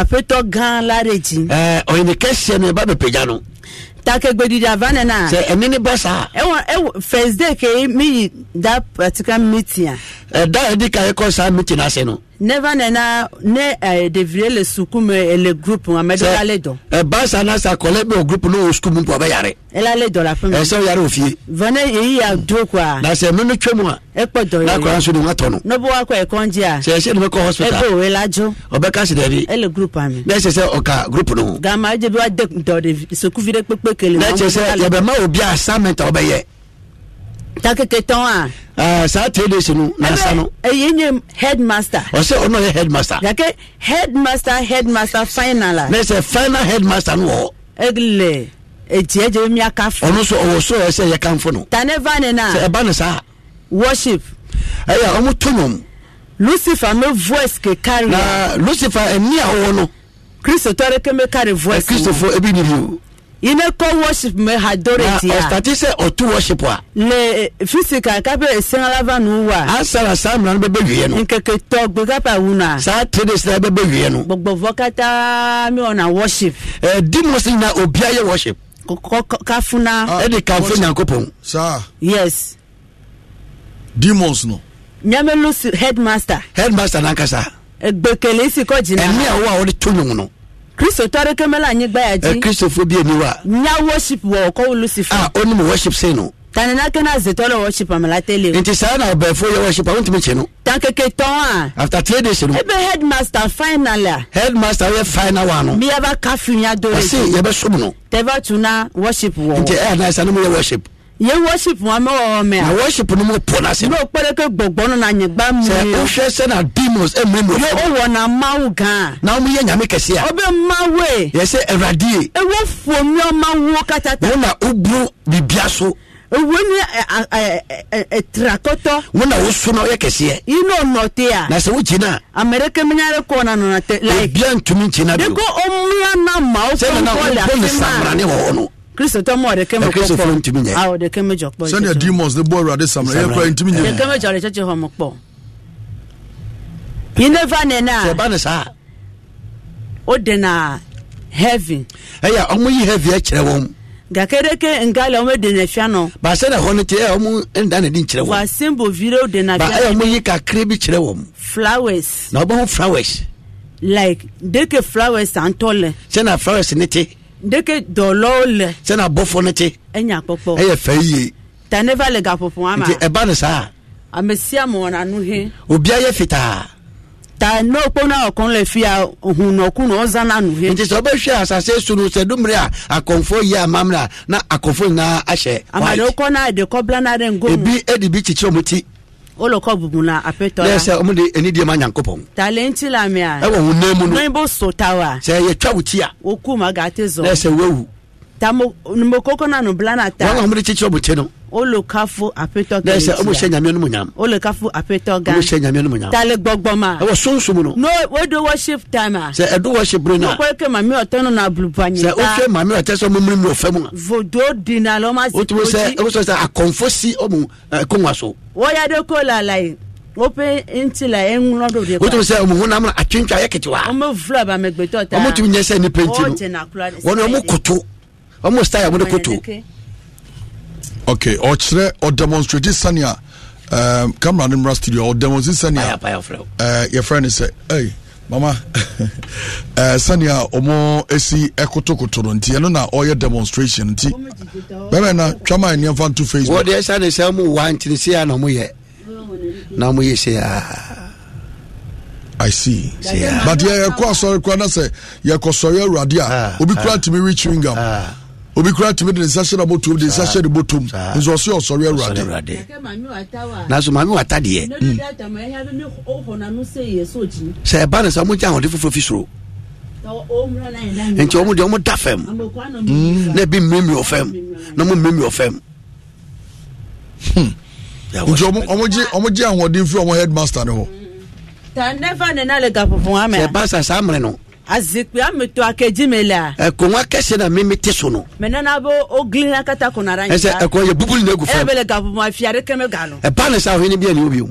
afetɔ gan la de ti. ɛɛ ɔyinikɛ sɛ ne ba bɛ pɛja no. takegbedidi avanɛ na. sɛ ɛni ni bɛ sa. ɛwɔ ɛwɔ first day ke mi yi da particular meeting a. ɛ da yɛ di ka ekɔ sa meeting na se no never na ne eh, devire le suku mu ele group mu amadu lale dɔ. ɛ baasa n'a sa kɔlɛ bɛ o group n'o suku mu bɔ a bɛ yare. elale eh, dɔ la fɛn mi. ɛ yare o f'i ye. vɛnɛ y'a do kuwa. na sɛ minnu tɛ mu wa. e kɔ dɔ yɛrɛ n'a kɔrɔ sunu n ka tɔnu. n'o bɔ akɔ ɛkɔnji a. sɛ sɛ nin bɛ kɔ hospital. e b'o wele ajo. o bɛ kasi dɛ bi. ele group ami. n'a sɛ sɛ o ka group n'o. gama e de bɛ wa de dɔ de suku fi kpekpe kelen. n'a sɛ sɛ yabɛ ma o bi a san yɛ takeke tɔn a. Ah, saa three days no n'asa no. eyi eh, n ye headmaster. ɔsɛ ɔno yɛ headmaster. yake headmaster headmaster final a. ne sɛ final headmaster no wɔ. egile etie je mi aka fo. ɔno nso ɔwɔ so yɛ sɛ yɛ kanfo no. tane va ne na. sɛ ɛba ne saa. worship. ɛyɛ a wɔn lucifer me voice ke carry. na lucifer ɛni a ɔwɔ no. kristo tɔre keme carry voice. kristofo ebi ni bi o yìnyɛ kɔ worship mɛ ha dore ti a. ɔsitati sɛ ɔtu worship a. le fisika kabe esenalava nu wa. asara saa mina bɛ bɛ wiye no. nkeke tɔ gbegapa wuna. saa tere sira bɛ bɛ wiye no. gbɔgbɔfɔ kata mi ɔna worship. ɛɛ eh, di musu na obi a ye worship. kafuna. ɛdi ah, kanfo nyankopɔn. saa. yes. demons no. nyamelu headmaster. headmaster nankasa. gbekele isi kɔ jina. ɛmi awo a wɔde to nyɔngu kristo tɔre kemele anyigba ya dzi. ɛ eh, kristofo bi eni nya worship wɔ kɔ lucifer. Ah, a o ni mo worship se no. tanina kena zetɔ le worship amala tele. nti saa na ɔbɛnfo ye worship awo ntumi no. tankeke tɔn a. after three days no. ebe headmaster final la. headmaster ye final wa no. miya ba ya dole. ɔsi yɛ bɛ sum no. tɛ bɛ tun na worship wɔ. nti ɛ eh, na sanni mu ye worship yẹ worship wọn mẹ wọwọ mẹ. na worship ni mo pọ na se. n'o kpẹrẹ kẹ gbọgbọ nínú anyigba mi. sẹ o fẹ sẹ na demons ẹ e mẹ n'o fọ. yóò wọ na mawu gan. n'aw mi yẹ nyami kẹsí a. ọbẹ mawu ye. yẹsẹ ẹwuradi ye. ewu fomi ọma wo katata. wọn na o buru bibia so. ewu ni e, e, tirakɔtɔ. wọn na o sunu ɔyɛ kɛsí yɛ. i n'o nɔ tɛ yan. na sɛ o jina. amɛrɛkɛ minyɛrɛ kɔ na nana tɛ. o biya ntumi jina bi o. de ko o miya na maaw fɛn fɔ lase ma. sɛ nana o kristo tɔ mɔ ɔdeke mɛ kɔkɔ a ɔdeke mɛ jɔ kpɔ sani demons ne bɔ awurade samuna yɛ kura ntumi nyɛ ɔdeke mɛ jɔ ɔdeke hɔn mo kpɔ yìí ne va nena a ba ne saa o dena heaven ɛyà ɔmo yi heaven ɛkyerɛ wɔn gakereke ngala ɔmo dena fia nɔ baasa na hɔ ne te ɛyà ɔmo ɛnda ne di nkyerɛ wɔn wa simbo video dena fia nɔ ba ɛyà ɔmo yi kakra bi kyerɛ wɔn flowers na ɔbɛn ho flowers like deke flowers antɔ lɛ sɛ na flowers ne te. ndeke dɔlɔwo le. sɛnɛ fɔ ne e nya kpɔkpɔ. eye fɛ ta ne va le gaƒoƒo ma. nti ɛba e ni sa. ame nu he. bia ye fitaa. ta n'o kpɔ na ɔkɔn le fia hunɔku na ɔzana nu he. nti sɛ ɔbɛ asase sunu sɛdumire a ya yi a mamira na akɔnfo nyinaa ahyɛ. amadewo kɔ na ɛdekɔ bla na ɛdɛ ngomu. ebi bi titi omo ti. olùkọ́ gbùngbùn na apẹtọ ya. lẹsẹ ọmọ de ẹni diẹ ma yàn kó pọn. talenti la mi a. ẹ wọ wọn nẹẹmu nù. wọn b'o so wa. sẹ yẹ twẹ wù tí a. zọ. lẹsẹ wẹwù ta mo koko na no bla na ta wọn wọn de kyekyere ọbọ kye no. olùkàfọ àpétọ kẹrìntìyà dẹsẹ ọmọ sẹ nyàmíẹ numu nyàm. olùkàfọ àpétọ gan ọmọ sẹ nyàmíẹ numu nyàm. tali gbọgbọma. ẹwọ sunsun no. no o do worship time a. sẹ ẹdun worship bere na. n'okore ke maami ọtọ nínú abuluba nyita. sẹ o fẹ maami ọtẹ sọ mímú mímú ọfẹ mu. vodo dina lọ ma se koji. o tún sẹ o sọ sẹ akọnfọ si ọmọ ẹ kó wọn so. wọ́n kó la la yìí wope nti la enwura do de kwa wotu sɛ ɔmo honam no atwentwa yɛ ketewa ɔmo fura ba mɛgbɛtɔ taa ɔmo tumi nyɛ sɛ nipa nti no wɔn ɔmo koto ɔmo style ɔmo de koto. okay ɔkyerɛ ɔdemonstrate sania um, camera ne mmara studio ɔdemonstrate sania yɛfrɛ uh, ne uh, sɛ ɛy mama uh, sania ɔmo esi ɛkotokoto no nti ɛno na ɔyɛ demonstration nti bɛrɛ na twama ɛni ɛfa nto facebook. wɔde ɛsa ne sɛ mo wa ntini se ya na mo yɛ na mo yɛ se ya. I see. Yeah. But yeah, yeah, kwa sorry, kwa na say, yeah, kwa sorry, radia. Obi ah, kwa timi reaching gam. Ah obi kura tumi de nsa hyɛ na bɔtɔm de nsa hyɛ de bɔtɔm nso ɔsɛ ɔsɔre awurade. naso maame wa ta deɛ. Mm. sɛ ɛba ne sa mo gya ahoɔden foforɔ fi soro. nti ɔmo deɛ ɔmo da fam mm. na ebi mmemme wɔ fam na ɔmo mmemme wɔ fam. Hmm. nti ɔmo gye ɔmo gye ahoɔden fi ɔmo headmaster ne hɔ. sɛ ɛba sa saa mmerɛ no azikpui ameto akedzime la. ɛkò wọn kẹsẹ na mímí ti sùn nù. mɛ nana bó o gili na kata kun nara yin ta. ɛsɛ ɛkò ye bubulu ne gufɛ. ɛ bɛ lɛ gafu ma fi kɛmɛ galo. ɛ ba ni hmm. sa o ye ni biyɛn ni o bi o.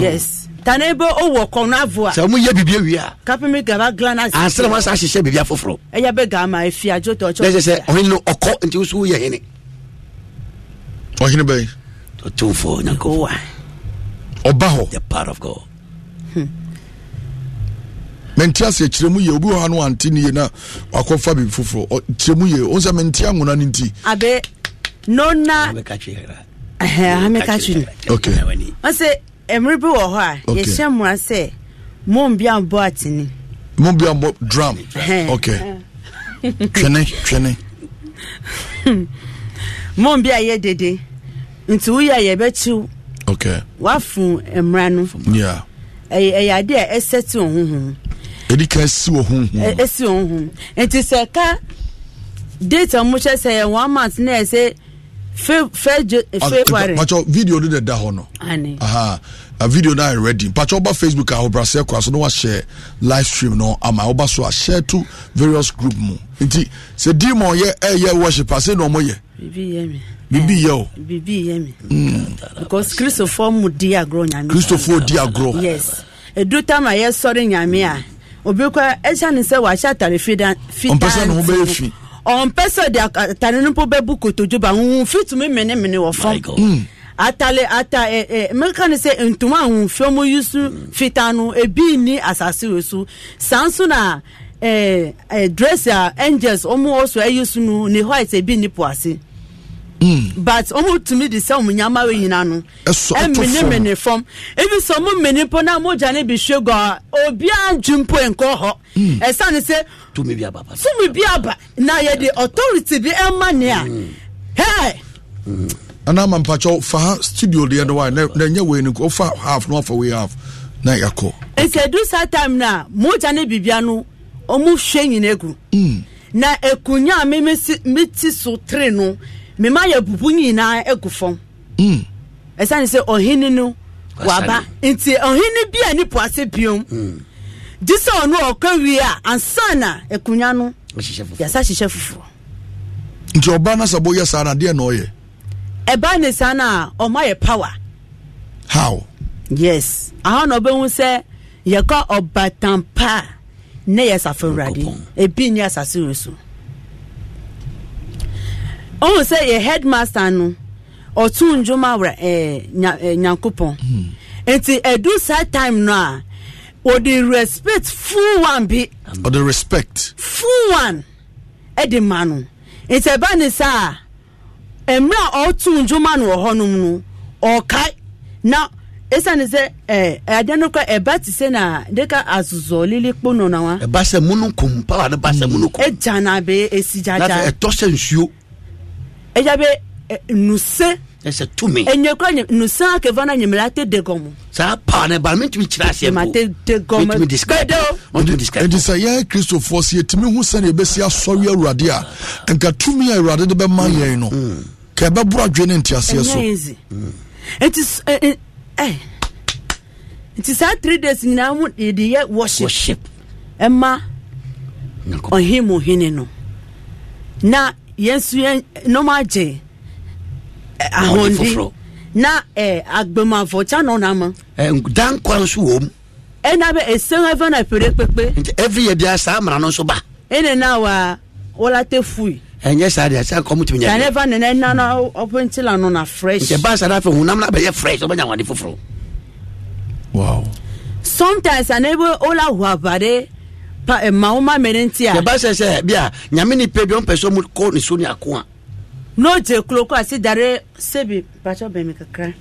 yes tani bɛ o wɔ kɔnɔ fo wa. sɛmu ye bibi wia. kapimi gaba gilan na. a ah, sera ma sa sise bibi afoforo. ɛ yɛ bɛ gama ye fia jo tɔ cɔ. ɛsɛ sɛ ɔhin ni ɔkɔ nti o t'o fɔ ɲanko. ɔba the power of God. Hmm. mɛnti ase kyerɛmu yie obi wɔ ha no ante ne yie na wakɔfa biribi foforɔ kyerɛmu yie o sɛ mɛnti anwona no nti abe nona ameka twe ni ɔsɛ mmerɛ bi wɔ hɔ a yɛhyɛ mmara sɛ mombi ambɔ atene mombi ambɔ drum ok twene twene mombi a yɛ dede nti woyɛ a yɛbɛkyiw okay wafu mmara no ɛyɛ ade a ɛsɛ te ɔhohom ɛdi ka si wɔ honhom wɔ honhom nti sɛ ka date a mohyɛ sɛ yɛ one month na ɛsɛ february mpakyɛ video no na ɛda hɔ no aha a video no ayɛ ready mpakyɛ woba facebook a wobrasɛ kora so na wahyɛ live stream no ama woba so a share to various group mu nti sɛ di ma ɔyɛ ɛyɛ worship a sɛ na ɔmɔyɛ bibi yɛ o. bibi yɛ mi. Mm. because kristofo mu di agorɔ nyame. kristofo di agorɔ. yes edu tam a yɛ sɔre nyame a. Mm. obi kɔ ɛhyɛ ne sɛ wahyɛ atare fitaa ɔmpɛ sɛ ne bɛyɛ fi ɔmpɛ sɛ de atare no po bɛbu kotodwe ba ahohomfi tumi menemene wɔ fam hmm. atale ata ɛ e, ɛ e, mmeka ne sɛ ntoma ahohomfi yi so fitaa no ebi ni asase wɔ saa nso na ɛɛ e, ɛ dress angels ɔmo wɔ so ɛyi no ne ebi ni po ase. Mm. but ɔmo tumi de sɛ ɔmo nyama wo nyina no ɛmene mene fam ebi sɛ ɔmo mene mpo na mogya ne bi hwe gɔ a obiara ntwi mpo nkɔ hɔ ɛsiane mm. e sɛ tumi bi aba aba na yɛde authority bi ɛma e ne a mm. hɛ ana ama mpakyɛw fa ha studio deɛ no wa na ɛnyɛ wei no ɔfa half na wafa wei half na yɛakɔ ɛsɛ du saa time na a mogya ne biribia no ɔmo hwɛ nyina gu na ɛkunya a meme si mete so tere no mema yɛ pupu nyinaa agu fam ɛsiane hmm. sɛ ɔhene no waba nti ɔhene bi a ne poase biom hmm. gye sɛ ɔno ɔka wie a ansa na akonnwa no yɛsa hyehyɛ foforɔ nti ɔba no sɛ boyɛ saa no adeɛ na ɔyɛ ɛba ne saa no a ɔma yɛ power how yes aha na ɔbɛhu sɛ yɛkɔ ɔbatampa a na yɛ safo awurade ebi nni asase wɔ so ɔhu sɛ yɛ headmaster no ɔto ndwoma wɔ ɛɛ nya ɛɛ nyankopɔn hmm. nti ɛdu saa time no a wɔde respect full one bi. ɔde respect. full one ɛde ma no nti ɛba ne saa mmerɛ a ɔto ndwoma no wɔ hɔnom no ɔkae na esiane sɛ ɛɛ ɛdeɛ no kɔ ɛba ti sɛ na de ka azɔzɔ lili kpo nɔnɔ wa. ɛba sɛ munukun power ne ba sɛ munukun. ɛgya na abɛ esi gyagya. n'afɛ ɛtɔ sɛ nsuo. ɛgya bɛ eh, nuse ɛsɛ tumi ɛnyɛ kura nyɛ nusa akeva na nyimira te de saa paa ne ba mi tun kyerɛ aseɛ ko mi tun describe mi tun describe. ɛdi sɛ yɛn kristofoɔ si etimi hu sɛni ebesi asɔre awurade a nka tumi a awurade de bɛ ma mm. yɛn no kɛ ɛbɛ bɔ adwe ne ntiaseɛ so. ɛnyɛ ezi eti nti saa three days nyinaa mu yɛde yɛ worship ɛma ɔhin mu hin no na yɛnso yɛn nɔɔma agye ahoɔden na eh, agbemafo kya nɔ n'ama. Eh, dan kwan so wɔ mu. ɛna eh, bɛ esan eh, ɛfɛ na pere pepe. nti every year bia saa amara no nso ba. ɛna eh, na wa wɔla tɛ fui. ɛnyɛ saa de ase akɔmu tɛmɛ nyɛ. sanni ɛfɛ nana ɛna na ɔpɛ ntila no na fresh. nti baasa da fɛ hunam na bɛ yɛ fresh ɔbɛ nyanwadi foforɔ. wow. sometimes ana ebe ɔla hu abade ampa ɛma eh, wo ma mɛne nti a yɛba sɛ bia nyame ne pɛ bi ɔmpɛ sɛ mu kɔ ne so ako a na ɔgye kuroko ase dare sɛbi mpakyɛ bɛn me kakra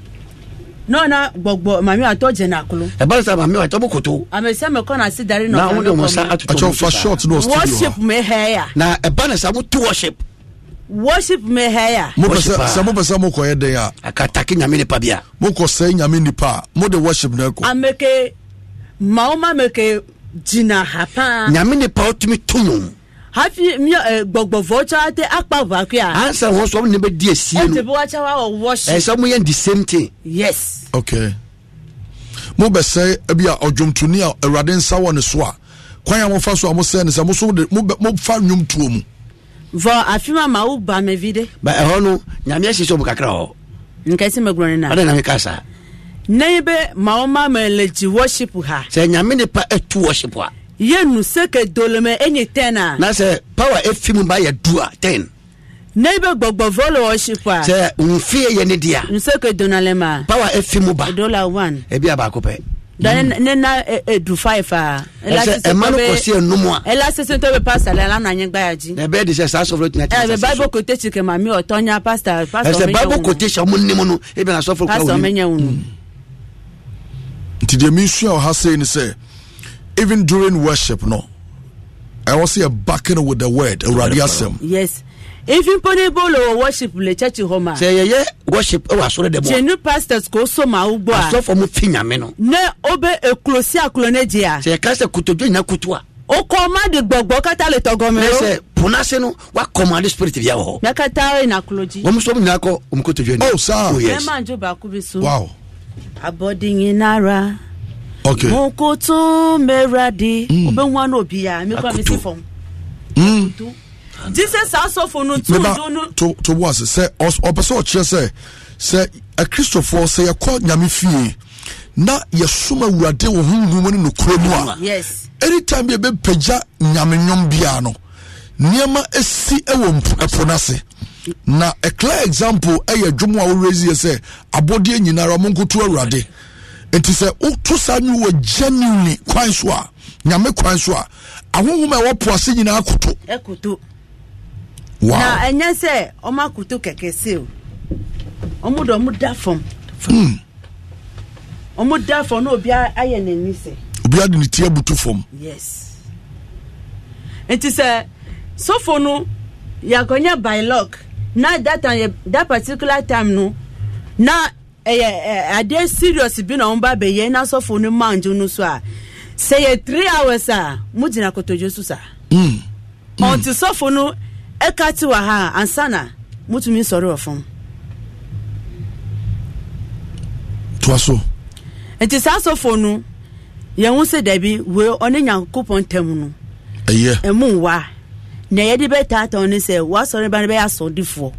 na ɔna gbɔgbɔ mame atɔ gye no akolo ɛba sɛ mame atɔ bo koto amɛsɛ mɛkɔ no ase dare na wode wo sa atotɔfa short na worship me hɛ a na ɛba ne sa moto worship worship me hɛ a sɛ mopɛ sɛ mokɔyɛ dɛn a akatake nyame nipa bia mokɔ sɛe nyame nipa a mode worship no akɔ ameke ma wo ma gyina ha paa nyame nipa wotumi to hafi mi ɛ eh, gbɔgbɔfɔ ɔkyɛ ate akpa vaku a. ansa wɔn sɔm ne bɛ di esi yɛ no ɛdi bi wakyɛ wa ɔwɔ si. ɛsɛ mo yɛ the same thing. yes. okay mo bɛ sɛ ebi a ɔdwomtoni a awurade nsa wɔ ne so a kwan a mo fa so a mo sɛ ne sɛ mo so de mo bɛ mo fa nnwom tuo mu. vɔ afi ma ma ba mɛ vi de. ba ɛhɔ no nyame ɛsi so mu kakra hɔ. nkɛse mɛ gulɔ ne na. ɔdɛ na mi nan bɛ maa o maa ma lɛji wɔship ha. sɛ nyami de pa etu wɔship ha. yenu seke dolome enye ten a. na sɛ pawa efi mu ba yɛ du a ten. ne bɛ gbɔgbɔ vɔlɔ wɔship a. sɛ nfi yɛ ne di a. nseke donale ma. power efi mu ba. dola one. ebi a baako pɛ. dɔnni ne na edu e five a. ɛsɛ e ɛma no kɔsi enum a. ɛla sese tɔ bɛ pastor la ɛla na nye gba ya ji. na e ɛbɛ de sɛ saa sɔfɔlɔ tina eh, ti sase so. ɛbɛ bible kote kɛ maami ɔtɔnya pastor pastor pasta nye ɛsɛ bible quotation mu nimu no ebi na sɔfɔlɔ kura wunu. pastor mi nye wunu. Mm nti deɛ mensua ɔha sei ne sɛ even during worship no ɛwɔ sɛ yɛbake no with the word awurade asɛm yes even pone bolo wɔ worship le church hɔ ma. sɛ yɛyɛ worship ɛwɔ asɔrɔ dɛ bɔ. jenu pastors k'o so ma aw bɔ a. asɔfo mu fi ɲami no. ne o bɛ ekulosi akulonɛ jɛ a. sɛ kasa kutojo ɲinan kutu wa. o kɔ ma de gbɔgbɔ ka le tɔgɔmɛ o. ɛsɛ punase no wa kɔmande spirit bi a wɔ. mɛ ka taa e na kulo ji. wɔmuso mi n'a kɔ omukotojo ni. ɔ saa o yɛ. mɛ maa jo baako bɛ sun. waaw. abɔdenyenara okay mokoto merade hmm. obɛnwa no obi a mekura mi si fam saa asɔfo no tu do to to ase sɛ ɔkyerɛ sɛ sɛ sɛ yɛkɔ nyame fie na yɛsom awurade wɔ ho nwuma mu a anytime bi biara no nneɛma esi ɛpo na a clear example ɛyɛ eh, dwom a wɔrezi yɛ sɛ abɔdeɛ nyinara ɔmo nkoto awurade nti sɛ woto saa ne wɔ genuinely kwan so a nyame kwan so a ahohom a ɛwɔ poase nyinaa koto na ɛnyɛ sɛ ɔmo akoto kɛkɛ se o ɔmo de ɔmo da fam ɔmo hmm. da fam na obi ayɛ n'ani sɛ obi adi ne ti abutu fam yes nti sɛ no yɛ akɔnya by na that time that particular time no na ɛyɛ ɛ adeɛ serious bi na wɔn ba bɛyɛ na asɔfo no manjo no so a sɛ yɛ three hours a mo gyina kotodwe so eh, sa. ɔnti sɔfo no ɛka ti wɔ ha ansa na mo tumi sɔre wɔ fam. toa so. nti saa asɔfo no eh, yɛn ho eh, sɛ dabi wei ɔne nyankopɔn tɛm no. ɛyɛ ɛmu nwa. nea yɛde bɛtaatɔn ne sɛ wasɔre ba no bɛyɛ asɔdefoɔ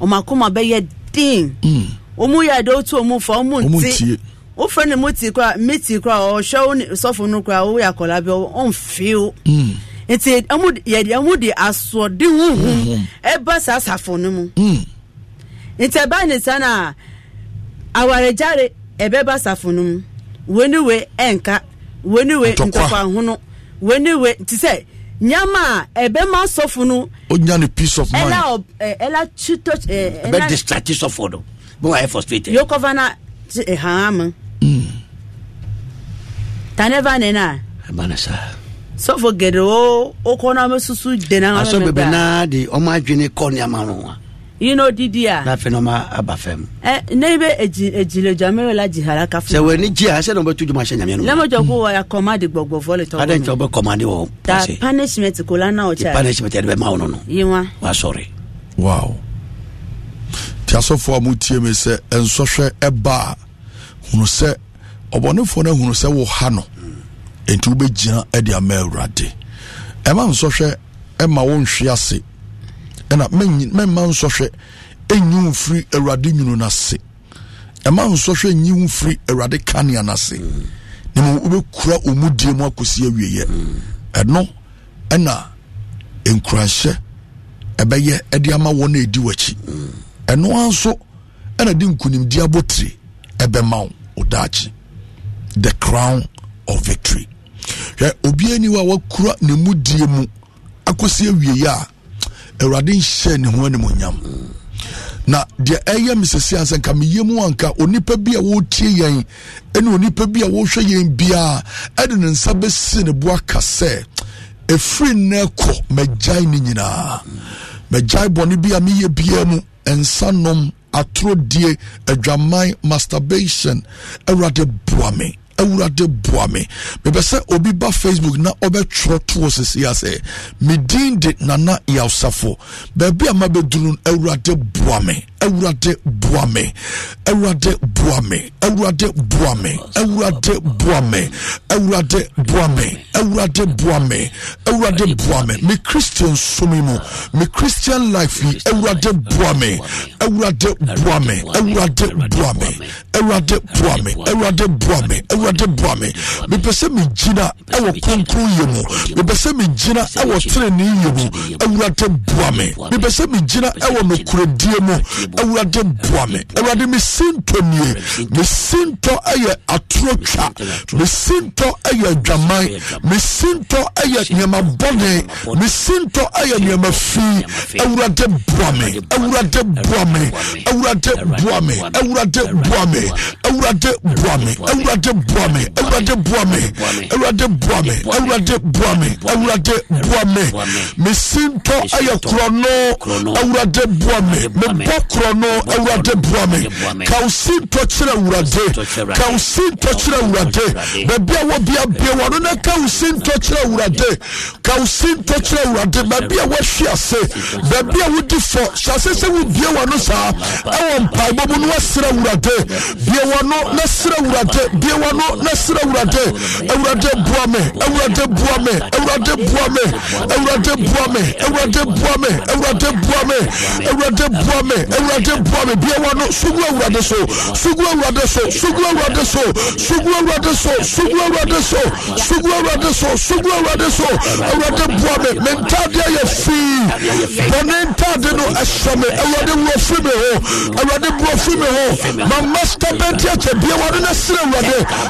ɔmo akoma bɛyɛ den hmm. ɔmo yɛ ade otu ɔmo fa ɔmo nti wofɛ ne mo ti kora mi ti kora ɔhwɛ sɔfo no kora wo yɛ akɔla bi ɔmfew hmm. nti ɔmo yɛde ɔmo de asɔde huhum ɛba saa asafo no mu hmm. nti ɛbaa ne sa na awaregyare ɛbɛba asafo no mu weniwe ɛnka weniwe ntɔkwa ahono weniwe ti sɛ nyama a eh, ɛbɛma sɔfo no. o nya ni peace of mind. ɛla ɔ ɛla tuto ɛ ɛla. bɛ distract sɔfo do bɛ wa ye frustrated. yóò kɔfɔ na ti ɛ hàn tani b'a nɛnɛ a. ma na sa. sɔfo gɛrɛ o o kɔnɔ an bɛ susu dɛnɛ an ka mɛ bɛn. a bɛ bɛn n'a de ɔmɔ adwene kɔ ni a ma nɔ wa yi na odidi a. na afei na ɔma aba fam. ɛ eh, ne bɛ eji ejile jamiro la jihara ka fún. sɛwɛ ni ji a sɛ na o bɛ tu juma sɛ ɲamiyɛ nu. lɛmɔjɔ ko wa ya kɔmadi gbɔgbɔ fɔli tɔgɔ mi. adan cɛ o bɛ kɔmadi wɔ. ta punishment ko la n'a o cɛ. punishment yɛrɛ bɛ maa wɔn nɔ. yi wa. wa sɔrɔ. waaw tí asɔfo a mu tie mi sɛ nsɔhwɛ ɛba a hunu sɛ ɔbɔnifoɔ na e ama awurade ɛma nsɔhwɛ ɛna mɛmma nsɔhwɛ ɛnyi wo firi awurade nwunu no ase ɛma nsɔhwɛ nyi wo firi awurade kanea no ase na mmom wobɛkura ɔmudie mu akɔsi awieɛ ɛno ɛna nkuranhyɛ ɛbɛyɛ ɛde ama wɔn a ɛdi w'akyi ɛno ara nso ɛna de nkunimdi abotire ɛbɛma wo ɔdaakye the crown of victory hwɛ obiara ni hɔ wakura ne mu die mu akɔsi awieɛ a awurade nhyɛ ne ho animonyam na deɛ ɛyɛ me sɛsi ansa nka meyɛ mu anka onipa bi a wɔretie yɛn ɛne onipa bi a wɔrehwɛ yɛn biara ɛde ne nsa bɛsi ne bo aka sɛ ɛfiri kɔ magyae ne nyinaa magyae bɔne bi a meyɛ biara mu ɛnsa nom atoro adwaman masturbation awurade boa me awurade boa me mepɛ sɛ obi ba facebook na ɔbɛtwerɛ toɔ sesie a sɛ medin de nana yawsafo baabi a mabɛduru awurade boa me awurade boa me awurade boa me awurade boa me awurade boa me awurade boa me awurade boa me awurade boa me me christian somi mu me christian life yi awurade boa me awurade boa me awurade boa me awurade boa me awurade boa me awurade awurade boa me mepɛ sɛ megyina ɛwɔ kronkronyɛ mu mepɛ sɛ megyina ɛwɔ tereneeyɛ mu awurade boa me mepɛ sɛ megyina ɛwɔ nokorodie mu awurade boa me awurade mesintɔ nie mesintɔ ɛyɛ atoro twa mesintɔ ɛyɛ adwaman mesintɔ ɛyɛ nneɛma bɔne mesintɔ ɛyɛ nneɛma fii awurade boa me awurade boa me awurade boa me awurade boa me awurade boa me awurade boa me bua me buame, bua me awurade bua me buame, bua me awurade bua me mesintɔ ayɛ korɔno awurade bua me mebɔ korɔno awurade bua buame. ka wo sintɔ kyerɛ awurade ka wo sintɔ kyerɛ awurade baabi a wɔ bia bie wɔ no na ka wo sintɔ kyerɛ awurade ka wo sintɔ kyerɛ awurade baabi a wɔahwe ase baabi a wodi fɔ hyɛ ase sɛ wobie wɔ no saa ɛwɔ mpaebɔ mu no wɔserɛ awurade bie wɔ no na serɛ awurade bie wɔ no no na serɛ awurade awurade boa me awurade boa me awurade boa me awurade boa me awurade boa me awurade boa me awurade boa me awurade boa me bia wa no sugu awurade so sugu awurade so sugu awurade so sugu awurade so sugu awurade so sugu awurade so sugu awurade so awurade boa me me ntaadeɛ yɛ fii bɔne ntaade no ɛhyɛ me awurade wurɔ firi me ho awurade burɔ firi me ho ma masta bɛnti akyɛ bia wa no na serɛ awurade